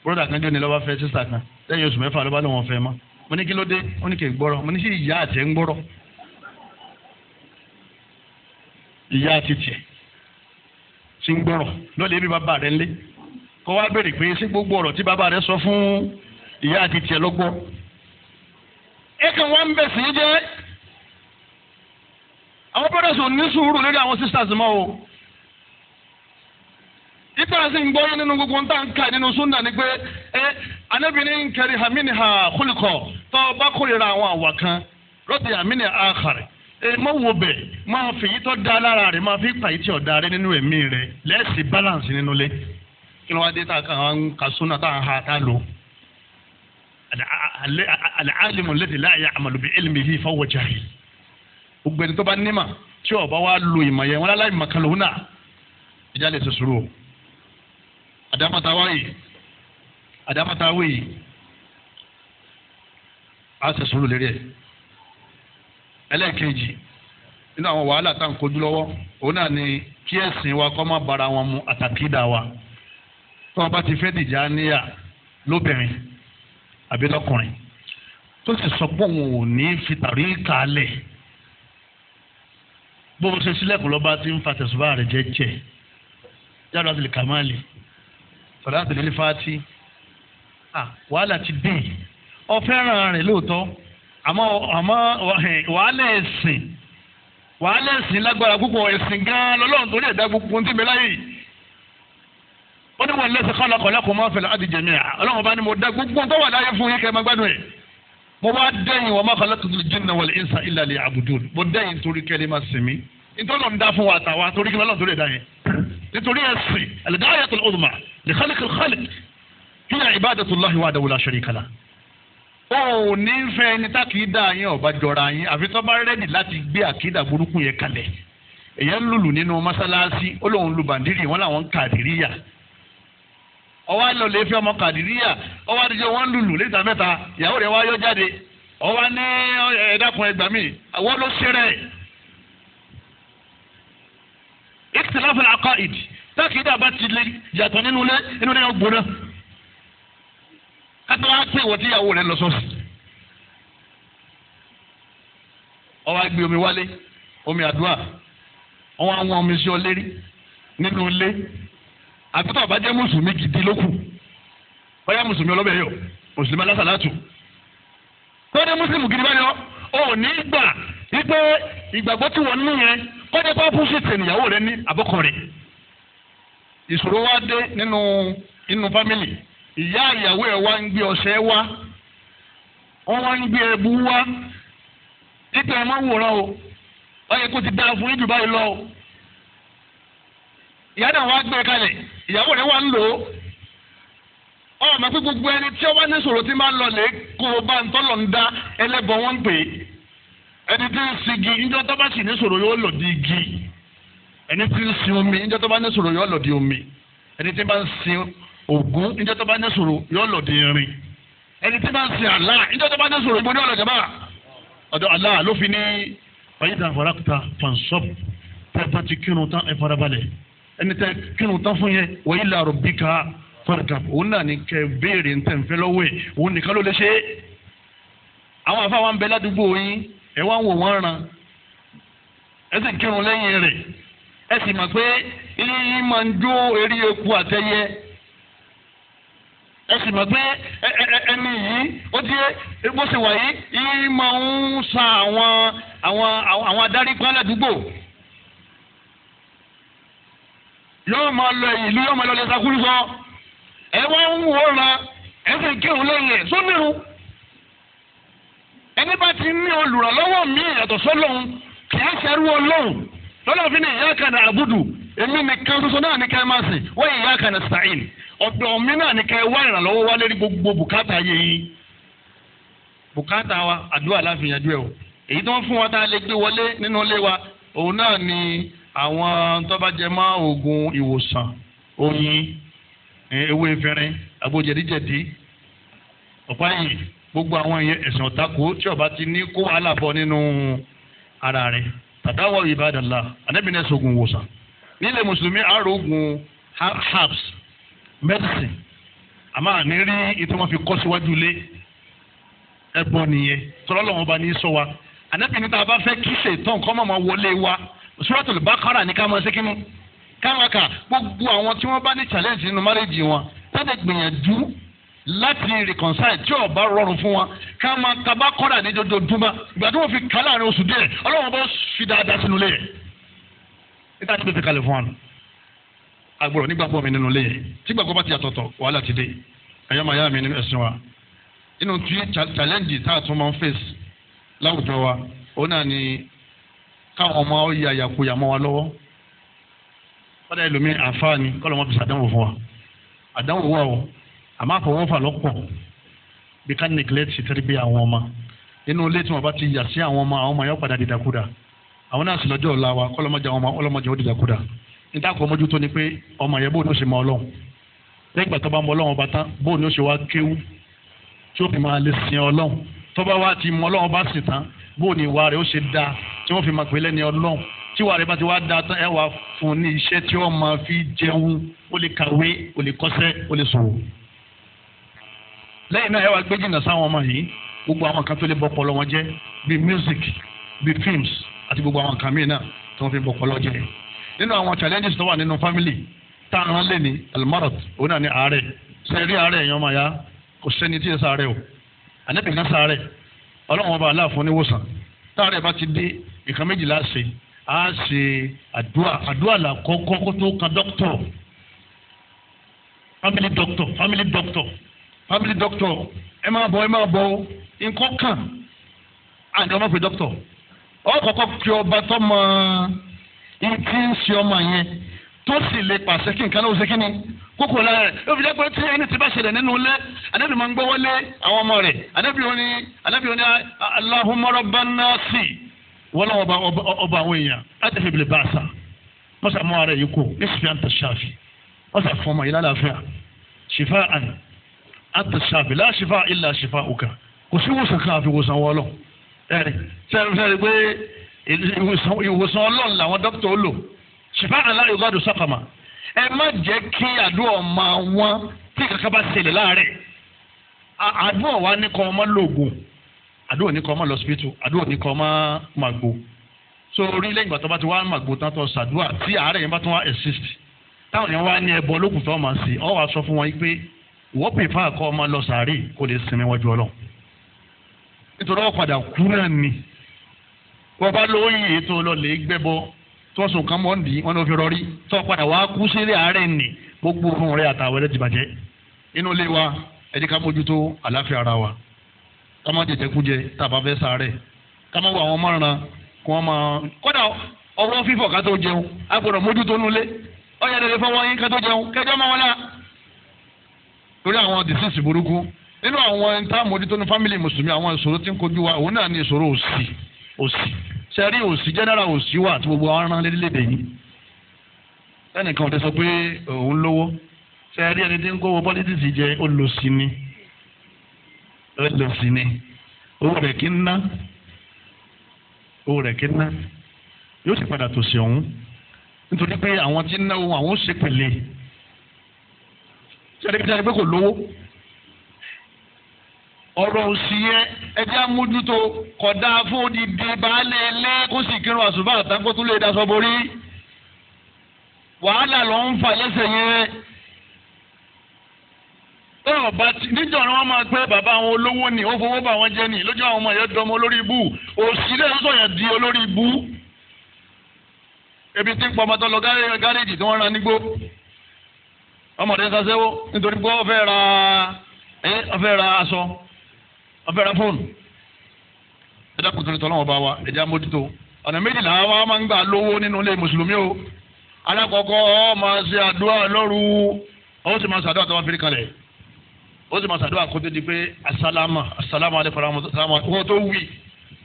broda kan jóni lọ́ba fẹ́ sísà kan lẹ́yìn oṣù mẹ́fà lọ́ba lòun fẹ́ mọ́ mo ní kí ló dé mo ní kí n gbọ́rọ̀ mo ní sí ìyá àti ẹ̀ ń gbọ́rọ̀ ìyá àti tiẹ̀ ti ń gbọ́rọ̀ lọ́lẹ̀ bí bàbá rẹ̀ ńlẹ̀ kó wá béèrè pé ṣé gbogbo ọ̀rọ̀ tí bàbá rẹ̀ sọ fún ìyá àti tiẹ̀ lọ́gbọ́ ẹ kàn wá ń bẹ̀ sí jẹ́ àwọn brothers ò ní sùúrù lórí àwọn sisters mọ́ o. ìtàsí ń onye nínú gbogbo nta nka ninu kà nínú ni pé ẹ anábìrin kẹrin hamini ha kúlùkọ to bá awon àwọn roti kan ahari e eh, àkàrẹ̀ wo fi yi to da lara re ma fi pàyì tí ọ̀dà rẹ nínú re rẹ lẹ́sì balance nínú lé kí ló wá dé tá a kàn ha wa lo ìmọ̀ yẹn o. àdámọ́tawá yìí àdámọ́tawá yìí á ṣe sùúrù lérí ẹ̀ ẹlẹ́ẹ̀kejì nínú àwọn wàhálà tá à ń kojú lọ́wọ́ òun náà ni kí ẹ̀sìn wa kọ́ má bara wọn mu àtàkìdá wa tó wọn bá ti fẹ́ dìjà níyà lóbìnrin àbí lọ́kùnrin tó sì sọ pé òun ò ní fi tàrí kalẹ̀ bó ṣe sílẹ̀kùn lọ́ba ti ń fa tẹ̀sùbá rẹ̀ jẹ́jẹ́ yàrá ti lè kà máa lè sọ̀dá tẹ̀lé fati wàhálà ti dé ọ fẹ́ràn rẹ̀ lóòótọ́ àmọ́ àmọ́ wàhálà ẹ̀sìn wàhálà ẹ̀sìn lágbára púpọ̀ ẹ̀sìn gan-an lọ́lọ́run torí ẹ̀dá gbogbo ti bẹ láyè ó ní wọn lẹ́sẹ̀ kọ́lá kọ́lá kò máa fẹ̀lẹ̀ àdìjẹ mi à ọlọ́run bá ní mo dá gbogbo tó wà láyé fún yín kẹ́ ẹ máa gbádùn ẹ̀ mo wá dẹ́yìn wọn máa kọ́lá tuntun jinna wal insa illa li abudul mo dẹ́yìn torí kẹ́lẹ́ máa sìn mí nítorí ọ̀n dá fún wa àtàwa torí kí nítorí ẹ̀sìn al-ghayatul uzma li khaliqil khaliq hiya ibadatullahi wahdahu la sharika lah. ó ò ní fẹ́ ẹni tá kì í dá yín ọ̀bá jọra yín àfi tó bá rẹ́dì láti gbé àkídà burúkú yẹn kalẹ̀ èyàn ń lùlù nínú mọ́sálásí ó lóun lu bàndírì wọn làwọn ń kàdíríyà ọwọ́ àlọ́ lè fi ọmọ kàdíríyà ọwọ́ àdìjọ wọn ń lùlù lẹ́ta mẹ́ta ìyàwó rẹ̀ wá jáde ọwọ́ ní ẹ̀ẹ́dàkùn ẹgbàmí àwọn ló ṣeré ìtìláfù àkọ ìdì táàkìdá bá ti lè yàtọ̀ nínú ilé inú ilé yóò gbóná kátó wá pé ìwọ tíyàwó rẹ lọ sọ́ọ̀sì ọwọ́ agbè omi wálé omi àdúrà ọwọ́ àwọn omi sí ọ lérí nínú ilé àtúntò àbájẹ́ mùsùlùmí gidi lókù báyà mùsùlùmí ọlọ́bẹ̀ yọ mùsùlùmí alásàlátù kọ́ni mùsùlùmí gidi báyọ̀ ò ní gbà wípé ìgbàgbọ́ tí wọ́n nú yẹn kọ́ni bá fún fìtì ìyàwó rẹ ní àbọ̀kọ̀ rẹ ìṣòro wa dé nínú inú fámìlì ìyá ìyàwó ẹ wá ń gbé ọṣẹ wá wọn wá ń gbé ẹbú wá nípa ẹ má wòran o ọyẹ kó ti dáa fún yín jù báyìí lọ o ìyá náà wá gbé e kalẹ̀ ìyàwó rẹ wá ń lò ó ọmọ pé gbogbo ẹni tí ó bá ní sòrò tí máa ń lọ lè kó o bá ń tọ́lọ̀ ń dá ẹlẹ́bọn wọn pè é ẹni tí ń sigi ńjọ́ tó bá sì ní sòrò yóò lò di igi ẹni tí ń sin omi ńjọ́ tó bá ní sòrò yóò lò di omi ẹni tí bá ń sin ògún ńjọ́ tó bá ní sòrò yóò lò di irin ẹni tí bá ń sin àlá ńjọ́ tó bá ní sòrò ìgbóni ọ̀lọ́jọ́ bá ọ̀dọ̀ àlá ló fi ní ọyí ta farakta fansọ́ọ̀bù tẹ́tà ti kírun tán ẹ farabalẹ̀ ẹni tẹ́ kírun tán fún yẹn wọ́n yí làrọ̀ bí ká farka ẹ wá wò wọ́n ran ẹ sì kírun lẹ́yìn rẹ̀ ẹ sì mọ̀ pé yíyí máa ń jó eré eku àtẹyẹ ẹ sì mọ̀ pé ẹni yìí ó ti bó ṣe wà yìí yíyí máa ń sa àwọn àwọn àwọn adarí kan ládùúgbò yóò máa lọ ìlú yóò máa lọ lẹ́sàkúrú sọ ẹ wá ń wò ran ẹ sì kírun lẹ́yìn rẹ̀ sónírun. So ẹni bá ti ní olùrànlọ́wọ́ mi yàtọ̀ sọ́lọ́hún kì í ṣerú ọlọ́hún lọ́dọ̀ fi ní ìyá kan àbùdù èmi nìkan ṣoṣo náà ní ká ẹ máa sìn wọ́n ìyá kan sàìn ọ̀dọ̀ mi náà ní ká ẹ wá ìrànlọ́wọ́ wá lérí gbogbo bùkátà yẹ yín bùkátà wa àdúrà láfi yanjú ẹ o èyí tó ń fún wa tá a lè gbé wọlé nínú ilé wa òun náà ni àwọn tó bá jẹ mọ́ oògùn ìwòsàn oyin ewé efirin àbójẹ̀díjẹ̀dí ọ̀pá yìí gbogbo àwọn yẹn ẹ̀sìn ọ̀tako tí ọba ti ní kó wàhálà bọ nínú ara rẹ̀ tàdáwọ̀ ìbádàlá anábìnrin ẹ̀sọ̀gùn wòsàn nílẹ̀ mùsùlùmí àrògùn herbs medicine àmọ́ àní rí ètò wọn fi kọ́ síwájú lé ẹ̀gbọ́n nìyẹn tọ́lọ́ lọ́wọ́n bá ní sọ wa anábìnrin tá a bá fẹ́ kí ṣètàn kọ́ mọ̀mọ́ wọlé wa Suratul Baqara ní ká mọ̀ sí kínú káwọn kà gbogbo àwọn tí wọ́n bá ní challenge nínú láti reconcile tí ó bá rọrùn fún wa ká máa taba kọ́dà ní dojoojúmọ́ ìgbà tí wọ́n fi kà láàrin oṣù díẹ̀ ọlọ́run bá fi dáadáa sínú ilé yẹn nígbà tí pèsè kalẹ̀ fún wa nù agbọ̀rọ̀ nígbàgbọ́ mi nínú ilé yẹn tí gbàgbọ́ bá ti yàtọ̀tọ̀ wàhálà ti dé ẹ̀yọ́ mi nínú ẹ̀sìn wa inú tí challenge tá a tún máa ń face láwùjọ wa òun náà ni káwọn ọmọ ó yà yàkuyà mọ́ wa lọ́wọ́ kọ́dà ẹlòmíì àǹfààní àmọ́ àfọwọ́fà lọ́pọ̀ bí ká neglect ṣe tẹ́lẹ̀ bí àwọn ọmọ inú ilé tí wọ́n bá ti yà sí àwọn ọmọ àwọn ọmọ yẹn padà dìdàkudà àwọn náà sì lọ́jọ́ ọ̀la wa kọ́lọ́mọjà ọmọ ọlọ́mọjà ó dìdàkudà níta kọ́ mójútó ni pé ọmọ yẹn bóun ni ó ṣe mọ ọlọ́run lẹ́gbàá tó bá mọ ọlọ́run ọba tán bóun ni ó ṣe wá kéwú tí ó fi máa lè sin ọlọ́run tó bá wá ti mọ ọlọ́run ọba sì tán bóun ni ìwà rẹ̀ ó ṣe dáa tí wọ́n fi máa pè lẹ́ni ọlọ́run tí ìwà rẹ̀ bá ti wá dáa tán ẹ wàá fún ní iṣẹ́ tí ó máa fi jẹun ó lè kàwé ó lè kọ́ṣẹ́ ó lè sòwò lẹ́yìn náà ẹ wá gbé jìnnà sáwọn ọmọ yìí gbogbo àwọn kan tó lè bọ́pọ̀ lọ́wọ́ jẹ́ bíi music bíi films àti gbogbo àwọn kan míì náà tí wọ́n fi bọ́pọ̀ lọ́wọ́ jẹ́ nínú àwọn challenges tó wà nínú family tá a rán lé ní almarot òun náà ní àárẹ̀ sẹ́ẹ̀rí àárẹ̀ èèyàn máa ya kò sẹ́ni tí ẹ sáré o ànẹ́bí iná sáré ọlọ́run ọba aláàfin oníwòsàn táàrẹ̀ bá ti dé nǹkan méjìlá ṣe á ṣe àdúrà àdúrà là kó tó kan dókítọ̀ family doctor family doctor family doctor ẹ máa bọ̀ ẹ máa bọ̀ o nǹkan kàn àti ọmọ pé doctor ọ kọ́kọ́ kí ọba tó mọ ibi tí ń ṣe ọmọ yẹn tó sì lè pàṣẹ kí nǹkan náà ṣe kí ni kókò lára rẹ̀ ó fi jẹ́ pé tí ẹni tí bá ṣẹlẹ̀ nínú ilé anábì máa ń gbọ́ wọlé àwọn ọmọ rẹ̀ anábì oní anábì oní Allahumma rabban nasi wọ́n náà ọba àwọn èèyàn láti fi bìlẹ̀ bá a sà wọ́n sà mọ́ ara yìí kú ní sùfìà ń tẹ̀ ṣáfì wọ́n sà fún ọmọ yìí lálàáfíà ṣìfà àná àtẹ̀sàbí láṣìfà ilà àṣìfà òkà kò sí ìwòsàn kan àfi ìwòsàn wọn lọ ẹ̀rí sẹ́yìn sẹ́yìn pé ìwòsàn ọlọ́run làwọn dókítà ó lò ṣìfà aláìgbádùn sákàmà ẹ má jẹ́ kí àdúrà máa wọ́n tí kankan bá ṣẹlẹ̀ láàárẹ̀ àdúrà wa ní kan ọmọ lóògùn àdúrà ní kan ọmọ lọ́sibítù àdúrà ní kan ọmọ màgbò so orí lẹ́yìn ìgbà tó bá ti wá màgbò tán tó ṣàdúrà tí àárẹ̀ yẹn bá tún wá exist táwọn yẹn wá ní ẹbọ lókùn tó máa sè ọ wàá sọ fún wọn pé wọ́n pè fún àkọ́ ọmọ lọ sàárè kó lè sinmi wájú ọlọ́ nítorí wọ́n padà kú náà ni wọ́n bá lóyún ètò ọlọ́lẹ̀ gbẹ́bọ tọ́sùn kan mọ́ nìyí wọn ló fi rọrí tọ́ padà wá kú sílé àárẹ̀ nì gbogbo fún rẹ àtàwọn ẹlẹ́tì bàjẹ́ inú ilé wa ẹ jẹ́ ká mójútó àláfíà ara wa ká má jẹ tẹkújẹ tá a bá fẹ́ sàárẹ̀ ká má wọ àwọn márùn-ún kí wọ́n máa kódà ọwọ́ fífọ̀ ká tó jẹun a gbọ́dọ̀ mójútó nulẹ̀ ọ̀yà dẹ̀dẹ̀ fọwọ́ yín ká tó jẹun kẹjọ́ máa wọlé lórí àwọn disease burúkú nínú àwọn ntàmójútó ní family mùsùlùmí àwọn ìṣòro tí ń kojú wa òun náà ní ìṣòro òṣì òṣì sẹ́rí òṣì general òṣì wà tí gbogbo àwọn aràn lédè yìí ẹnìkan tẹ sọ pé òun lówó sẹ́rí ẹni tí ń kówó politics jẹ olòṣì ni olòṣì ni owó rẹ̀ kí ń ná owó rẹ̀ kí ń ná yóò sì padà tòṣì ọ̀hún nítorí pé àwọn tí ń náwó àwọn ó ṣe sẹ́dẹ̀kítà ẹgbẹ́ kò lówó ọ̀rọ̀ òsì yẹn ẹjẹ́ amójútó kódà fún odidi baálé ilé kó sì kírun àṣùbà àtàkó tó lè daṣọ borí wàhálà ló ń fà lẹ́sẹ̀ yẹn tọ́rọ̀ bá ti níjọ́ ni wọ́n máa pẹ́ bàbá àwọn olówó ni ó fowó bá wọn jẹ́ ni lójú àwọn ọmọ yẹn dọmọ olórí ibú òsì lè ń sọ̀yàn di olórí ibú ebi tí ń pọ̀ ọmọ lọ gáréèjì tí wọ́n ran nígbó ọmọdé sasẹ́wó nítorí pé ó fẹ́ ra ó fẹ́ ra aṣọ ó fẹ́ ra fóònù ẹ dákun torí tọ́lọ́wọ́ bá wa ẹ jẹ́ amójútó ọ̀nà méjìlá wa máa ń gbà lówó nínú ilé mùsùlùmí o alákọ̀ọ́kọ́ ọ máa ṣe àdúrà lóru ó sì máa ṣàdúrà tó máa fi kalẹ̀ ó sì máa ṣàdúrà kó tó di pé asálámà asálámà alẹ́ fara mọ́ kó tó wí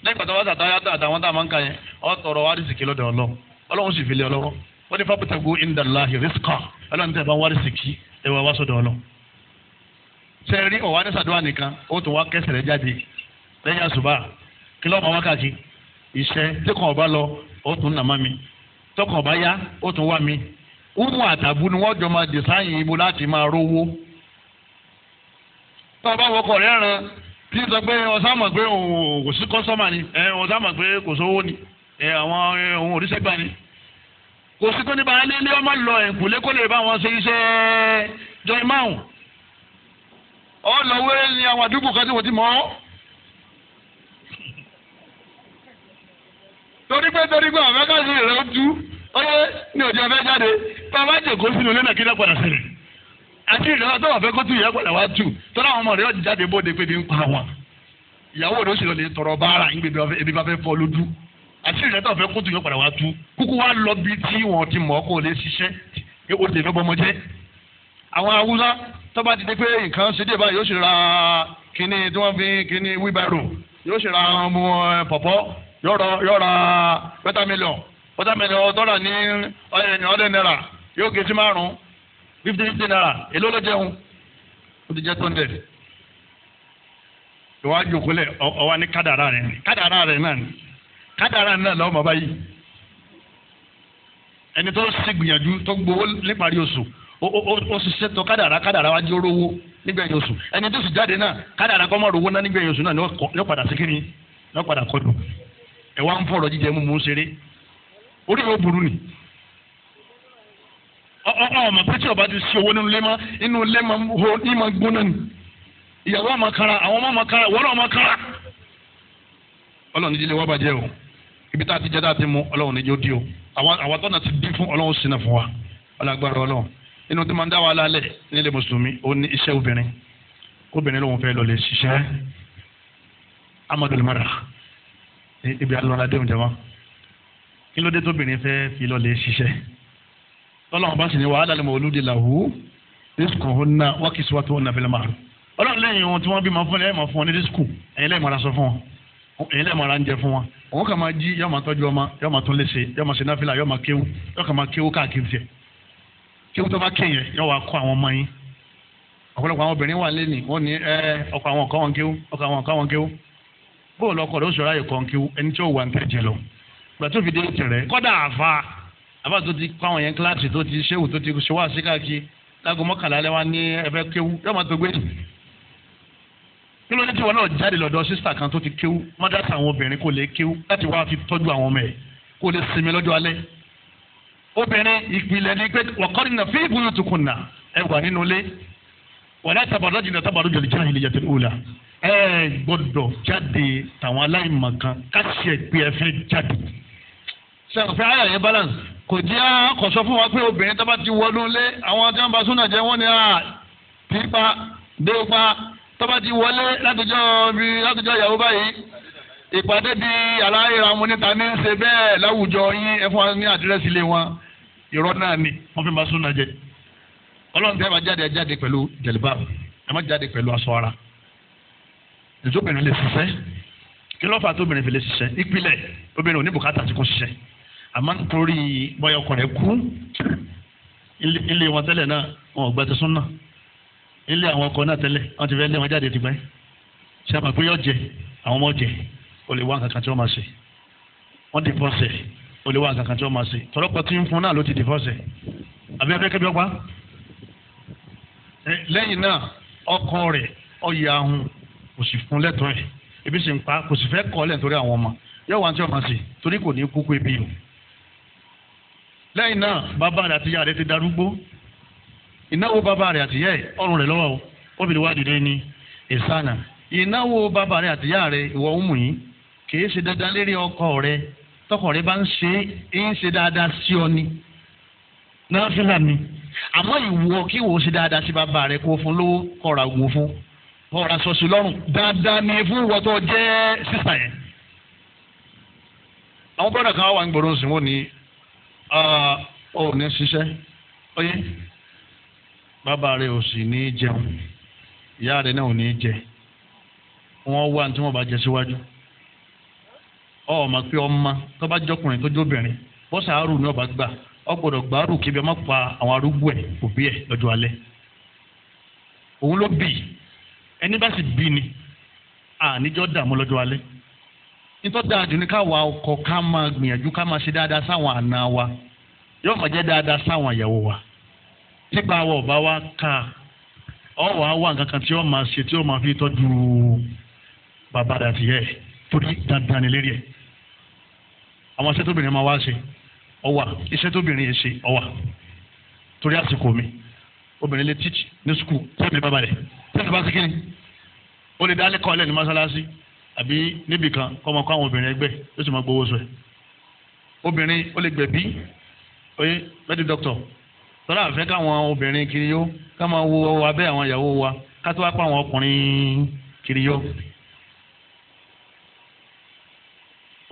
lẹ́yìn pàtàkì wọn tàtà yàtọ̀ àtàwọn tá a máa ń kà yẹn ọ tọrọ wá rísìkì lọ́dọ̀ ọlọ́run ọlọ́run sì fi lé ọlọ́run ó ní fábùtàgù indalahi rizqa ọlọ́run tẹ̀ bá wárí sìkì ẹ wá wá sọ́dọ̀ ọlọ́ ṣe rí ọ̀wá ní sàdúrà nìkan ó tún wá kẹsẹ̀ rẹ̀ jáde lẹ́yìn àṣùbà kí lọ́ọ̀mọ̀ wákàtí iṣẹ́ tí kàn ọba lọ ó tún nàmá mi tọkàn ọba yá ó tún wá mi umu àtàbù ni wọ́n jọ máa dìsáyìn ibo láti máa rówó o ọba wọkọ̀ rẹ̀ ràn tí sọ pé ọ̀sán mọ̀ pé òun kò sí kọ́sọ́mà ni ọ̀sán pé kò sówó ni àwọn òun òrìṣẹ́gbà ni kò sí tó ní báyìí lélẹ́ ọmọ lọ ẹ̀kúlé kó lè bá wọn ṣe iṣẹ́ joy mount ọ lọ wẹ́rẹ́ ní àwọn àdúgbò kan tí wọ́n ti mọ̀ ọ́. torí pé torí pé ọ̀fẹ́ káàdì rẹ̀ ó tú ọyẹ ní òjò ọ̀fẹ́ jáde bá wá jẹ̀ kó sínú ilé náà kí lọ́pàdà sílẹ̀ àti ìdáwà tó ọ̀fẹ́ kó tú ìyá padà wá tú tọ́lá àwọn ọmọ rẹ̀ yóò jáde bóde pé bí ń pa wọn ìyàwó rẹ̀ ó sì lọ àti ìrẹ́tọ̀ fẹ́ kótó yóò padà wá tú kúkú wá lọ bí tí wọn ti mọ̀ kó lè ṣiṣẹ́ ó lè fẹ́ bọ́mọ jẹ́. àwọn haúsá tó bá ti di pé nǹkan ṣe dé báyìí yóò ṣe ra kíní tí wọ́n fi kíní wíbẹ̀rù yóò ṣe ra eh, pọ̀pọ́ yóò ra wẹ́tàmílíọ̀n wẹ́tàmílíọ̀n dọ́là ní ọ̀dẹ̀ eh, náírà yóò gé sí márùn fifty fifty naira èló ló jẹun ó ti jẹ́ two hundred ìwádìí òkúlẹ̀ ọ̀wá kadara náà lọ́mọ báyìí ẹni tó sì gbìyànjú tó gbowó níparí oṣù ó sì ṣètò kádàrá kadara wájú orówó nígbẹ̀yìn oṣù ẹni tó sì jáde náà kádàrá kọ́ mọ́ rówó náà nígbẹ̀yìn oṣù náà ni ó padà sí kíni ni ó padà kọdù ẹ wá ń fọ̀rọ̀ jíjẹ mú mú ṣeré orí burú ni ọmọ pé tí ọba ti ṣe owó nínú inú ma gbóná kara àwọn ọmọ kara kara ibi tá a ti jẹ tá a ti mu ọlọ́run níjó di o àwọn tọ́nà ti dín fún ọlọ́run sínú fún wa ọlágbára ọlọ́run inú tí máa ń dá wa lálẹ́ nílé mùsùlùmí ó ní iṣẹ́ obìnrin obìnrin lòun fẹ́ lọ lè ṣiṣẹ́ amadulmara ibi alọ́ládé òun jẹ́wọ́ kí ló dé tóbìnrin fẹ́ fi lọ lè ṣiṣẹ́ tọ́lọ́run bá sì ní wàhálà lè mọ olúdi làwù rísíkù òun wákìsíwá tó ń nà fẹ́lẹ́ máa ọlọ́run lẹ́yìn ohun tí wọ́n bí máa fún ẹ̀ máa fún ọ ní rísíkù ẹ̀yin lẹ́yìn máa ra sọ fún wọn èyí lẹ́ẹ̀ mọ̀ra ń jẹ fún wa òun kà máa jí yọ́ọ́ máa tọ́jú ọmọ yọ́ọ́ máa tún léṣe yọ́ọ́ máa ṣe náfìlà yọ́ọ́ máa kéwú yọ́ọ́ kà máa kéwú káàkiri jẹ kéwú tó bá kéyẹ yọ́ọ́ wá kọ́ àwọn ọmọ yín ọ̀pọ̀lọpọ̀ àwọn obìnrin wà lẹ́nìí wọ́n ní ẹ ọkọ̀ àwọn ọ̀kọ́ wọn kéwú ọkọ̀ àwọn ọ̀kọ́ wọn kéwú bóòlù ọkọ̀ ló sọ̀rọ̀ kí ló ní tí wọn náà jáde lọ́dọ̀ sísà kan tó ti kéwú mọ́dásà àwọn obìnrin kò lè kéwú láti wá fi tọ́jú àwọn ọmọ ẹ̀ kò lè sinmi lọ́jọ́ alẹ́ obìnrin ìpìlẹ̀ ni pé waqarna fi buyutikunna ẹ wà nínú ilé wala tabarrajna tabarrujal jahiliyatil ula ẹ gbọ́dọ̀ jáde tàwọn aláìmọ̀kan káṣíẹ̀ pé ẹ fẹ́ jáde sẹ́kọ̀fẹ́ ayọ̀ yẹn balance kò jẹ́ àkọ́sọ́ fún wa pé obìnrin tó bá ti wọnú ilé àwọn tí wọ́n jẹ́ wọ́n ní ah, pípa dé tọ́ba ti wọlé látọjọ́ bí látọjọ́ ìyàwó báyìí ìpàdé di aláìra wọn níta ní í ṣe bẹ́ẹ̀ láwùjọ yín ẹ fún wa ní àdírẹ́sì ilé wọn ìrọ́ náà ni wọ́n fi máa sún náà jẹ ọlọ́run tẹ́ ẹ máa jáde ẹ jáde pẹ̀lú jẹ̀lúbà ẹ má jáde pẹ̀lú aṣọ ara ìzóbìnrin lè ṣiṣẹ́ kí ló fà tó obìnrin fi lè ṣiṣẹ́ ìpìlẹ̀ obìnrin ò ní bùkátà tí kò ṣiṣẹ́ àmọ́ nítorí bọ́yọ̀ kú ilé wọn tẹ́lẹ̀ náà wọn ò gbẹ́tẹ̀sùn ilé àwọn ọkọ náà tẹ́lẹ̀ wọ́n ti fẹ́ lé wọn jáde tìgbẹ́ ṣe àmọ̀ pé yọ jẹ àwọn ọmọ jẹ ó lè wá nǹkan kan tí wọ́n máa ṣe wọ́n ti fọ́ọ̀sẹ̀ ó lè wá nǹkan kan tí wọ́n máa ṣe tọ́lọ́pàá tí ń fún náà ló ti dìfọ́ọ̀sẹ̀ àbí afẹ́kẹ́ bí ọpa lẹ́yìn náà ọkọ rẹ̀ ọ̀yà ahun kò sì fún lẹ́tọ̀ọ́ ẹ̀ ebi sì ń pa kò sì fẹ́ kọ́ lẹ̀ nítorí àwọn ọmọ yóò wá tí wọ́n máa ṣe torí kò ní kúkú ebi o lẹ́yìn náà bàbá rẹ̀ àti ìnáwó bàbá rẹ̀ àtìyá ẹ̀ ọrùn rẹ̀ lọ́wọ́ obìnrin wa dìde ní ìsànà ìnáwó bàbá rẹ̀ àtìyá rẹ̀ ìwọ ń mú yín kìí ṣe dandan lérí ọkọ rẹ̀ tọkọ rẹ̀ bá ń ṣe é ń ṣe dáadáa sí ọ ni náà fílà mi àmọ́ ìwọ kí wò ó ṣe dáadáa sí bàbá rẹ̀ kó fún lówó kọra ògùn fún kọra sọsù lọ́rùn dáadáa ni fún ìwọ tó sísà yẹn àwọn bọ́dà kan wà ń gbòòrò sí ni ọ ní ṣiṣẹ́ ó bàbá rẹ̀ ò sì ní í jẹun ìyá rẹ̀ náà ò ní í jẹ wọ́n wá ní tí wọ́n bá jẹ síwájú ọmọ pé ọmọ tó bá jọkùnrin tó jóbìnrin bọ́sà àrùn ni ọba gbà ọ gbọ́dọ̀ gbàrú kí ibi ọmọ pa àwọn arúgbó ẹ, òbí ẹ̀ lọ́jọ́ alẹ́ òun ló bì ẹni bá sì bì ni àníjọ́ dààmú lọ́jọ́ alẹ́ nítorí dáadùn ní káwa ọkọ ká máa gbìyànjú ká máa ṣe dáadáa àna wa yóò máa jẹ́ dáadáa sáwọn wa. tígbà wa ò bá wa kàn ọ wà á wà nǹkan kan tí ó máa ṣe tí ó máa fi tọ́jú bàbá dàtí yẹ torí dandan ni lérí ẹ àwọn iṣẹ́ tóbìnrin máa wá ṣe ọ wà iṣẹ́ tóbìnrin yẹn ṣe ọ wà torí àsìkò mi obìnrin lè teach ní sukùl tẹ́lẹ̀ bàbá rẹ̀ tẹ́lẹ̀ bá sikiri ó lè dálé kọ́ ọ mọ́ṣáláṣí àbí níbì kan kọ́ ọmọ kọ́ àwọn obìnrin ẹgbẹ́ ó sì máa gbowó sọ ẹ̀ obìnrin ó lè gbẹ̀bí oyè mẹ́tì dọ́kítọ̀ tọ́lá àfẹ́ káwọn obìnrin kiri yó ká máa wo abẹ́ àwọn ìyàwó wa ká tó wá pa àwọn ọkùnrin kiri yó.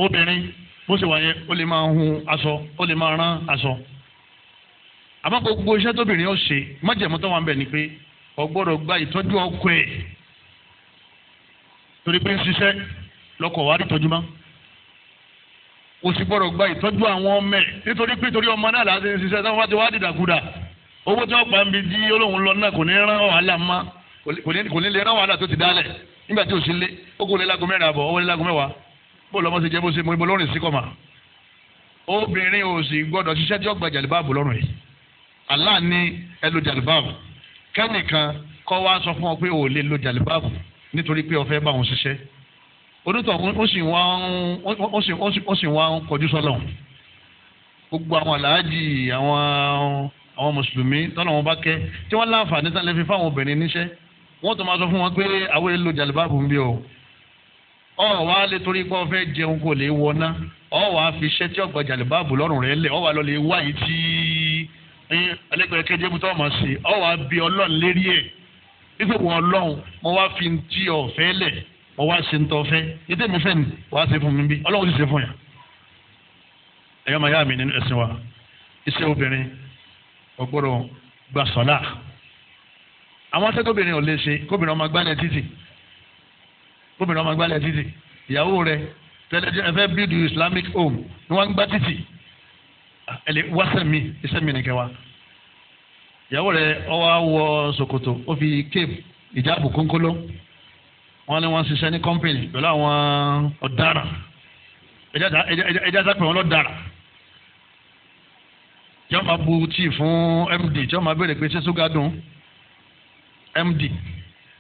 obìnrin bó ṣe wáyé ó lè máa hun aṣọ ó lè máa rán aṣọ àmọ́ gbogbo iṣẹ́ tóbìnrin ó ṣe májèmú tó wà ń bẹ̀ ni pé ó gbọ́dọ̀ gba ìtọ́jú ọkọ ẹ̀ torí pé ń ṣiṣẹ́ lọ́kọ wa rí tọ́jú kò sì gbọ́dọ̀ gba ìtọ́jú àwọn ọmọ ẹ̀ nítorí pé torí ọmọ náà láti ń ṣiṣẹ́ táwọn bá ti wá dìdàkudà owó tí wọ́n pa ń bi tí olóhùn lọ náà kò ní rán wàhálà mọ́ kò ní lè rán wàhálà tó ti dálẹ̀ nígbà tí o sí lé ó kò lè lágo mẹ́rin àbọ̀ ó lè lágo mẹ́wàá bó lọ́mọ ṣe jẹ́ bó ṣe mọ ibo lórin sí kọ́mà obìnrin ò sì gbọ́dọ̀ ṣiṣẹ́ tí ó gba jàlibáàbù lọ́rùn onítọ̀hún ó sì wọ́n ó sì wọ́n kọjú sọ́lọ̀ gbogbo àwọn aláàjì àwọn àwọn mùsùlùmí tọ́nà wọn bá kẹ́ tí wọ́n láǹfààní tán lè fi fáwọn obìnrin níṣẹ́ wọ́n tó máa sọ fún wọn pé àwọn èlò jàlùbáàbù ń bí o ọ wà á lè torí pé ọ fẹ́ jẹun kò lè wọná ọ wà fi iṣẹ́ tí ọgbà jàlùbáàbù lọ́rùn rẹ̀ lẹ̀ ọ wà lọ lè wá yìí tí ẹlẹ́gbẹ̀ẹ́ kẹjẹ́ mu tó ọmọ sí ọ wà bí ọlọ́run lérí ẹ̀ nígbà wọn ọlọ́run mo wá fi ti ọ̀fẹ́ lẹ̀ mo wá ṣe ń tọ́ fẹ́ yẹtẹ́ mi fẹ́ mi wá ṣe fún mi bí ọlọ́run ti ṣe fún yà ẹ̀yọ́ màá yá mi nínú ẹ̀sìn wa iṣẹ́ obìnrin ọgbọ́dọ̀ gba sọ́lá àwọn atẹ́tọ́bìnrin ò lè ṣe kóbìnrin ọmọ gbálẹ̀ títì kóbìnrin ọmọ gbálẹ̀ títì ìyàwó rẹ tẹ́lẹ̀ ẹ fẹ́ build your islamic home ni wọ́n ń gbá títì ẹ lè wá sẹ́mi iṣẹ́ mi nìkẹ́ wa ìyàwó rẹ ó wá wọ ó fi cape ìjáàbù kónkóló wọ́n ní wọ́n ń ṣiṣẹ́ ní kọ́mpìnì pẹ̀lú àwọn ọ̀daràn ẹ̀jẹ̀ àtàkùn wọn lọ́daràn tí wọ́n máa bu tíì fún md tí wọ́n máa béèrè pé ṣé ṣúgà dùn md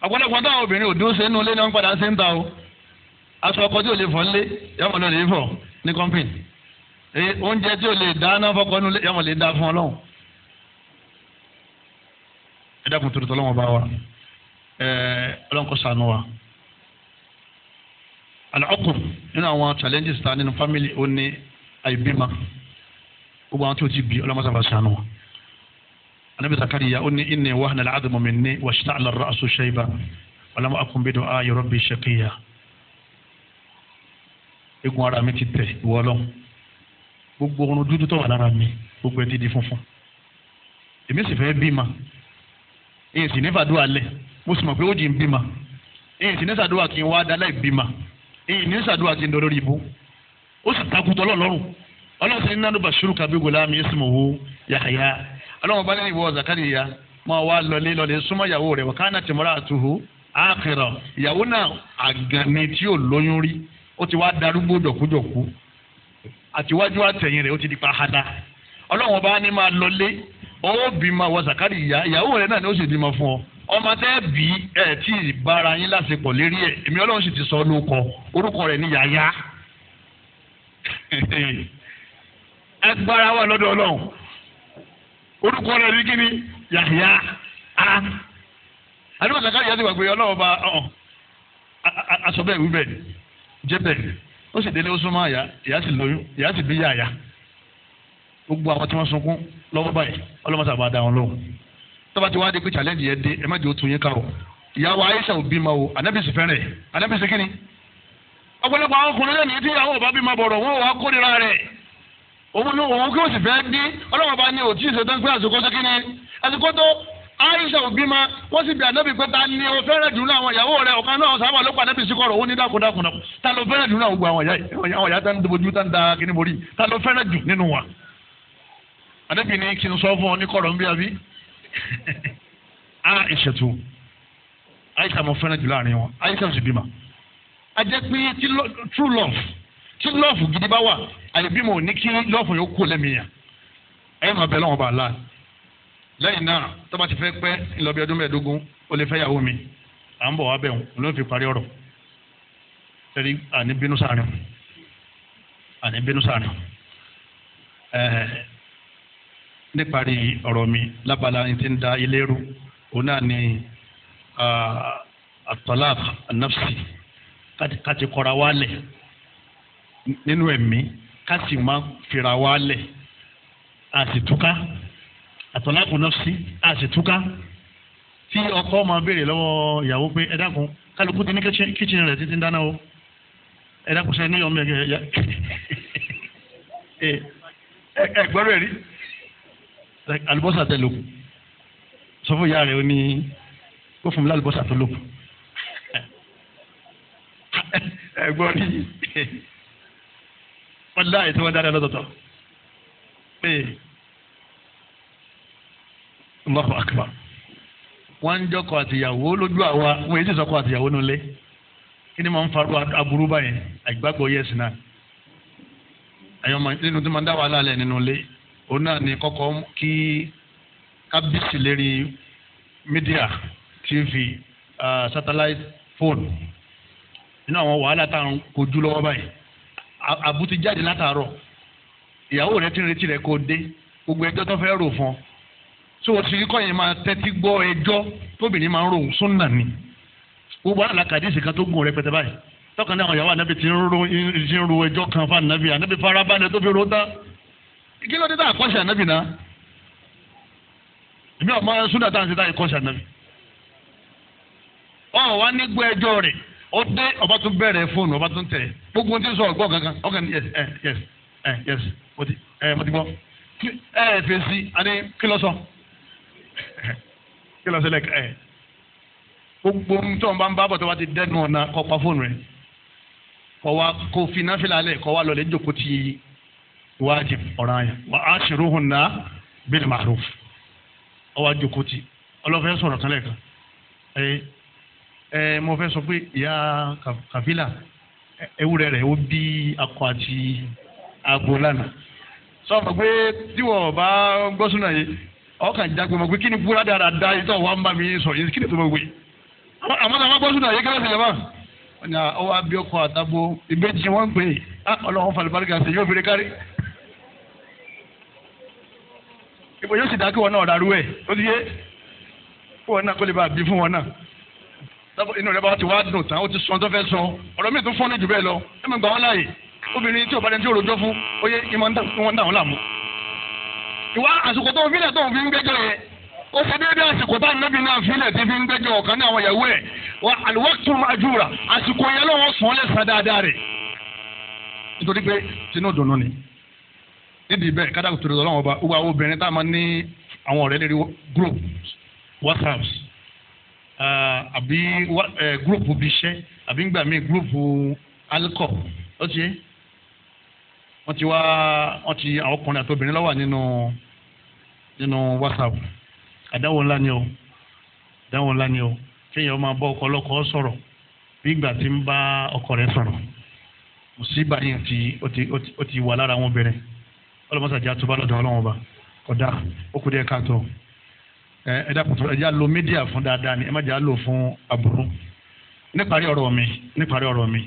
ọ̀pọ̀lọpọ̀ táwọn obìnrin òdúró ṣe nínú ilé ni wọ́n padà ṣe ń ta o aṣọ ọkọ tí ò lè fọ nílé yọmọ lọ lè fọ ní kọ́mpìnì oúnjẹ tí ò lè dáná fọkọ nílé yọmọ lè dá fún ọlọ́run ẹ dákun tó tó lọ́wọ́ bá wa ẹ ọlọ́run kò sànù wa alọ́kùn nínú àwọn challenges ta nínú family ó ní àìbímọ gbogbo àwọn tí ó ti bí ọlọ́mọsáfà sànù wọn. anabi zakariya ó ní inni wahana al'adama minni washta'ala ar-ra'su shayba walam akun bi du'a'i rabbi shaqiya. egun ara mi ti tẹ̀ wọ́lọ́ gbogbo ọrùn dúdú tó wà lára mi gbogbo ẹ̀ ti di funfun. èmi sì fẹ́ bímọ èyí sì nífàdúrà lẹ̀ mo sì mọ̀ pé ó jì ń bímọ èyí sì nífàdúrà kí n wá dá bímọ ìní sàdúrà ti ń dọ lórí ibú ó sì takùtọ̀ lọ́lọ́rùn ọlọ́sẹ̀ ní nánú bàṣírù kabi gòlámi ismuhu Yahya ọlọ́run bá ní ìwọ Zakariya máa wá lọlé lọlé súnmọ́ ìyàwó rẹ̀ wọ̀kánà tìmọ́ra àtúhù àkìrọ̀ ìyàwó náà àgànnì tí ò lóyún rí ó ti wá darúgbó dọ̀kúdọ̀kú àtiwájú àtẹ̀yìn rẹ̀ ó ti di pahada ọlọ́run bá ní máa lọlé ó bímọ wọ ọmọ tẹ́ bí ẹ tí ì bára yín lásìkò lérí ẹ èmi ọlọ́run sì ti sọ lóko orúkọ rẹ̀ ní yàyà agbára wà lọ́dọ̀ ọlọ́run orúkọ rẹ̀ ní kíni yàyà a àdúgbò kankan yìí láti wà pé ọlọ́run bá ọ̀hún aṣọ bẹ́ẹ̀ wí bẹ́ẹ̀ ni jẹ́ bẹ́ẹ̀ ni ó sì délé ó súnmọ́ àyà ìyá sì lóyún ìyá sì bí yàyà gbogbo àwọn tí wọ́n sunkún lọ́wọ́ báyìí ọlọ́mọ sábà dá wọn lóhùn tọ́ba ti wá di pé challenge yẹn dé ẹ má jẹ́ òtún yín ká o ìyàwó Aisha ò bímọ o anabi sì fẹ́rẹ̀ anabi sì kíni. ọ̀pọ̀lọpọ̀ àwọn ọkùnrin lẹ́nu tí ìyàwó ọba bímọ bọ̀rọ̀ wọn ò wá kórìíra rẹ̀ òun ni òun kí ó sì fẹ́ dín ọlọ́wọ́ bá ní òtí ìṣètàn pé àsìkò sí kíni àsìkò tó Aisha ò bímọ wọ́n sì bí anabi pé ta ni o fẹ́rẹ̀ dùn láwọn ìyàwó rẹ̀ ọ̀kan náà sábà ló pa anabi sí kọ̀rọ̀ òun ní dákúndákúndá ta ló fẹ́rẹ̀ dùn láwọn gbogbo àwọn ìyá tá ń dojú tá ń da kíní Ah, Aisha tó Aisha mo fẹ́ràn jù láàrin wọn Aisha sì bímọ. a jẹ́ pé tí true love tí love gidi bá wà àyẹ̀bímọ ò ní kí love yóò kú lẹ́mìíyàn ẹ̀yìn máa bẹ̀ lọ́wọ́ bá a láàyè lẹ́yìn náà tó bá ti fẹ́ pẹ́ ńlọbi ọdún mẹ́ẹ̀ẹ́dógún ó lè fẹ́ yàwó mi à ń bọ̀ wá bẹ̀ wọn ló ń fi parí ọ̀rọ̀ ẹ̀rí àní bínú sáàrin àní bínú sáàrin níparí ọ̀rọ̀ mi lábala ní ti ń da ilé rú òun náà ni atọ́láàf anafsi ká ti kọ́ra wálẹ̀ nínú ẹ̀mí ká sì máa fira wálẹ̀ àsìtúká atọ́láàf nafsi àsìtúká tí ọkọ máa béèrè lọ́wọ́ ìyàwó pé ẹ dákun kálukú ti ní kíchìn rẹ̀ títí ń dáná o ẹ dákun sẹ́ni ọmọ ẹ̀gẹ́ ẹ gbọ́dọ̀ rí alùbọ́sà tẹ lókun sọ fún ìyá rẹ̀ ó ní kó fún mi lálùbọ́sà tó lókun ẹ̀gbọ́n rí wọ́n dá ètò wọn dáadáa lọ́tọ̀ọ̀tọ̀ ee Allahu akbar wọ́n ń jọkọ àtìyàwó lójú àwa wọ́n èyí sì sọkọ àtìyàwó nulẹ̀ kí ni màá ń farú aburú báyìí àgbàgbọ́ yẹ̀sìn náà àyọ̀mọ̀ nínú tí màá dá wàhálà lẹ̀ nínú ilé òun náà ni kọ́kọ́ kí kábíyèsí lérí mídíà tv satellite phone nínú àwọn wàhálà tá à ń kojú lọ́wọ́ báyìí àbútí jáde látàárọ̀ ìyàwó rẹ ti retí rẹ kó dé gbogbo ẹjọ́ tó fẹ́ rò fún ọ tí o sì kọ́ yẹn máa tẹ́tí gbọ́ ẹjọ́ tóbìnrin máa ń rò súnà ni gbogbo àlà kàdísì kan tó gùn rẹ pẹtẹ báyìí tọkàn náà àwọn ìyàwó ànábì ti ń ro ẹjọ́ kan fún ànábì ànábì farabalẹ̀ tó fi ro tán kí ló dé tá a kọ́ṣẹ́ ànábì náà èmi ọ̀ máa ń súnà tá à ń ṣe tá a kọ́ṣẹ́ ànábì ọ̀ wá nígbó ẹjọ́ rẹ̀ ó dé ọba tún bẹ̀rẹ̀ fóònù ọba tún tẹ̀ gbogbo ohun tí ń sọ ọ̀gbọ́n kankan ọkàn ní yẹs ẹ eh, yẹs ẹ eh, yẹs mo ti ẹ eh, mo ti gbọ́ ẹ ẹ fèsì àní kí ló sọ kí ló sọ lẹ́ka ẹ gbogbo ohun tó ń bá ń bá bọ̀ tó bá ti dẹ́nu ọ̀nà kọ́ pa fóònù rẹ̀ kọ́ wa kó fi náfìlà alẹ́ kọ́ wa lọ lè jókòó ti wájib ọ̀ranyàn wa ashiruhunna bil ma'ruf ọwọ́ àjòkótì ọlọ́fẹ́ sọ̀rọ̀ kan lẹ́ẹ̀kan ẹ ẹ mo fẹ́ sọ pé ìyá kàfílà ewúrẹ́ rẹ̀ ó bí akọ àti abo lánàá sọ fún pé tíwọ̀ bá gbọ́sùnà yìí ọkàn jágbe mọ̀ pé kí ni búra dára da ìtọ̀ wa ń bá mi sọ̀rọ̀ yìí kí ni tó mọ̀ wé àmọ́ tàbá gbọ́sùnà yìí kílẹ̀ sílẹ̀ báà ọ̀nà ọwọ́ abíọ́kọ̀ àtàbó ìbejì wọn ń pè é ah, ọlọ́run fàlùbáríkà sí yóò fi rí kárí ìbò yóò sì dákẹ́ wọn náà ọ̀dàrú ẹ̀ ó ti yé kó wọn náà kó lè bá bí fún wọn náà inú rẹ bá ti wá dùn tán ó ti sọ tó fẹ́ sọ ọ̀rọ̀ mi tún fọ́n ní jù bẹ́ẹ̀ lọ ẹ gbà wọ́n láàyè obìnrin tí ò bá tí ò fún ó yẹ ìmọ̀ wọn dà wọ́n làmú. ìwà àsìkò tó ń filẹ̀ tó ń fi ń gbẹ́jọ́ yẹ ó ṣe déédé àsìkò tá ànábì náà filẹ̀ ti fi ń gbẹ́jọ́ ọ̀kan ní àwọn ìyàwó ẹ̀ wà àlùwàkùtù àjùrà àsìkò yẹn lọ́wọ́ sàn lẹ́sàn rẹ̀ nítorí pé tinú dùnú ni nídìí bẹ́ẹ̀ kádàkùn tó lè lọ́wọ́ ọba gbogbo àwọn obìnrin tá a máa ní àwọn ọ̀rẹ́ lérí group whatsapp uh, àbí eh, group bíṣẹ́ àbí ń gbà mí group alcohol ó ti yé wọ́n ti wá wọ́n ti àwọn ọkùnrin àti obìnrin lọ́wọ́ nínú nínú whatsapp àdáwò ńlá ni o àdáwò ńlá ni o kéèyàn máa bọ́ ọkọ ọlọ́kọ sọ̀rọ̀ bí ìgbà tí ń bá ọkọ rẹ̀ sọ̀rọ̀ mùsíbà yẹn ti ó ti wà lára wọn obìnrin ọlọmọsàjà tó bá lọ́dọ̀ Ọlọ́run ọba kódà ó kù díẹ̀ káàtó ẹ dàpọ̀tò ẹ já lo mídíà fún dáadáa ni ẹ má já lò fún aburú níparí ọ̀rọ̀ mi níparí ọ̀rọ̀ mi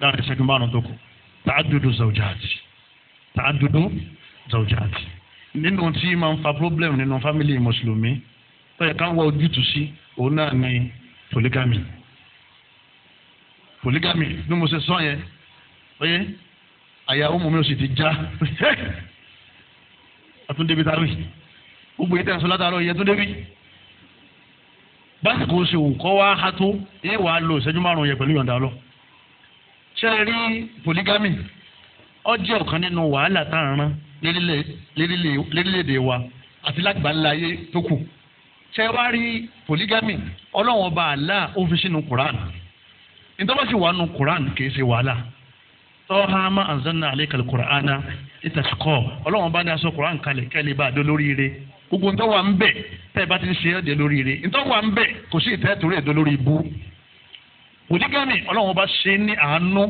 láti ṣẹ́gun márùn tó kù tààdùdù zawjaati tààdùdù zawjaati nínú tí máa ń fa problem nínú fámìlì mùsùlùmí tó yẹ ká ń wá ojútùú sí òun náà ni polygamy polygamy bí mo ṣe sọ yẹn ó yẹ àyà ọmọ mi ò sì ti já àtúndébi tàbí gbogbo yìí tẹ̀sán látàárọ̀ yẹn túndébi básìkò ṣe òǹkọ́ wa ha tó ẹ wàá lo ìṣẹ́jú márùn-ún yẹn pẹ̀lú yọ̀ǹda lọ. ṣé ẹ rí polygamy ó ọ̀kan nínú wàhálà tá à wa àti lágbàlá ayé tó kù ṣé ẹ wá rí polygamy ọlọ́wọ́n bá àlá ó fi sínú Quran nítorí wọ́n sì kì í ṣe wàhálà tọ́ha ma anzanna aleka ita itasukọ ọlọ́wọ́n bá ní aṣọ kur'an kalẹ̀ kẹ́lẹ́ bá a dé lóríire gbogbo ntọ́ wa ń bẹ̀ tẹ́ ẹ bá ti ń ṣe é dé lóríire ntọ́ wa ń bẹ̀ kò sí ìtẹ́ torí ẹ̀ dé lórí ibú. òdìgẹ́mì ọlọ́wọ́n bá ṣe ní àánú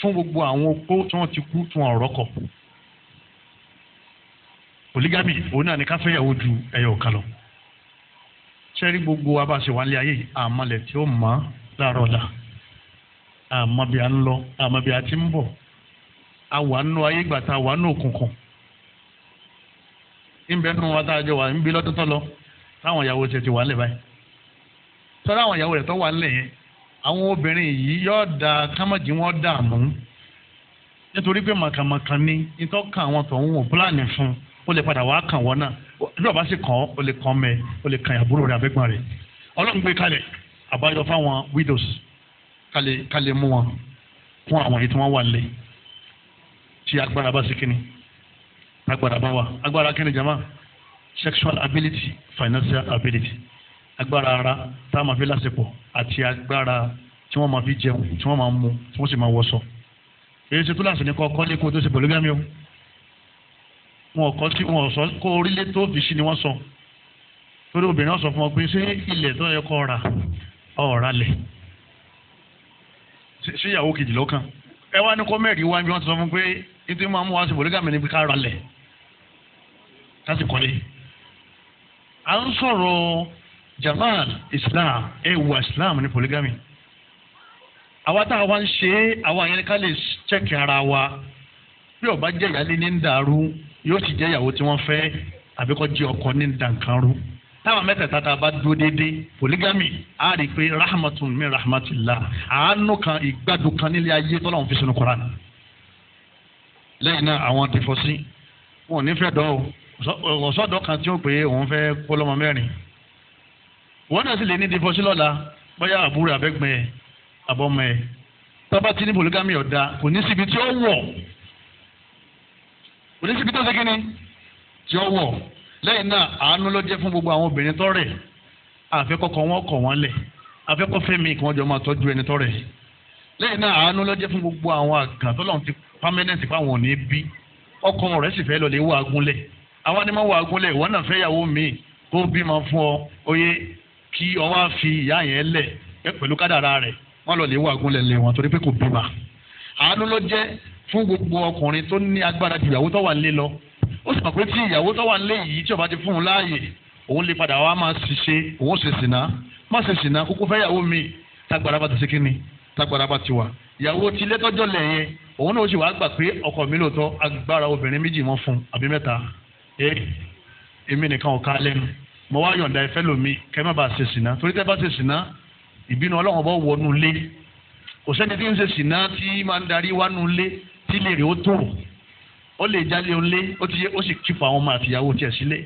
fún gbogbo àwọn opó tí wọ́n ti kú tí wọ́n ọ̀rọ̀ kọ̀. òdìgẹ́mì òun náà ní ká fẹ́yàwó ju ẹyọ kan lọ. sẹ́rí gbogbo abáṣe wà ní ayé yìí la. Mm àmọ́bi à ń lọ àmọ́bi à ti ń bọ̀ àwa nù ayé ìgbà tá àwa nù òkùnkùn ńbẹ nù wọn tá a jọ wà ń bí lọ́dún tó lọ táwọn ìyàwó tiẹ̀ ti wà nílẹ̀ báyìí tọ́lá àwọn ìyàwó rẹ̀ tó wà nílẹ̀ yẹn àwọn obìnrin yìí yóò da kámọ́jì wọn dààmú nítorí pé màkàmàkà ni nítorí kan àwọn tó ń wò pílánì fún ó lè padà wá kàn wọ́n náà bí ọba sì kàn ọ́ ó lè kàn mẹ́ ó lè kàn àbúrò rẹ̀ àbẹ́gbọ́n rẹ̀ ọlọ́run gbé kalẹ̀ àbáyọ fáwọn widows ká lè mú wọn fún àwọn èyí tí wọ́n wà lé tí agbára bá sí kíni agbára bá wà agbára kíni jama sexual ability financial ability agbára ara tá a máa fi lásìkò àti agbára tí wọ́n máa fi jẹun tí wọ́n máa mu tí wọ́n sì máa wọṣọ èyí ṣe túláàsì ní kọ́kọ́ ní kó tó ṣe polygamy o wọn kọ́ sí wọn sọ kó orílẹ̀ tó fi sí ni wọ́n sọ torí obìnrin ọ̀sọ̀ fún ọ ṣé ilẹ̀ tó yẹ kọ́ ra ọ̀ọ́ra lẹ̀ ṣé ìyàwó kejì lọ́kàn ẹ wá ní kọ́mẹ́ẹ̀rì wá bí wọ́n ti sọ fún pé ètò ìmọ̀ àmúwá sí bòlígàmì ní ká ra lẹ̀ ká kọ́lé. à ń sọ̀rọ̀ jamal islam ewu islam ní bòlígàmì àwa tá a wá ń ṣe é àwa yẹn ká lè ṣẹ́kì ara wa bí ó bá jẹ́ ìyáálé ní ń dàrú yóò sì jẹ́ ìyàwó tí wọ́n fẹ́ àbíkọ́ jẹ́ ọkọ ní ń dàǹkan rú táwọn mẹ́tẹ̀ẹ̀ta tá a bá dúró déédéé polygamy a rí i pé rahmatun min rahmatillah àánú kan ìgbádùn kan nílé ayé tọ́lá òun fi sinú koran lẹ́yìn náà àwọn ti fọ́ sí wọn ò ní fẹ́ dán o ọ̀sọ́dọ̀ kan tí ó pé òun fẹ́ kó lọ́mọ mẹ́rin wọn náà sì lè ní ti fọ́ sí lọ́la bóyá àbúrò àbẹ́gbẹ́ ẹ̀ ẹ̀ tọ́ba ti ní polygamy ọ̀dà kò ní síbi tí ó wọ̀ kò ní síbi tó ṣe kíni tí ó wọ̀ lẹ́yìn náà àánú ló jẹ́ fún gbogbo àwọn obìnrin tọ́rẹ̀ àfẹ́kọ̀kọ̀ wọn kọ̀ wọ́n lẹ̀ afẹ́kọ́ fẹ́mi kí wọ́n jọ máa tọ́jú ẹni tọ́rẹ̀ lẹ́yìn náà àánú ló jẹ́ fún gbogbo àwọn àgàn tó lọ́n ti pámẹ́nẹ́ǹtì fáwọn òní bí ọkọ rẹ̀ sì fẹ́ lọ lè wọ agúnlẹ̀ àwọn ni wọ́n wọ agúnlẹ̀ ìwọ náà fẹ́ yàwó mi kó bímọ fún ọ oyé kí ọ wá fi ìyá yẹn lẹ̀ pẹ̀lú kádàrá rẹ̀ wọ́n lọ lè wọ agúnlẹ̀ lẹ̀ wọ́n torí pé kò bímọ àánú ló jẹ́ fún gbogbo ọkùnrin tó ní agbára ju ìyàwó tó wà nílé lọ ó sì mọ̀ pé tí ìyàwó tó wà nílé yìí tí ó bá ti fún un láàyè òun lè padà wá máa ṣiṣẹ́ òun ṣe sìnà má ṣe sìnà kúkú fẹ́ ìyàwó mi tágbára bá ti ṣe kíni tágbára bá ti wà ìyàwó ti ilé lẹ̀ yẹn òun náà ó sì wá gbà pé ọkọ mi lóòótọ́ agbára obìnrin méjì mọ́ fún àbí mẹ́ta ẹ èmi nìkan ò ká lẹ́nu mo wá yọ̀ǹda ẹ̀fẹ́ lomi kẹ́ má bàa ṣe sìnà torí tẹ́ bá ṣe sìnà ìbínú ọlọ́run bọ́ wọnú ilé kò sẹ́ni tí ń ṣe sìnà tí máa ń darí wánú ilé tí ilé rẹ̀ ó tòrò ó lè jálé olé ó ti yé ó sì kíkọ àwọn ọmọ àtìyàwó tiẹ̀ sílé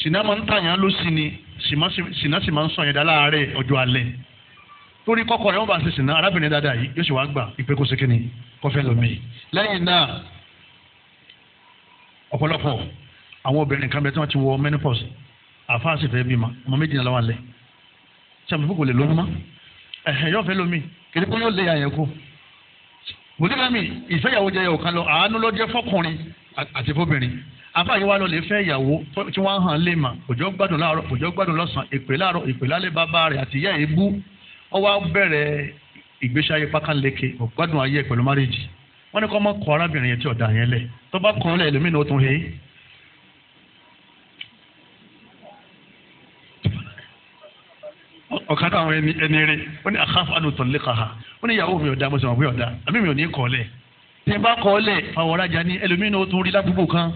sìnà máa ń tàyàn ló sì ni sìnà sì máa ń sọyìn dá láàárẹ̀ ọjọ́ alẹ́ torí kọ́kọ́ rẹ̀ wọ́n bá ṣe sìnà arábìnrin dáadáa yìí yóò sì wá gbà ìpè kó sekínì kọfẹ́ lomi lẹ́yìn náà ọ̀pọ̀lọpọ̀ àwọn obìnrin kan bẹ tí wọ́n ti wọ menopause àfáà sì fẹ́ bímọ ọmọ méjì náà lọ́wọ́ alẹ́ sàmùfù kò lè lóyún mọ́ ẹ̀hẹ̀ yóò fẹ́ lomi kìdí mùsùlùmí ìfẹ́yàwó jẹ́ yàwó kan lọ àánú ló jẹ́ fọkùnrin àti fóbìnrin afáàyè wa lọ lè fẹ́ ìyàwó tí wọ́n hàn lè mà òjò gbádùn láàárọ̀ òjò gbádùn lọ́sàn èpè láàárọ̀ èpè lálẹ́ bàbá rẹ̀ àti ìyá èébú ó wá bẹ̀rẹ̀ ìgbésí ayé pákánleke ọ̀gbádùn ayé pẹ̀lú márìjì wọ́n ní kó má kọ arábìnrin yẹn tí ọ̀dà yẹn lẹ̀ tó bá kàn án lẹ̀ lómìnira ó tún he ọ̀kan tó àwọn ẹni rẹ ó ní àkàfọ àlùtọ̀ lẹ́kàá ó ní ìyàwó mi ò dá mo sì mọ̀ pé ọ̀dà àbí mi ò ní kọ́lẹ̀ tí n bá kọ́lẹ̀ fàwọ̀rajà ni ẹlòmínú ó tún rí ládùúgbò kan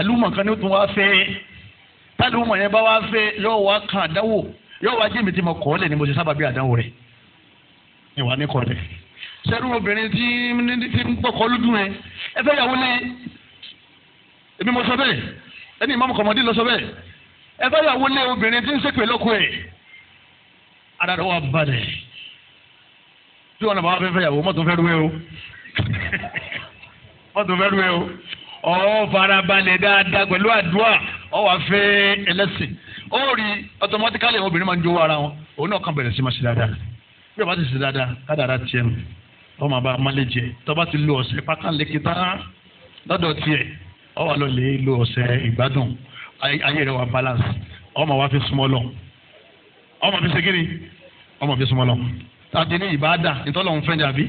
àlùmọ̀ kan ni ó tún wá fẹ́ tálùmọ̀ yẹn bá wá fẹ́ yóò wá kan àdánwò yóò wá jẹ́ mi tí mo kọ́lẹ̀ ni mo sì sábà bí àdánwò rẹ̀ ìwà ní kọ́lẹ̀ sẹ́rù obìnrin tí ń gbọ́kọ́ lójú ẹ ẹ fẹ́ yàwó ara rẹ̀ wà balẹ̀ tí wọn bá fẹ́ fẹ́ yàwó mọ́tò fẹ́ rúwẹ́ o mọ́tò fẹ́ rúwẹ́ o ọ farabalẹ̀ dáadáa pẹ̀lú àdúrà ọ wà fẹ́ ẹlẹ́sìn ó rí automatically àwọn obìnrin máa ń jówó ara wọn òun náà kàn bẹ̀rẹ̀ sí máa ṣe dáadáa bí o bá ti ṣe dáadáa kádàrá tiẹ̀ nù ọ máa bá a má lè jẹ tó bá ti lo ọ̀sẹ̀ pákánleke tán lọ́dọ̀ tiẹ̀ ọ wà lọ lè lo ọ̀sẹ̀ ìgbádùn ayé rẹ̀ wà balance ọ máa wá fi súnmọ́ lọ́wọ́ ọmọ fi ṣe kiri ọmọ fi súnmọ́ lọ. tàbí ní ìbáàdà ìtọ́lọ̀ ń fẹ́ ni àbí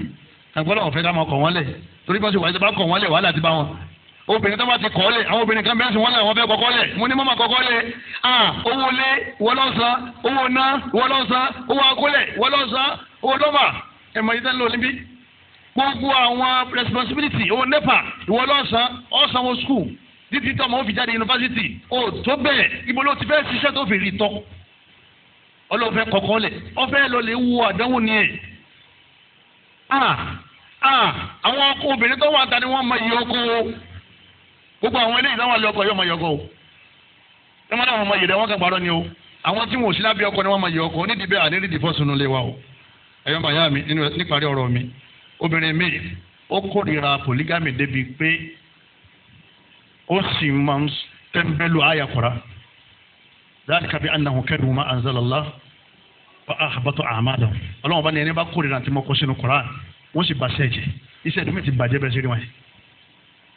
àgbọ̀lọ̀ ń fẹ́ ká máa kọ̀ wọ́n lẹ̀ torí bá ṣe wà bá kọ̀ wọ́n lẹ̀ wàhálà ti bá wọn. obìnrin tó bá ti kọ́ lẹ̀ àwọn obìnrin kan bẹ́ẹ̀ sùn wọ́n lẹ̀ wọ́n fẹ́ kọ́kọ́ lẹ̀ mo ní mọ́mọ́ kọ́kọ́ lẹ̀ owó lé wọlọ́sàn owó ná wọlọ́sàn owó akólẹ̀ wọlọ́sàn owó lọ́mà ẹ̀mọ̀ responsibility owó nepa ìwọlọ́sàn ọ̀sán wọn school títí tọ́ ọmọ òfin jáde yunifásitì ò tó bẹ́ẹ̀ ibo ló ti ọlọ́fẹ́ kọ̀kọ́ lẹ̀ ọfẹ́ lọ lè wo àdánwò ni ẹ̀. Ah, ah, àwọn ọkọ obìnrin tó wà ta ni wọ́n mọ iye ọkọ o gbogbo àwọn eléyìí náà wà lé ọkọ yóò mọ iye ọkọ o ẹ má dáhùn ọmọ yìí rẹ wọn kàn parọ́ ni o àwọn tí wọn ò sí lábẹ́ ọkọ ni wọ́n mọ iye ọkọ nídìí bẹ́ẹ̀ àní nídìí fọ́sùnú lé wa o ẹ̀yọ́ bàyá mi níparí ọ̀rọ̀ mi obìnrin mi ó kórìíra polygamy débi pé ó sì máa ń tẹ́ńbẹ́lú àyàkọ́ra. ذلك بأنه كذبوا ما أنزل الله فأحبط أعمالهم ọlọ́run bá ní ẹni bá kórìíra àti mọ́kọ́ sínú koran wọ́n sì bàṣẹ́ jẹ iṣẹ́ ìdúmí ti bàjẹ́ bẹ́ẹ̀ sí wọn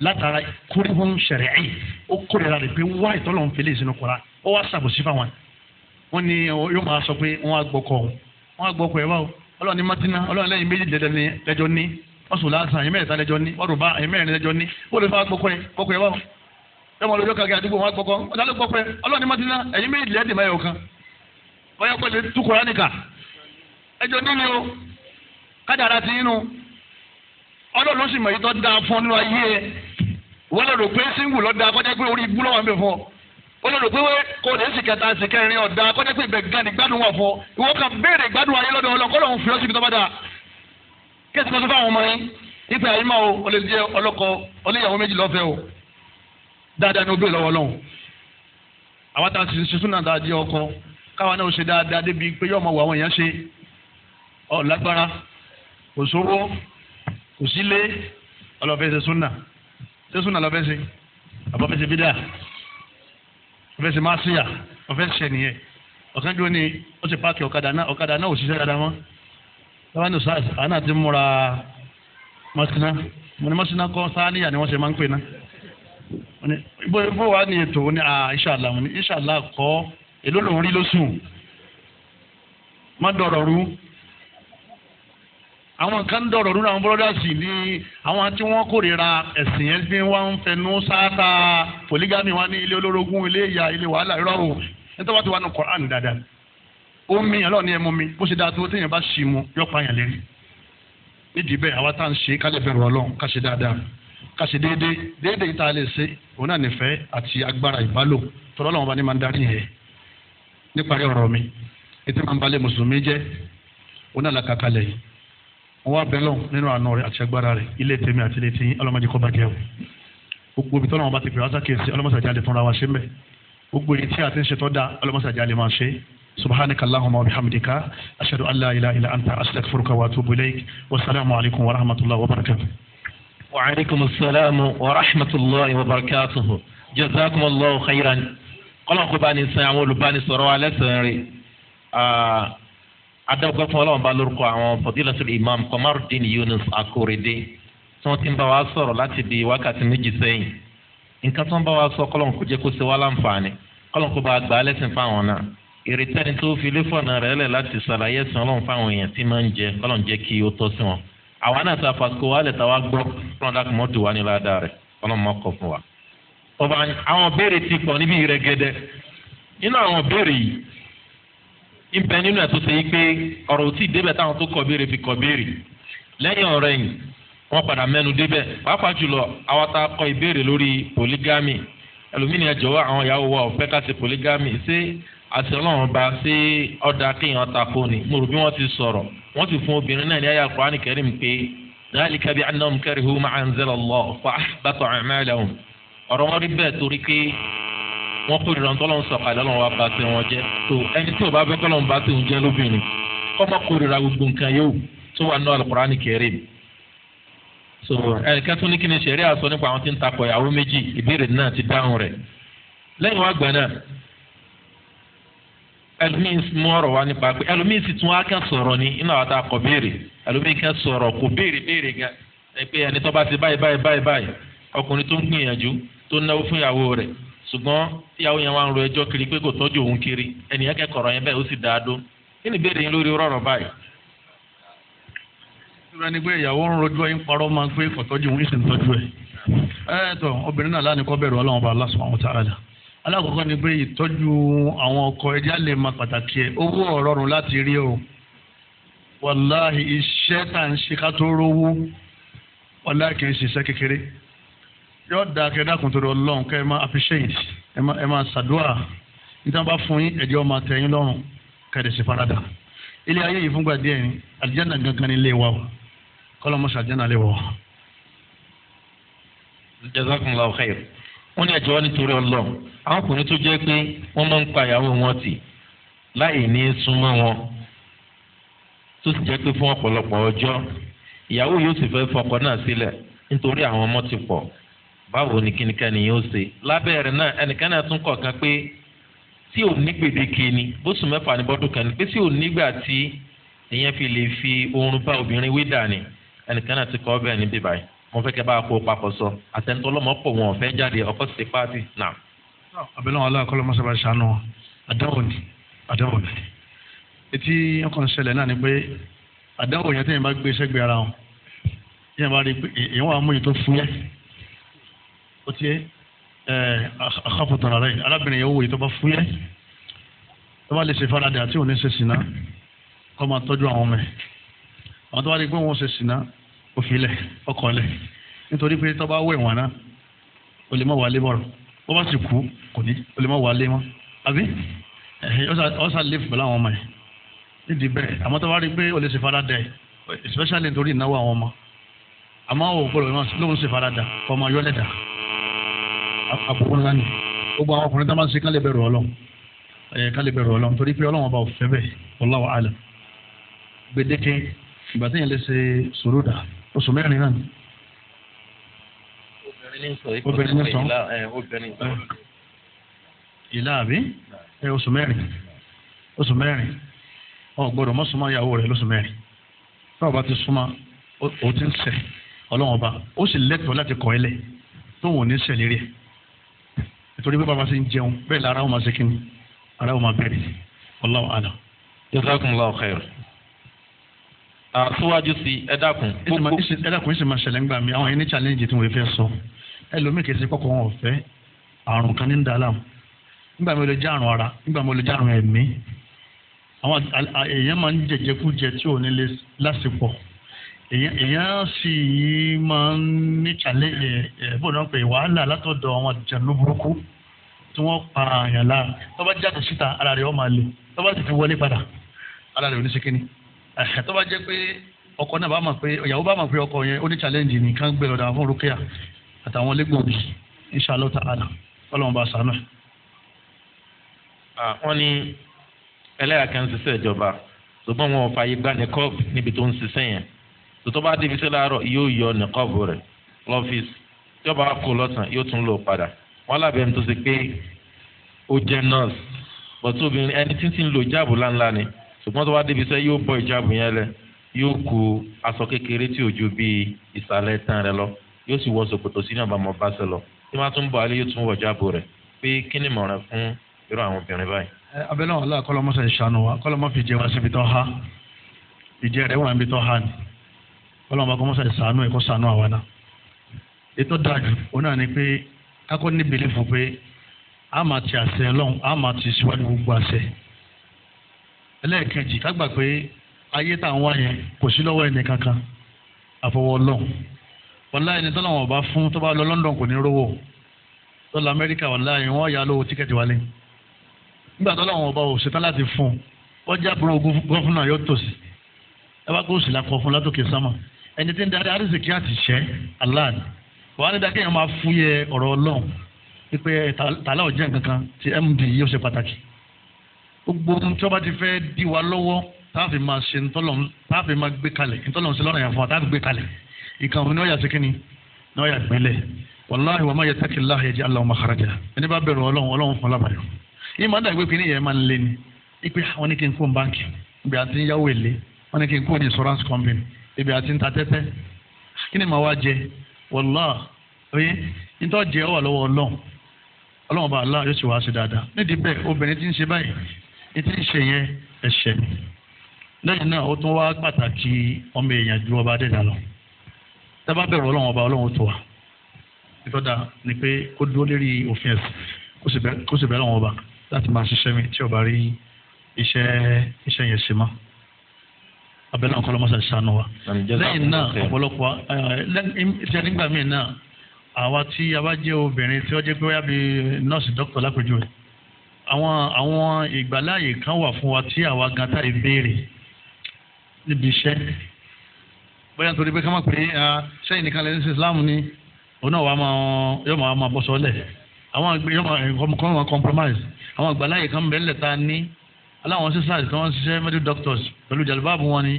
látara kúrúhún ṣẹ̀rẹ̀ẹ́ ó kórìíra rẹ̀ pé wá ìtọ́lọ́run fèlè sínú koran ó wá ṣàbòsí fáwọn wọn ni yóò máa sọ pé wọn á gbọ́kọ̀ ọ̀hún wọn á gbọ́kọ̀ ẹ̀ báwo ọlọ́run ní mọ́tínà ọlọ́run lẹ́yìn méjì lẹ́jọ́ ní ọ̀sùn lásán ẹ̀mẹ́ta lẹ́jọ́ ní ọ̀rùbá ẹ̀mẹ́rin lẹ́jọ́ ní ó lè fà gbọ́kọ̀ ẹ̀ gbọ́kọ̀ ẹ̀ báwo lọ́mọ lọ́jọ́ kan kí àdúgbò wọn gbọ́kọ́ ọ̀dà ló gbọ́ pé ọlọ́ọ̀ni má ti ná ẹ̀yin méjì lẹ́ẹ̀dì mẹ́yọ̀ kan bọ́yá pẹ̀lú tukura nìkà ẹjọ́ nílé o kádàrá ti inú ọlọ́ọ̀ ló sì mọ̀ ìtọ́ da fún nínú ayé ẹ wọ́n lọ rò pé single lọ da kọ́jà pé orí ibú lọ́wọ́ ń bẹ̀ fọ́ wọ́n lọ rò pé kò ní sì kẹta sì kẹrin ọ̀dà kọ́jà pé ibẹ̀ gan ni gbádùn wà fọ́ ìwọ kan béèrè gbádùn ayé lọ́dọ̀ ọlọ́kọ́ lọ́hún fi lọ́sibítọ́ bá dà kí ẹ ti kọ́ sọ fáwọn ọmọ yín ipe àyímọ́ o ọlẹ́dẹ́ ọlọ́kọ ọlẹ́yàwó méjì lọ́fẹ̀ẹ́ o dáadáa ni ó bèrè lọ́wọ́ lọ́hùn àwọn tá a sì ṣe súnà dáadé ọkọ káwa náà ṣe dáadáa débi pé yóò mọ wọ àwọn èèyàn ṣe ọ lágbára kò sówó kò sílé ọlọ́fẹ́ ṣe súnà ṣe súnà lọ́fẹ́ bídà ọfẹ́ ṣe máa ṣíyà ọfẹ́ ni ó ti páàkì ọ̀kadà náà ọ̀kadà náà ò ṣiṣẹ́ dáadáa mọ́ lọ́wọ́ ní sars àná ti múra mọ́síná mo ní mọ́síná kọ́ ni wọ́n ṣe máa ń pè náà bó wàá ní ètò ní inṣàlá ní inṣàlá kọ́ èló lòún rí lóṣù má dọ̀rọ̀ rú àwọn kan ń dọ̀rọ̀ nínú àwọn bọ́lọ́dàsì ní àwọn tí wọ́n kórìíra ẹ̀sìn yẹn fi wá ń fẹnu sáátà polygamy wa ní ilé olórogún ilé ìyá ilé wàhálà irọ́ o nítorí wọ́n ti wá ní Quran dáadáa ó mi yàn lọ́ọ̀ni ẹ̀ mú mi bó ṣe dáa tó téèyàn bá ṣì mu yọ̀pọ̀ àyàn lérí nídìí bẹ́ẹ̀ àwa tá à ń ṣe kálẹ̀ bẹ̀rù Ọlọ́run ká ṣe dáadáa ká ṣe déédéé déédéé yìí tá a lè ṣe òun náà nífẹ̀ẹ́ àti agbára ìbálò tọ́lọ́ làwọn bá ní máa ń darí yẹn níparí ọ̀rọ̀ mi ètò máa ń balẹ̀ mùsùlùmí jẹ́ òun náà làkàkalẹ̀ yìí wọ́n wá bẹ́ẹ̀ lọ nínú àánú rẹ̀ àti agbára rẹ̀ ilé tèmi àti ilé tiyín ọlọ́mọdé kọ́ bàjẹ́ o gbogbo ibi tọ́lọ́mọ bá ti pè wá sákèsí ọlọ́mọsàjáde fúnra wa ṣe mẹ́ gbogbo èyí tí a ti ń ṣe da ọlọ́mọsàjáde máa ṣe سبحانك اللهم وبحمدك أشهد أن لا إله إلا أنت أستغفرك وأتوب إليك والسلام عليكم ورحمة الله وبركاته وعليكم السلام ورحمة الله وبركاته جزاكم الله خيرا قلنا قباني سامو لباني سروا على سري adọ́gbọ́n fún ọlọ́run bá lórúkọ àwọn fọdílọ́sọ̀rọ̀ imam Qamardeen Yunus Akorede tí wọ́n ti ń bá wa sọ̀rọ̀ láti di wákàtí méjì sẹ́yìn nǹkan tó ń bá wa sọ kọ́lọ́n kó jẹ́ kó ṣe wá láǹfààní kọ́lọ́n kó bá a gbà á lẹ́sìn fáwọn náà ìrètí ẹni tó fi ilé fọ̀nà rẹ̀ lẹ̀ láti ṣàlàyé ẹ̀sìn ọlọ́run fáwọn èèyàn tí máa ń jẹ kọ́lọ́n jẹ́ kí ó tọ́ sí wọn àwa náà ta fasiko wa lè ta wa gbọ́ ọlọ́dà kò mọ́ tù wá ní ládàá rẹ̀ ọlọ́mọ kọ fún wa. ọba àwọn béèrè ti pọ̀ níbí rẹ̀ gẹ́dẹ́ nínú àwọn béèrè yìí ìbẹ̀ nínú ẹ̀ tó ṣe yí pé ọ̀rọ̀ òtí débẹ̀ táwọn tó kọ béèrè fi kọ béèrè lẹ́yìn ọ̀rẹ́ yìí wọ́n padà mẹ́nu débẹ̀ pàápàá jùlọ àwọn tá a kọ ìbéèrè lórí polygamy ẹlòmínì ẹ jọ̀wọ́ àwọn ìyàwó wa ò fẹ́ ká ṣe polygamy ṣé àti ọlọ́run ba ṣé ọ̀dà kéèyàn ta kó mo rò bí wọ́n ti sọ̀rọ̀ wọ́n sì fún obìnrin náà ní àyà Qur'an Karim pé dhalika bi annahum karihu ma anzala Allah fa ahbata a'malahum ọ̀rọ̀ wọn rí bẹ́ẹ̀ torí pé wọ́n kó ìrìnà tọ́lọ́ ń sọ̀kalẹ̀ lọ́wọ́ wa bá tẹ̀ wọn jẹ́ tó ẹni tí ò bá fẹ́ tọ́lọ́ ń bá tẹ̀ wọn jẹ́ lóbìnrin kọ́mọ kórìíra gbogbo nǹkan yóò tó wà ní Al-Qur'an so ẹnìkan tún ní kí ni sẹ̀rí nípa àwọn tí ń takọ̀ ìyàwó méjì ìbéèrè náà ti dáhùn rẹ̀ lẹ́yìn wá gbà ẹlòmíín mú ọ̀rọ̀ wa nípa pé ẹlòmíín sì tún akẹ́ sọ̀rọ̀ ni iná wa ta kọ̀ béèrè ẹlòmíín kẹ́ sọ̀rọ̀ kò béèrè béèrè gan pé ẹni tó bá ti báyìí báyìí báyìí báyìí ọkùnrin tó ń gbìyànjú tó náwó fún ìyàwó rẹ̀ ṣùgbọ́n ìyàwó yẹn wá ń kiri pé kò tọ́jú òun kiri eni kẹ́kọ̀ọ́ yẹn bẹ́ẹ̀ ó sì dáa dó kí ni béèrè yín lórí rọ̀rọ̀ báyìí. ìrora ni pé ìyàwó ń alákọ̀ọ́kọ́ ni pé ìtọ́jú àwọn ọkọ ẹja lè máa pàtàkì ẹ̀ owó ọ̀rọ̀rùn láti rí o wàláhì iṣẹ́ tá à ń ṣe ká tó rówó wàláhì kì í ṣiṣẹ́ kékeré yóò da akẹ́dàkùn tó lọ lọ́hùn kẹ́ ẹ máa appreciate ẹ máa ṣàdúrà níta bá fún yín ẹ̀jẹ̀ ọmọ àtẹ̀yìn lọ́rùn kẹ́ẹ̀dẹ̀ sí farada ilé ayé yìí fúngbà díẹ̀ ni àlìjáná gangan ni ilé wa o kọ́lọ́mọ́sá àlìjáná lè wọ̀. jazakumullahu khair wọ́n ní ẹ̀jọ́ nítorí ọlọ́run àwọn ọkùnrin tó jẹ́ pé wọ́n máa ń pa ìyàwó wọn tì láì ní súnmọ́ wọn tó sì jẹ́ pé fún ọ̀pọ̀lọpọ̀ ọjọ́ ìyàwó yóò sì fẹ́ fọkọ náà sílẹ̀ nítorí àwọn ọmọ ti pọ̀ báwo ni kíníkẹ́ni yóò ṣe lábẹ́rẹ̀ náà ẹnìkan tún kọ̀ọ̀kan pé tí ò ní gbèdéke ni bóṣù mẹ́fà ní bọ́dún kan ní pé tí ò nígbà tí ìyẹn fi lè fi oorun bá obìnrin wí dà ní ẹnìkan ti kọ́ bẹ́ẹ̀ níbí báyìí mo fẹ́ kẹ́ bá kó papọ̀ sọ àtẹnutọ́ lọ́mọ pọ̀ wọn ọ̀fẹ́ jáde ọkọ̀ sí pàtì náà. abẹ́lẹ́ wọn aláàkọ́ lọ́mọ sábà ṣàánú ni àdáwò ni etí ọkàn ṣẹlẹ̀ náà ni pé àdáwò yẹn tẹ̀yìn bá gbé sẹ́gbẹ̀ẹ́ ara wọn yẹn bá rí i pé èèyàn wà múyìn tó fúyẹ́ ó ẹ àkàfọ̀tàn rẹ̀ arábìnrin yẹn ó wòye tó bá fúyẹ́ tó bá lè ṣe faradà àti òní ṣe sìnà kọ́ máa tọ́jú àwọn ọmọ ẹ̀ àwọn tó bá rí i pé wọ́n ṣe sìnà òfilẹ̀ ọkọ̀lẹ̀ nítorí pé tọ́ bá wẹ̀ wọ́n o lè má wà lé bọ̀rọ̀ bó bá sì kú kò ní o lè má wà lé mọ́ àbí ọ̀sà lè pẹ̀lú àwọn ọmọ yẹn nídìí bẹ́ẹ̀ àmọ́ tọ́ bá rí i pé o lè ṣe faradà yìí especially nítorí ìnáwó àwọn ọmọ àmọ́ o gbọ́dọ̀ lóun ṣe faradà kọ́ ọmọ yọ́lẹ̀dà àbùkù ńlá ni gbogbo àwọn ọkùnrin tó máa ń ṣe kálẹ̀ bẹ̀rù ọlọ́run kálẹ̀ bẹ̀rù ọlọ́run torí pé ọlọ́run ọba ò fẹ́ bẹ́ẹ̀ wallahu alam gbèdéke ìgbà téèyàn lè ṣe sùúrù dà oṣù mẹ́rin náà. obìnrin ní sọ ipò tó ìlà obìnrin sọ. ìlà àbí oṣù mẹ́rin oṣù mẹ́rin ọ̀ gbọ́dọ̀ mọ́ súnmọ́ ìyàwó rẹ̀ lóṣù mẹ́rin náà bá ti súnmọ́ ó ti ń sẹ̀ ọlọ́wọ́n ọba ó sì lẹ́tọ̀ọ́ láti kọ̀ ẹ́ lẹ̀ tó wọn ò ní sẹ̀ lérí ẹ̀ nítorí pé bàbá ṣe ń jẹun bẹ́ẹ̀ lára ó máa ṣe kíni ara ó máa bẹ̀rẹ̀ Allahu a'lam. jazakumullahu khairan. Ah, síwájú sí ẹ dákun. ẹ dákun ẹ sì máa ṣẹlẹ̀ ńgbà mi àwọn yẹn ní challenge tí wọ́n fẹ́ sọ ẹlòmíì kìí ṣe kọ́kọ́ wọn ò fẹ́ àrùn kan ní ń nígbà mi ò lè jẹ́ àrùn ara nígbà mi ò lè jẹ́ àrùn ẹ̀mí àwọn èèyàn máa ń jẹjẹkújẹ tí ò ní lè lásìpọ̀ èèyàn sì máa ń ní challenge ẹ̀ bó náà pé wàhálà látọ̀dọ̀ àwọn àjànú burúkú tí wọ́n pa àyàn lára tó jáde síta ara rẹ̀ ó tó bá jẹ́ pé ọkọ náà bá mọ̀ pé ìyàwó bá mọ̀ pé ọkọ yẹn ó ní challenge ní ká ń gbé lọ́dọ̀ fún rúkẹ́yà àtàwọn lẹ́gbọ̀n mi inshallah ta'ala ọlọ́run bá sànú ẹ̀. wọ́n ní ẹlẹ́yà kan ṣiṣẹ́ ìjọba ṣùgbọ́n wọn ò fààyè gba nìkọ́ọ̀bù níbi tó ń ṣiṣẹ́ yẹn tòtò bá débi sí láàárọ̀ yóò yọ nìkọ́ọ̀bù rẹ̀ lọ́fíìsì ìjọba kò lọ́sàn yóò tún lò padà wọ́n lábẹ́ mi tó ṣe pé ó jẹ́ nọ́ọ̀sì bọ̀tú obìnrin ẹni tí ń ti ń láńlá ni ṣùgbọ́n tó bá débi sẹ́ yóò bọ́ ìjáàbù yẹn lẹ yóò ku aṣọ kékeré tí ò ju bíi ìsàlẹ̀ tán rẹ lọ yóò sì wọ ṣòkòtò sínú àbámọ̀ bá ṣe lọ tí wọ́n tún bọ̀ alẹ́ yóò tún wọ̀ ìjáàbù rẹ̀ pé kí ni mọ̀ràn fún irú àwọn obìnrin báyìí. abẹ́lẹ́ wọn lọ́wọ́ kọ́lọ́mọ́sẹ̀ ìṣàánú wa kọ́lọ́mọ́ fi jẹ́ wọn síbi tó há ìjẹ́ rẹ̀ wọ́n ibi tó há ni kọ́lọ́mọ́ kọ́mọ́sẹ̀ ìṣàánú ẹ̀kọ́ ṣàánú àwa náà ètò dájú òun ni pé kákó níbi ilé fún pé a ti àṣẹ ọlọ́run a ti síwájú gbogbo àṣẹ ẹlẹ́ẹ̀kejì ká gbà pé ayé tá à ń wá yẹn kò sí lọ́wọ́ ẹnì kankan àfọwọ́ ọlọ́run wàlá ẹni tó làwọn ọba fún tó bá lọ London kò ní rówó tó lọ Amẹ́ríkà wàlá ẹni wọ́n yà lówó tíkẹ́ẹ̀tì wálé nígbà tó làwọn ọba ò ṣetán láti fún wọ́n jẹ́ àbúrò gọ́fúnà yóò tòsí ẹ bá gbóòsì lakọ fún látòkè sámà ẹni tí ń darí arísìkí àti ìṣẹ́ aláàdì wàá ní dákẹ́yìn máa fúyẹ́ ọ̀rọ̀ ọlọ́run wípé tàlá ò jẹ́ ti md yóò ṣe pàtàkì gbogbo ohun tí wọ́n bá ti fẹ́ di wa lọ́wọ́ táàfin máa ṣe ntọ́lọ́n táàfin máa gbé kalẹ̀ ntọ́lọ́n sí lọ́nà yẹn fún wa táàfin gbé kalẹ̀ nǹkan òfin náà yà sí kínní náà yà gbélẹ̀ wàláhi wàmá yẹ tẹ́kì láàyè jẹ́ aláwọ̀ maharaja ẹni bá bẹ̀rù ọlọ́run ọlọ́run fún alábàáyọ. yìí máa dàgbé kínní yẹn máa ń lé ni ipe wọn ni kí n kó báńkì ibi àti ń yáwó èlé wọn ni kí n kó ní insurance company ibi àti ń ta tẹ́tẹ́ kí ni màá wá jẹ wàláhi oye ntọ́ jẹ ọ wà lọ́wọ́ ọlọ́run ọlọ́run bá aláà sì wá sí dáadáa nídìí bẹ́ẹ̀ obìnrin ti ń ṣe báyìí ètí ìṣe yẹn ẹ̀ṣẹ̀ ni lẹ́yìn náà ó tún wá pàtàkì ọmọ èèyàn ju ọba dẹ̀dà lọ tábà bẹ̀rù ọlọ́run ọba ọlọ́run tó wa ìtọ́jà ni pé kó dúró lérí òfin ẹ̀sìn kó sì bẹ̀rù ọlọ́run ọba láti máa ṣiṣẹ́ mi tí ọba rí iṣẹ́ iṣẹ́ yẹn ṣe mọ́ abẹ́ náà kọ́lọ́ ṣàánú wa lẹ́yìn náà ọ̀pọ̀lọpọ̀ ṣe nígbà míì náà àwa tí a bá jẹ́ obìnrin tí wọ́n jẹ́ pé wáyà bíi nọ́ọ̀sì dókítà lápèjúwe àwọn àwọn ìgbàláàyè kan wà fún wa tí àwa gan tá ìbéèrè níbi iṣẹ́ bóyá nítorí pé ká má pé sẹ́yìn nìkan lẹ́yìn islam ni òun náà wàá máa yóò máa máa bọ́ sọ́lẹ̀ àwọn ìgbìyànjú máa compromise àwọn ìgbàláàyè kan bẹ́ẹ̀ lẹ̀ ta ní aláwọn sisters tí wọ́n ṣiṣẹ́ medical doctors pẹ̀lú jàlúbáàbù wọn ni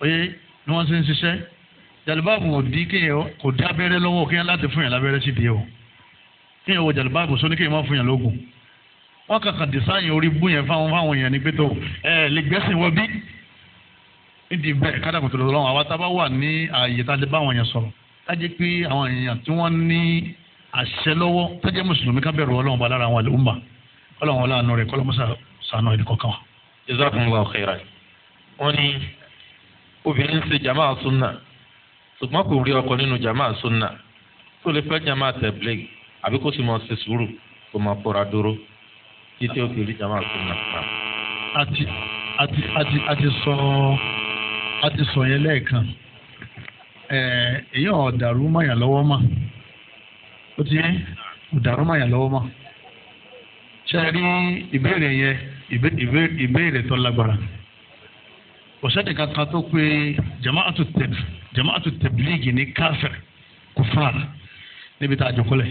oyè ni wọ́n ti ń ṣiṣẹ́ jàlúbáàbù ò dí kéèyàn kò dá abẹ́rẹ́ lọ́wọ́ kéèyàn láti fún yàn lábẹ́rẹ́ sídìí o kéèyàn wọ jàlúbáàbù sóní kéèyàn má fún yàn lóògùn wọ́n kàn kàn dísáyìn orí bú yẹn fáwọn fáwọn èèyàn ní pé tó ẹ lè gbẹ́sìn wọ bí nídìí bẹ́ẹ̀ kádàkùtù lọ́wọ́ àwa tá a bá wà ní ààyè tá a lè bá àwọn èèyàn sọ̀rọ̀ ká jẹ́ pé àwọn èèyàn tí wọ́n ní àṣẹ lọ́wọ́ tó jẹ́ mùsùlùmí ká bẹ̀rù ọlọ́run bá lára àwọn àlùmà ọlọ́run ọlá rẹ̀ kọ́ lọ́mọ́sà sànú ẹnì kọ̀ọ̀kan. jazakumullahu khairan wọ́n jamaa sunna ṣùgbọ́n kò rí jamaa sunna tó lè fẹ́ jamaa tabligh àbí kó sì mọ̀ ṣe títí ó fi rí jama sunna pa. ati àti ati àti sọ àti sọ yẹn lẹ́ẹ̀kan èyàn ọ̀dàrú mọ̀yàn lọ́wọ́ mọ̀ ó ti yẹ ọ̀dàrú mọ̀yàn lọ́wọ́ mọ̀ ṣe rí ìbéèrè yẹn ìbéèrè tó lágbára òṣèlú kankan tó pé jamaatu tẹb jamaatu tẹbílíìgì ní káfíìr kùfàr níbi tá a jọ kọlẹ̀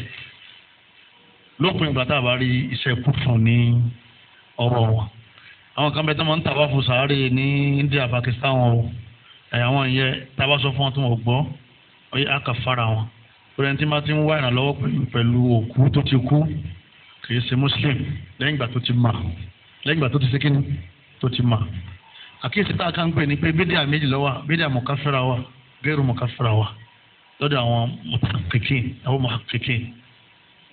lópin ìgbà tá a bá rí iṣẹ́ kú fún ní ọ̀rọ̀ wa àwọn kan bẹ tó máa ń tàbá fún sàárè ní India Pakistan wọn o àwọn ìyẹn tábà sọ fún wọn tó wọn gbọ́ ọyẹ àkàfàrà wọn lórí ẹni tí máa ti ń wá ìrànlọ́wọ́ pẹ̀lú òkú tó ti kú kì ṣe Muslim lẹ́yìn ìgbà tó ti mà lẹ́yìn ìgbà tó ti ṣe kíni tó ti mà àkíyèsí tá a kan pè ní pé bídíà méjì ló wà bídíà mọ̀káfẹ́ra wà gẹ́rù mọ̀káfẹ́ra wà lọ́dọ̀ àwọn mọ̀tàkìkì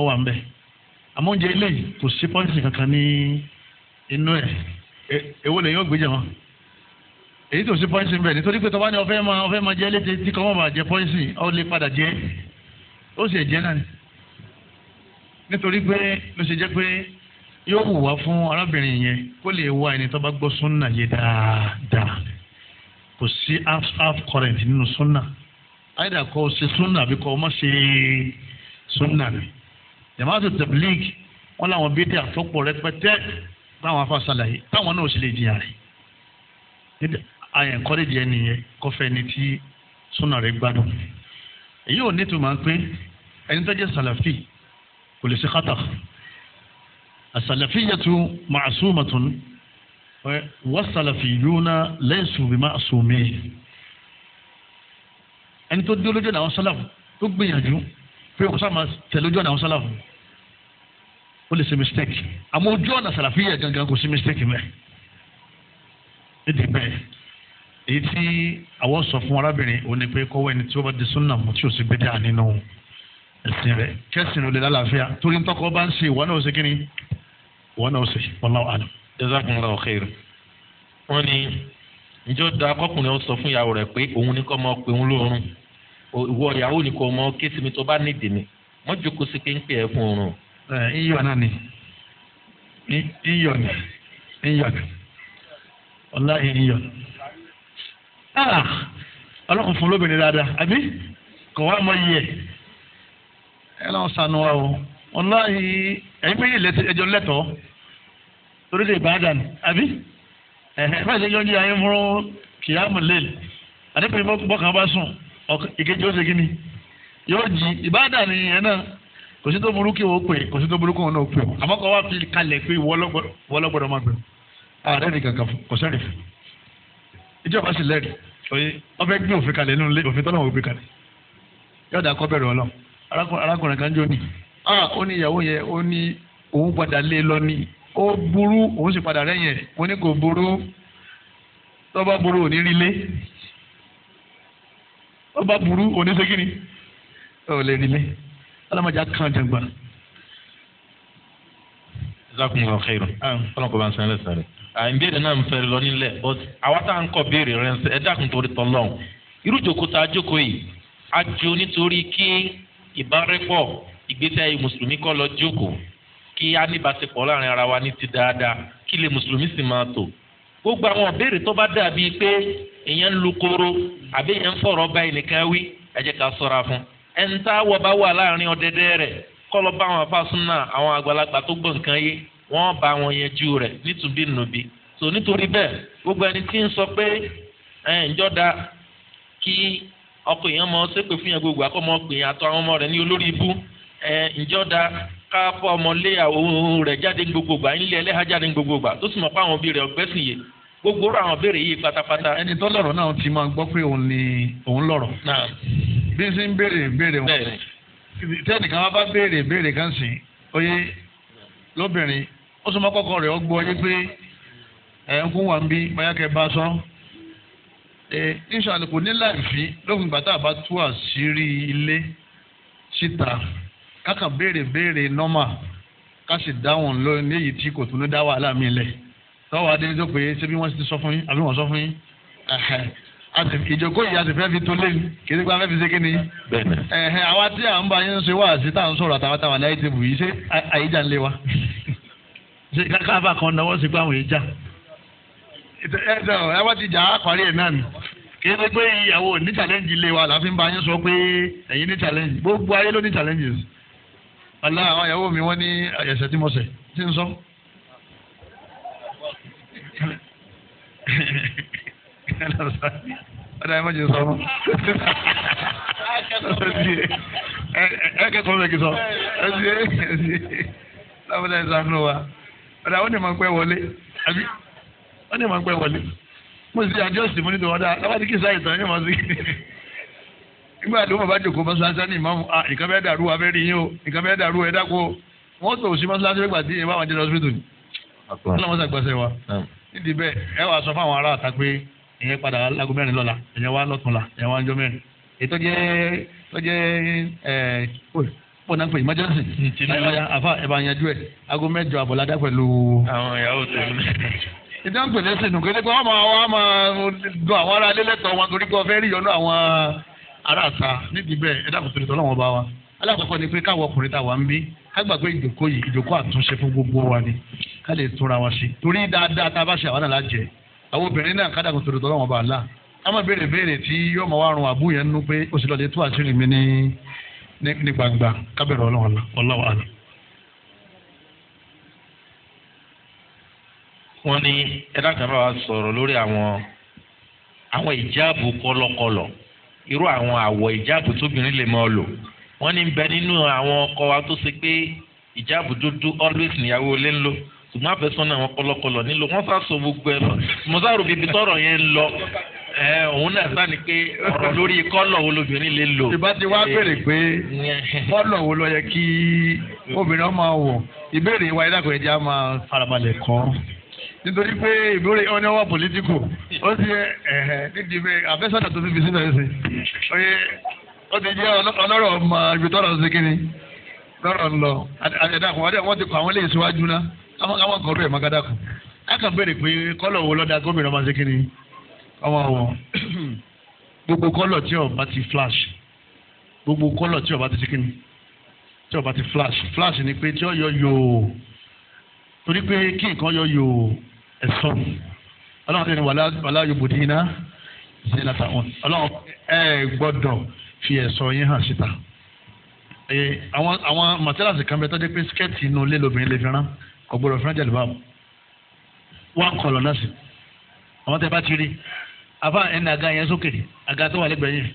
ọ wà ń bẹ àmọ́ oúnjẹ eléyìí kò sí pọ́ńsì kankan ní inú ẹ̀ e, èwo lè yóò gbé wọn èyí tó sí pọ́ńsì ń nítorí pé tọ́ba ni ọ̀fẹ́ máa ọ̀fẹ́ máa jẹ́ létí tí kọ́mọ́ bá jẹ pọ́ńsì ọ lè padà jẹ ó sì jẹ náà nítorí pé ló ṣe jẹ́ pé yóò wù wá fún arábìnrin yẹn kó lè wá ẹni tó bá gbọ́ súnà yé dáadáa kò sí half half current nínú súnà àyẹ̀dà kọ́ ọ ṣe súnà àbí kọ́ ọ má ṣe súnà rẹ̀ jamaatu tablig wọn làwọn bíi tẹ àtọpọ rẹpẹtẹ táwọn afa ṣàlàyé táwọn náà sì lè jiyàn rẹ àyàn encourage ẹni yẹn kọfẹ ẹni tí súnà rẹ gbádùn èyí ò ní tó máa ń pé ẹni tó jẹ sàlàfì kò lè ṣe kátà as-salafiyatu ma'sumatun was-salafiyuna laysu bi ma'sumin ẹni tó dé lójú àwọn sálàfù tó gbìyànjú pé kò sáà tẹ̀ lójú àwọn sálàfù ó lè ṣe mistake àmọ́ ojú ọ̀nà sàlàfíà gangan kò sí mistake mẹ́ nídìí bẹ́ẹ̀ èyí tí àwọn sọ fún arábìnrin òní pé kọ́wọ́ ẹni tí ó bá di súnà mú tí ò sí bídíà nínú ẹ̀sìn rẹ̀ kẹ́sìn ò lè lálàáfíà torí ń tọ́kọ bá ń ṣe ìwọ náà ó ṣe kí ni ìwọ náà ó ṣe wallahu alam. jazakumullahu khair wọ́n ní ǹjẹ́ ó da akọ́kùnrin ó sọ fún ìyàwó rẹ̀ pé òun ní kọ́ mọ́ pé òun lóorun ìwọ ìyàwó ní kò mọ́ kí sinmi tó bá nídìí ni mọ́jú kó sí pé ń pè é fún oorun iyọ̀ náà ni iyọ̀ ni iyọ̀ ni ọláhì iyọ̀ ni ah, ọlọ́kùn fún lóbìnrin dáadáa àbí kò wá mọ iye ẹ lọ́wọ́ sànù wa o ọláhì ẹ̀yin méjì ẹjọ́ lẹ́tọ̀ọ́ torí lè bá dànù àbí ẹ̀hẹ́ fẹ́ẹ́ ṣe yọjú ayé fún kìyàmù lẹ́lẹ̀ àdébìnrin bọ́kàn bá sùn ìkejì ó ṣe kí ni yóò jí ìbáàdà nìyẹn náà kò sí tó burúkú wọn pè kò sí tó burúkú wọn náà pè àmọ́ kò wá fi kalẹ̀ pé wọ́lọ́gbọ́dọ̀ máa gbẹ̀rù ààrẹ ní kankan kò sẹ́rì fún ìjọba sì lẹ́rì oye ọbẹ̀ gbé òfin kalẹ̀ nínú ilé òfin tọ́lọ́wọ́ gbé kalẹ̀ yọ̀dà kọ́ bẹ̀rẹ̀ ọlọ́ arákùnrin kan jó ni ó ní ìyàwó yẹn ó ní òun padà lé e lọ ni ó burú òun sì padà rẹ́yìn ẹ̀ mo ní kò burú tọ́ba burú òní rí lé tọ́ba burú òní ṣe kíni ó lè rí lé alamajá kan jàngbà. ìsákun lọ xeyìrò ọlọ́run kò bá ń sẹ́yìn lẹ́sẹ̀ rẹ̀. ìbéèrè náà ń fẹ́ lọ nílẹ̀ but àwọn tá à ń kọ́ béèrè rẹ̀ ẹ dákun torí tọ́lọ́hún irú jòkó tá a jókòó yìí a jó nítorí kí ìbárẹ́pọ̀ ìgbésí ayé mùsùlùmí kọ́ lọ jókòó kí a níbáṣepọ̀ láàrin ara wa ní ti dáadáa kí lè mùsùlùmí sì máa tò gbogbo àwọn ìbéèrè tó bá dàbí pé èèyàn ń lu koro àbí èèyàn ń fọ̀rọ̀ báyìí nìkan wí ẹ jẹ́ ká sọ́ra fún un. ẹnta wọ bá wà láàrin ọdẹdẹ rẹ kọlọ bá àwọn afásúnà àwọn àgbàlagbà tó gbọ nǹkan yé wọ́n bá wọn yanjú rẹ nítubí nùbí so nítorí bẹ́ẹ̀ gbogbo ẹni tí ń sọ pé ẹ̀ ǹjọ́ da kí ọkọ èèyàn mọ sépè fún yẹn gbogbo àkọ́ ọmọ pèèyàn àtọ àwọn ọmọ ní olórí ibú ǹjọ́ da ká jáde gbogbo gbà ẹlẹ́hà gbogbo àwọn béèrè yìí pátápátá. ẹni tó lọ́rọ̀ náà ti máa gbọ́ pé òun ni òun lọ́rọ̀. bí n sì ń béèrè béèrè wọn. tẹ́nìkan wá bá béèrè béèrè kan sìn oyè lóbìnrin ó sọ ma kọ́kọ́ rẹ̀ ó gbọ́ yé pé ẹ̀ ń kún wa ń bí mayákẹ́ bá sọ. inṣàlẹ̀ ní láìfín lófin gbàtà bá tú àṣírí ilé síta kákan béèrè béèrè nọ́mà ká sì dáhùn lóyún léyìí tí kò tún ní dá wàhálà mi lẹ̀ tọ́wọ́ adé tó pé ṣé bí wọ́n ti sọ fún yín àbí wọ́n sọ fún yín ìjókòó yìí a ti fẹ́ fi tó lé ní kìí pa fẹ́ fi ṣe kí ni. bẹ́ẹ̀ni. ẹhẹn àwa tí à ń bá yín ṣe wá sí tá à ń sọ̀rọ̀ àtàwọn táwọn aláì ti bù yìí ṣé àyíjà ń lé wa. ṣé káfà kan náwó sí pé àwọn èèyàn jà. ẹ jọ ẹ wá ti jà á parí ẹ̀ náà ni kìí ṣe pé ìyàwó ní challenge lé wa láfi ń bá yín sọ pé ẹ̀yin ní challenge gbogbo ayé ló ní challenges. ọ̀la àwọn ìyàwó mi wọ́n ní ẹ̀sẹ̀ tí mo ṣẹ̀ tí ń sọ kan ọ̀dà ẹ̀ mọ̀jẹ̀ sọ̀rọ̀ ẹ̀ kẹ́ sọ̀rọ̀ ẹ̀ kì sọ ẹ̀ sì ẹ̀ sì lábúdà ẹ̀ sànú wa ọ̀dà ó ní ma pẹ́ wọlé àbí ó ní ma wọlé mo sì àjọsìn mo ní tòun ọ̀dà lábàdí kí sáyẹ̀ tán ẹ̀ mọ̀ sí nígbà tó bàbá jòkó mọ́ṣáláṣá ní ìmọ̀ à nǹkan bẹ́ẹ̀ dàrú wa fẹ́ẹ́ rí yín o nǹkan bẹ́ẹ̀ dàrú ẹ dákú o tó sí mọ́ṣáláṣí gbàdí ẹ bá wọn jẹ́ lọ́sibítù nídìí bẹ́ẹ̀ ẹ wàá sọ fáwọn ará àta pé ìyẹn padà lágo mẹ́rin lọ́la ìyẹn wá lọ́túnla ìyẹn wá ọjọ́ mẹ́rin ètò jẹ́ tó jẹ́ ẹ̀ pọ̀ náà pé emergency àfa ẹ̀ bá yanjú ẹ̀ aago mẹ́jọ àbọ̀ládá pẹ̀lú. àwọn ìyàwó tó ń bẹ̀. ìjà ń pèlè sínú kéde pé wọ́n máa wọ́n máa dun àwọn ará ilé lẹ́tọ̀ọ́ wọn torí pé wọ́n fẹ́ rí yọnu àwọn ará àta nídìí bẹ́ẹ̀ ẹ dákòtò ìtọ́lọ́wọ́n bá wa alákọ̀ọ́kọ́ ni pé káwọn ọkùnrin táwa ń bí ká gbà pé ìjòkó yìí ìjòkó àtúnṣe fún gbogbo wa ni ká lè túnra wa sí torí dáadáa tá a bá ṣe àwọn náà lájẹ àwọn obìnrin náà ká dàgbà tòdòdó lọ́wọ́ bá a la ká má béèrè béèrè tí yóò máa wá run àbú yẹn nínú pé ó sì lọ lè tú àṣírí mi ní ní gbangba kábẹ̀rẹ̀ ọlọ́wọ́ àná. wọ́n ní ẹ̀dá kan bá wa sọ̀rọ̀ lórí àwọn àwọn ìjáàbù kọ̀lọ̀kọ̀lọ̀ irú àwọn àwọ̀ ìjáàbù wọ́n ní bẹ nínú àwọn ọkọ wa tó ṣe pé ìjáàbù dúdú always níyàwó ilé ń lò ṣùgbọ́n àfẹ́sọ́nà àwọn kọlọkọlọ nílò wọ́n sá so gbogbo ẹ̀ lọ mọ̀sáàrò bíbí tọ̀rọ̀ yẹn ń lọ òun náà sá ni pé ọ̀rọ̀ lórí kọ́lọ̀ wo lobìnrin lè lò. ìbá ti wá béèrè pé kọ́lọ̀ wo ló yẹ kí obìnrin ọmọ wọ̀ ìbéèrè wa ẹ̀dá kò yẹ jẹ́ àmà farabalẹ̀ nítorí pé ìbéèrè ọ̀nà wà pòlítíkù ó sì ẹ̀ ẹ̀ nídìí pé àfẹ́sọ́nà tó ti fi sínú ẹ̀ ó ti jẹ́ ọlọ́rọ̀ ọmọ ibi tọ́rọ̀ ṣe kí ni lọ́rọ̀ ń lọ àdàkùn àdàkùn wọ́n ti kọ àwọn ilé ìṣíwájú ná àwọn kan rẹ̀ mọ́gàdàkùn á kàn béèrè pé kọ́lọ̀ wo lọ́dà gómìnà máa ṣe kí ni ọmọ wọn gbogbo kọ́lọ̀ tí ó bá ti flash gbogbo kọ́lọ̀ tí ó bá ti ṣe kí ni tí ó bá ti flash flash ni pé tí ó yọ yòò torí pé kí nǹkan yọ yòò ẹ̀sọ́ ọlọ́run ti ní wàlá yòbòdì iná ìṣẹ̀lẹ̀ àtàwọn ọlọ́run ẹ gbọ́dọ̀ fi ẹ̀sọ́ yín hàn síta àwọn àwọn mọ̀tẹ́lásì kan bẹ tọ́jú pé skẹ́ẹ̀tì inú ilé lobìnrin lè fi rán kò gbọdọ̀ fún ẹ̀jẹ̀ lùbáàbù wọ́n kọ̀ lọ́nà sí àwọn tẹ́ bá ti rí afa ẹni àga yẹn sókè àga tó wà lẹ́gbẹ̀ẹ́ yìí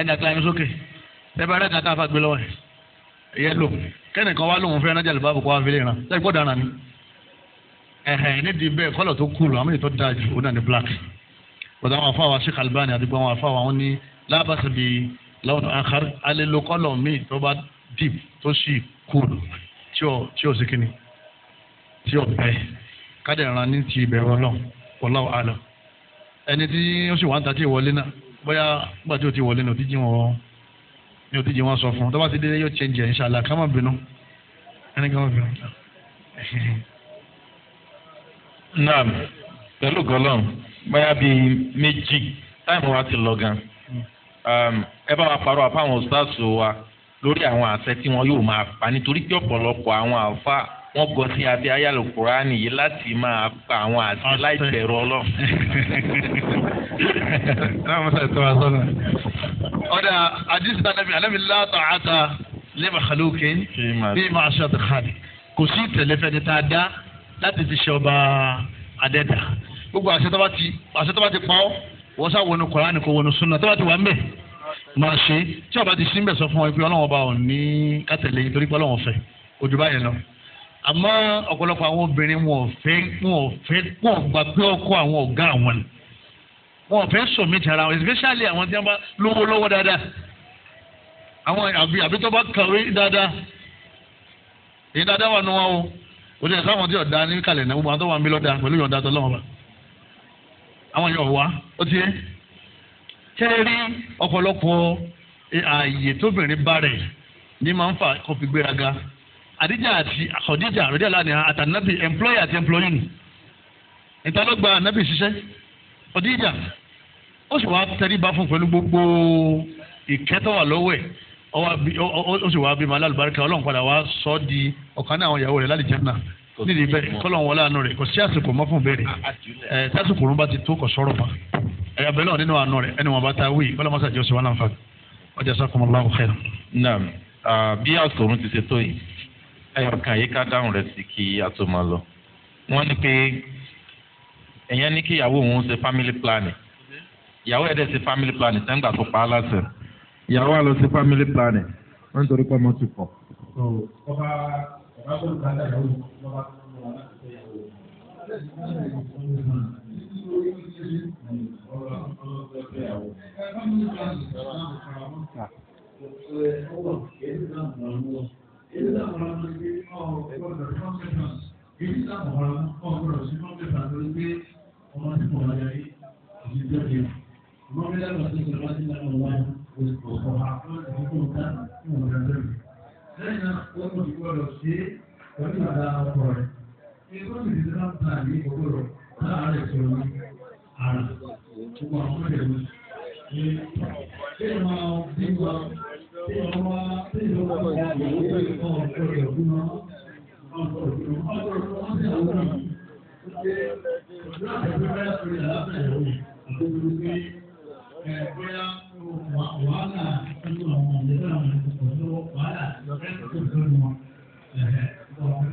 ẹni àga yẹn sókè tẹ́ bá rẹ́ka tá a fa gbé lọ́wọ́ ẹ̀yẹ lò kẹ́nìkan wá lóun fẹ́ ẹ̀jẹ̀ lùbáàbù kó wá fi lè rán tẹ́ ara ni ẹ̀hẹ̀ nídìí bàtà àwọn afọ àwọn Sheikh Albani àti gbogbo àwọn afọ àwọn ní lábàṣẹ bíi láwọn àkàrí alẹ́lókọ́lọ̀ míì tó bá deep tó sì cool tí ò tí o sí kíni tí ò bẹ́ẹ̀ kádẹ̀ ràn ní ti ìbẹ̀rù ọlọ́run wallahu alam ẹni tí ó sì wà ń ta tí ìwọlé náà bóyá nígbà tí ó ti wọlé náà o ti jí wọn ni ó ti jí wọn sọ fún un tó bá ti dé yóò change ẹ̀ inshallah ká má bínú ẹni ká má bínú. naam pẹ̀lú gọlọ́run bóyá bíi méjì táìmù wa ti lọ gan um, ẹ bá wa parọ́ àpá àwọn òṣìṣẹ́ wa lórí àwọn àṣẹ tí wọn yóò máa pa nítorí pé ọ̀pọ̀lọpọ̀ àwọn àfa wọn gọ sí abẹ́ ayálòkùránì yìí láti máa pa àwọn àṣẹ láì bẹ̀rù ọlọ́run. ọ̀dà àdìsí anábì anábì látọ̀ àtà lẹ́mọ̀ xalókè bí màá ṣe àti xaalì kò sí tẹ̀lé fẹ́ni tá a dá láti fi ṣe ọba adẹ́dà gbogbo àṣẹ tó bá ti àṣẹ tó bá ti pa ọ́ wọ́n sá wọnú Kùránì kò wọnú súnà tó bá ti wà ń bẹ̀ máa ṣe tí ọba ti sí ń bẹ̀ sọ fún ọ pé Ọlọ́run ọba ò ní kátẹ̀lé nítorí pé Ọlọ́run fẹ́ ojú báyẹn lọ àmọ́ ọ̀pọ̀lọpọ̀ àwọn obìnrin wọn ò fẹ́ wọn ò fẹ́ wọn ò gbà pé ọkọ àwọn ọ̀gá àwọn ni wọn ò fẹ́ sọ̀mí tara wọn especially àwọn tí wọ́n bá lówó lọ́wọ́ dáadáa àwọn àbí àbí tó bá kàwé dáadáa èyí dáadáa wà nù wọn o òde ẹ̀ka àwọn tí ọ̀dà ní kàlẹ̀ náà gbogbo àwọn tó wà ń bí lọ́dà pẹ̀lú ìyọ̀ǹda tó lọ́wọ́ bá àwọn yóò wá ó ti yé tẹ́ rí ọ̀pọ̀lọpọ̀ ààyè tóbìnrin bá rẹ̀ ní máa ń fà kó gbéraga àdíjà àti àkọ́díjà àròdí àlàní àtànábì employer àti employee nì níta ló gba ànábì ṣiṣẹ́ ọ̀díjà ó sì wáá tẹríba fún pẹ̀lú gbogbo ìkẹ́tọ̀ wà lọ́wọ́ ẹ̀ ó sì wáá bímọ alálùbáríkà ọlọ́run padà wá sọ di ọ̀kan náà àwọn ìyàwó rẹ̀ lálẹ́ jẹ́ náà nídìí bẹ́ẹ̀ kọ́lọ̀ wọlé àánú rẹ̀ kò sí àsìkò mọ́ fún bẹ́ẹ̀rẹ̀ ẹ̀ tásìkò ló bá ti tó kò sọ̀rọ̀ mọ́ ẹ̀yà bẹ́ẹ̀ náà nínú àánú rẹ̀ ẹni wọn bá ta wí kọ́lọ́ mọ́sá jọ́sìn wọn láǹfà ọjà sọ́kùnmọ́ láwù xẹ́rẹ́. naam bí àsòrùn ti ṣe tó yìí ẹyọ kan yìí ká dáhùn rẹ̀ sí kí a tó máa lọ wọ́n ní pé ẹ̀yẹn ní kí ìyàwó òun ṣe family planning ìyàwó ẹ̀dẹ̀ ṣe family planning sẹ́ńgbà tó pa á láṣẹ ìyàwó àlọ́ ṣe family planning wọ́n ń torí pé ọmọ ti pọ̀ bàbá tó lùkà dà lórí bàbá tó lùkà dà lórí. Ọmọ tí mo wáyé rí, ìdílé ọ̀gbìn. Ọmọ mi lẹ́nu ọ̀sẹ̀ ìgbàlódé lẹ́nu ọ̀wá, oṣù kọ̀ọ̀kan, àwọn ìdílé ọ̀gá, ìwọ̀n ìdájọ́ yìí lẹ́yìn náà ó mú ìgbọ́dọ̀ ṣe pẹ̀lú àdá ọkọ rẹ̀. Ìgbọ́ mi ti dá ta ní ìgbọ́dọ̀ láàárẹ̀ tó ní àrà gbogbo àwọn ọmọdé wọn. Ṣé máa bí wa ṣé ọmọ ṣé ìjọba ọmọ ìyàwó bẹ̀rẹ̀ fún ọ̀pọ̀ rẹ̀ fún wọn? Ọ̀pọ̀ ìgbọ́n ọ̀pọ̀ ìgbọ́n ṣe àwọn ọmọ yìí. Ṣé ìjọba ìjọba ìjọba ìjọba ìjọba ìjọba wàhálà nínú àwọn ọ̀dẹ́gbẹ́ àwọn ọ̀dẹ́gbẹ́ wàhálà lọ́kẹ́ tó tó lọ́wọ́.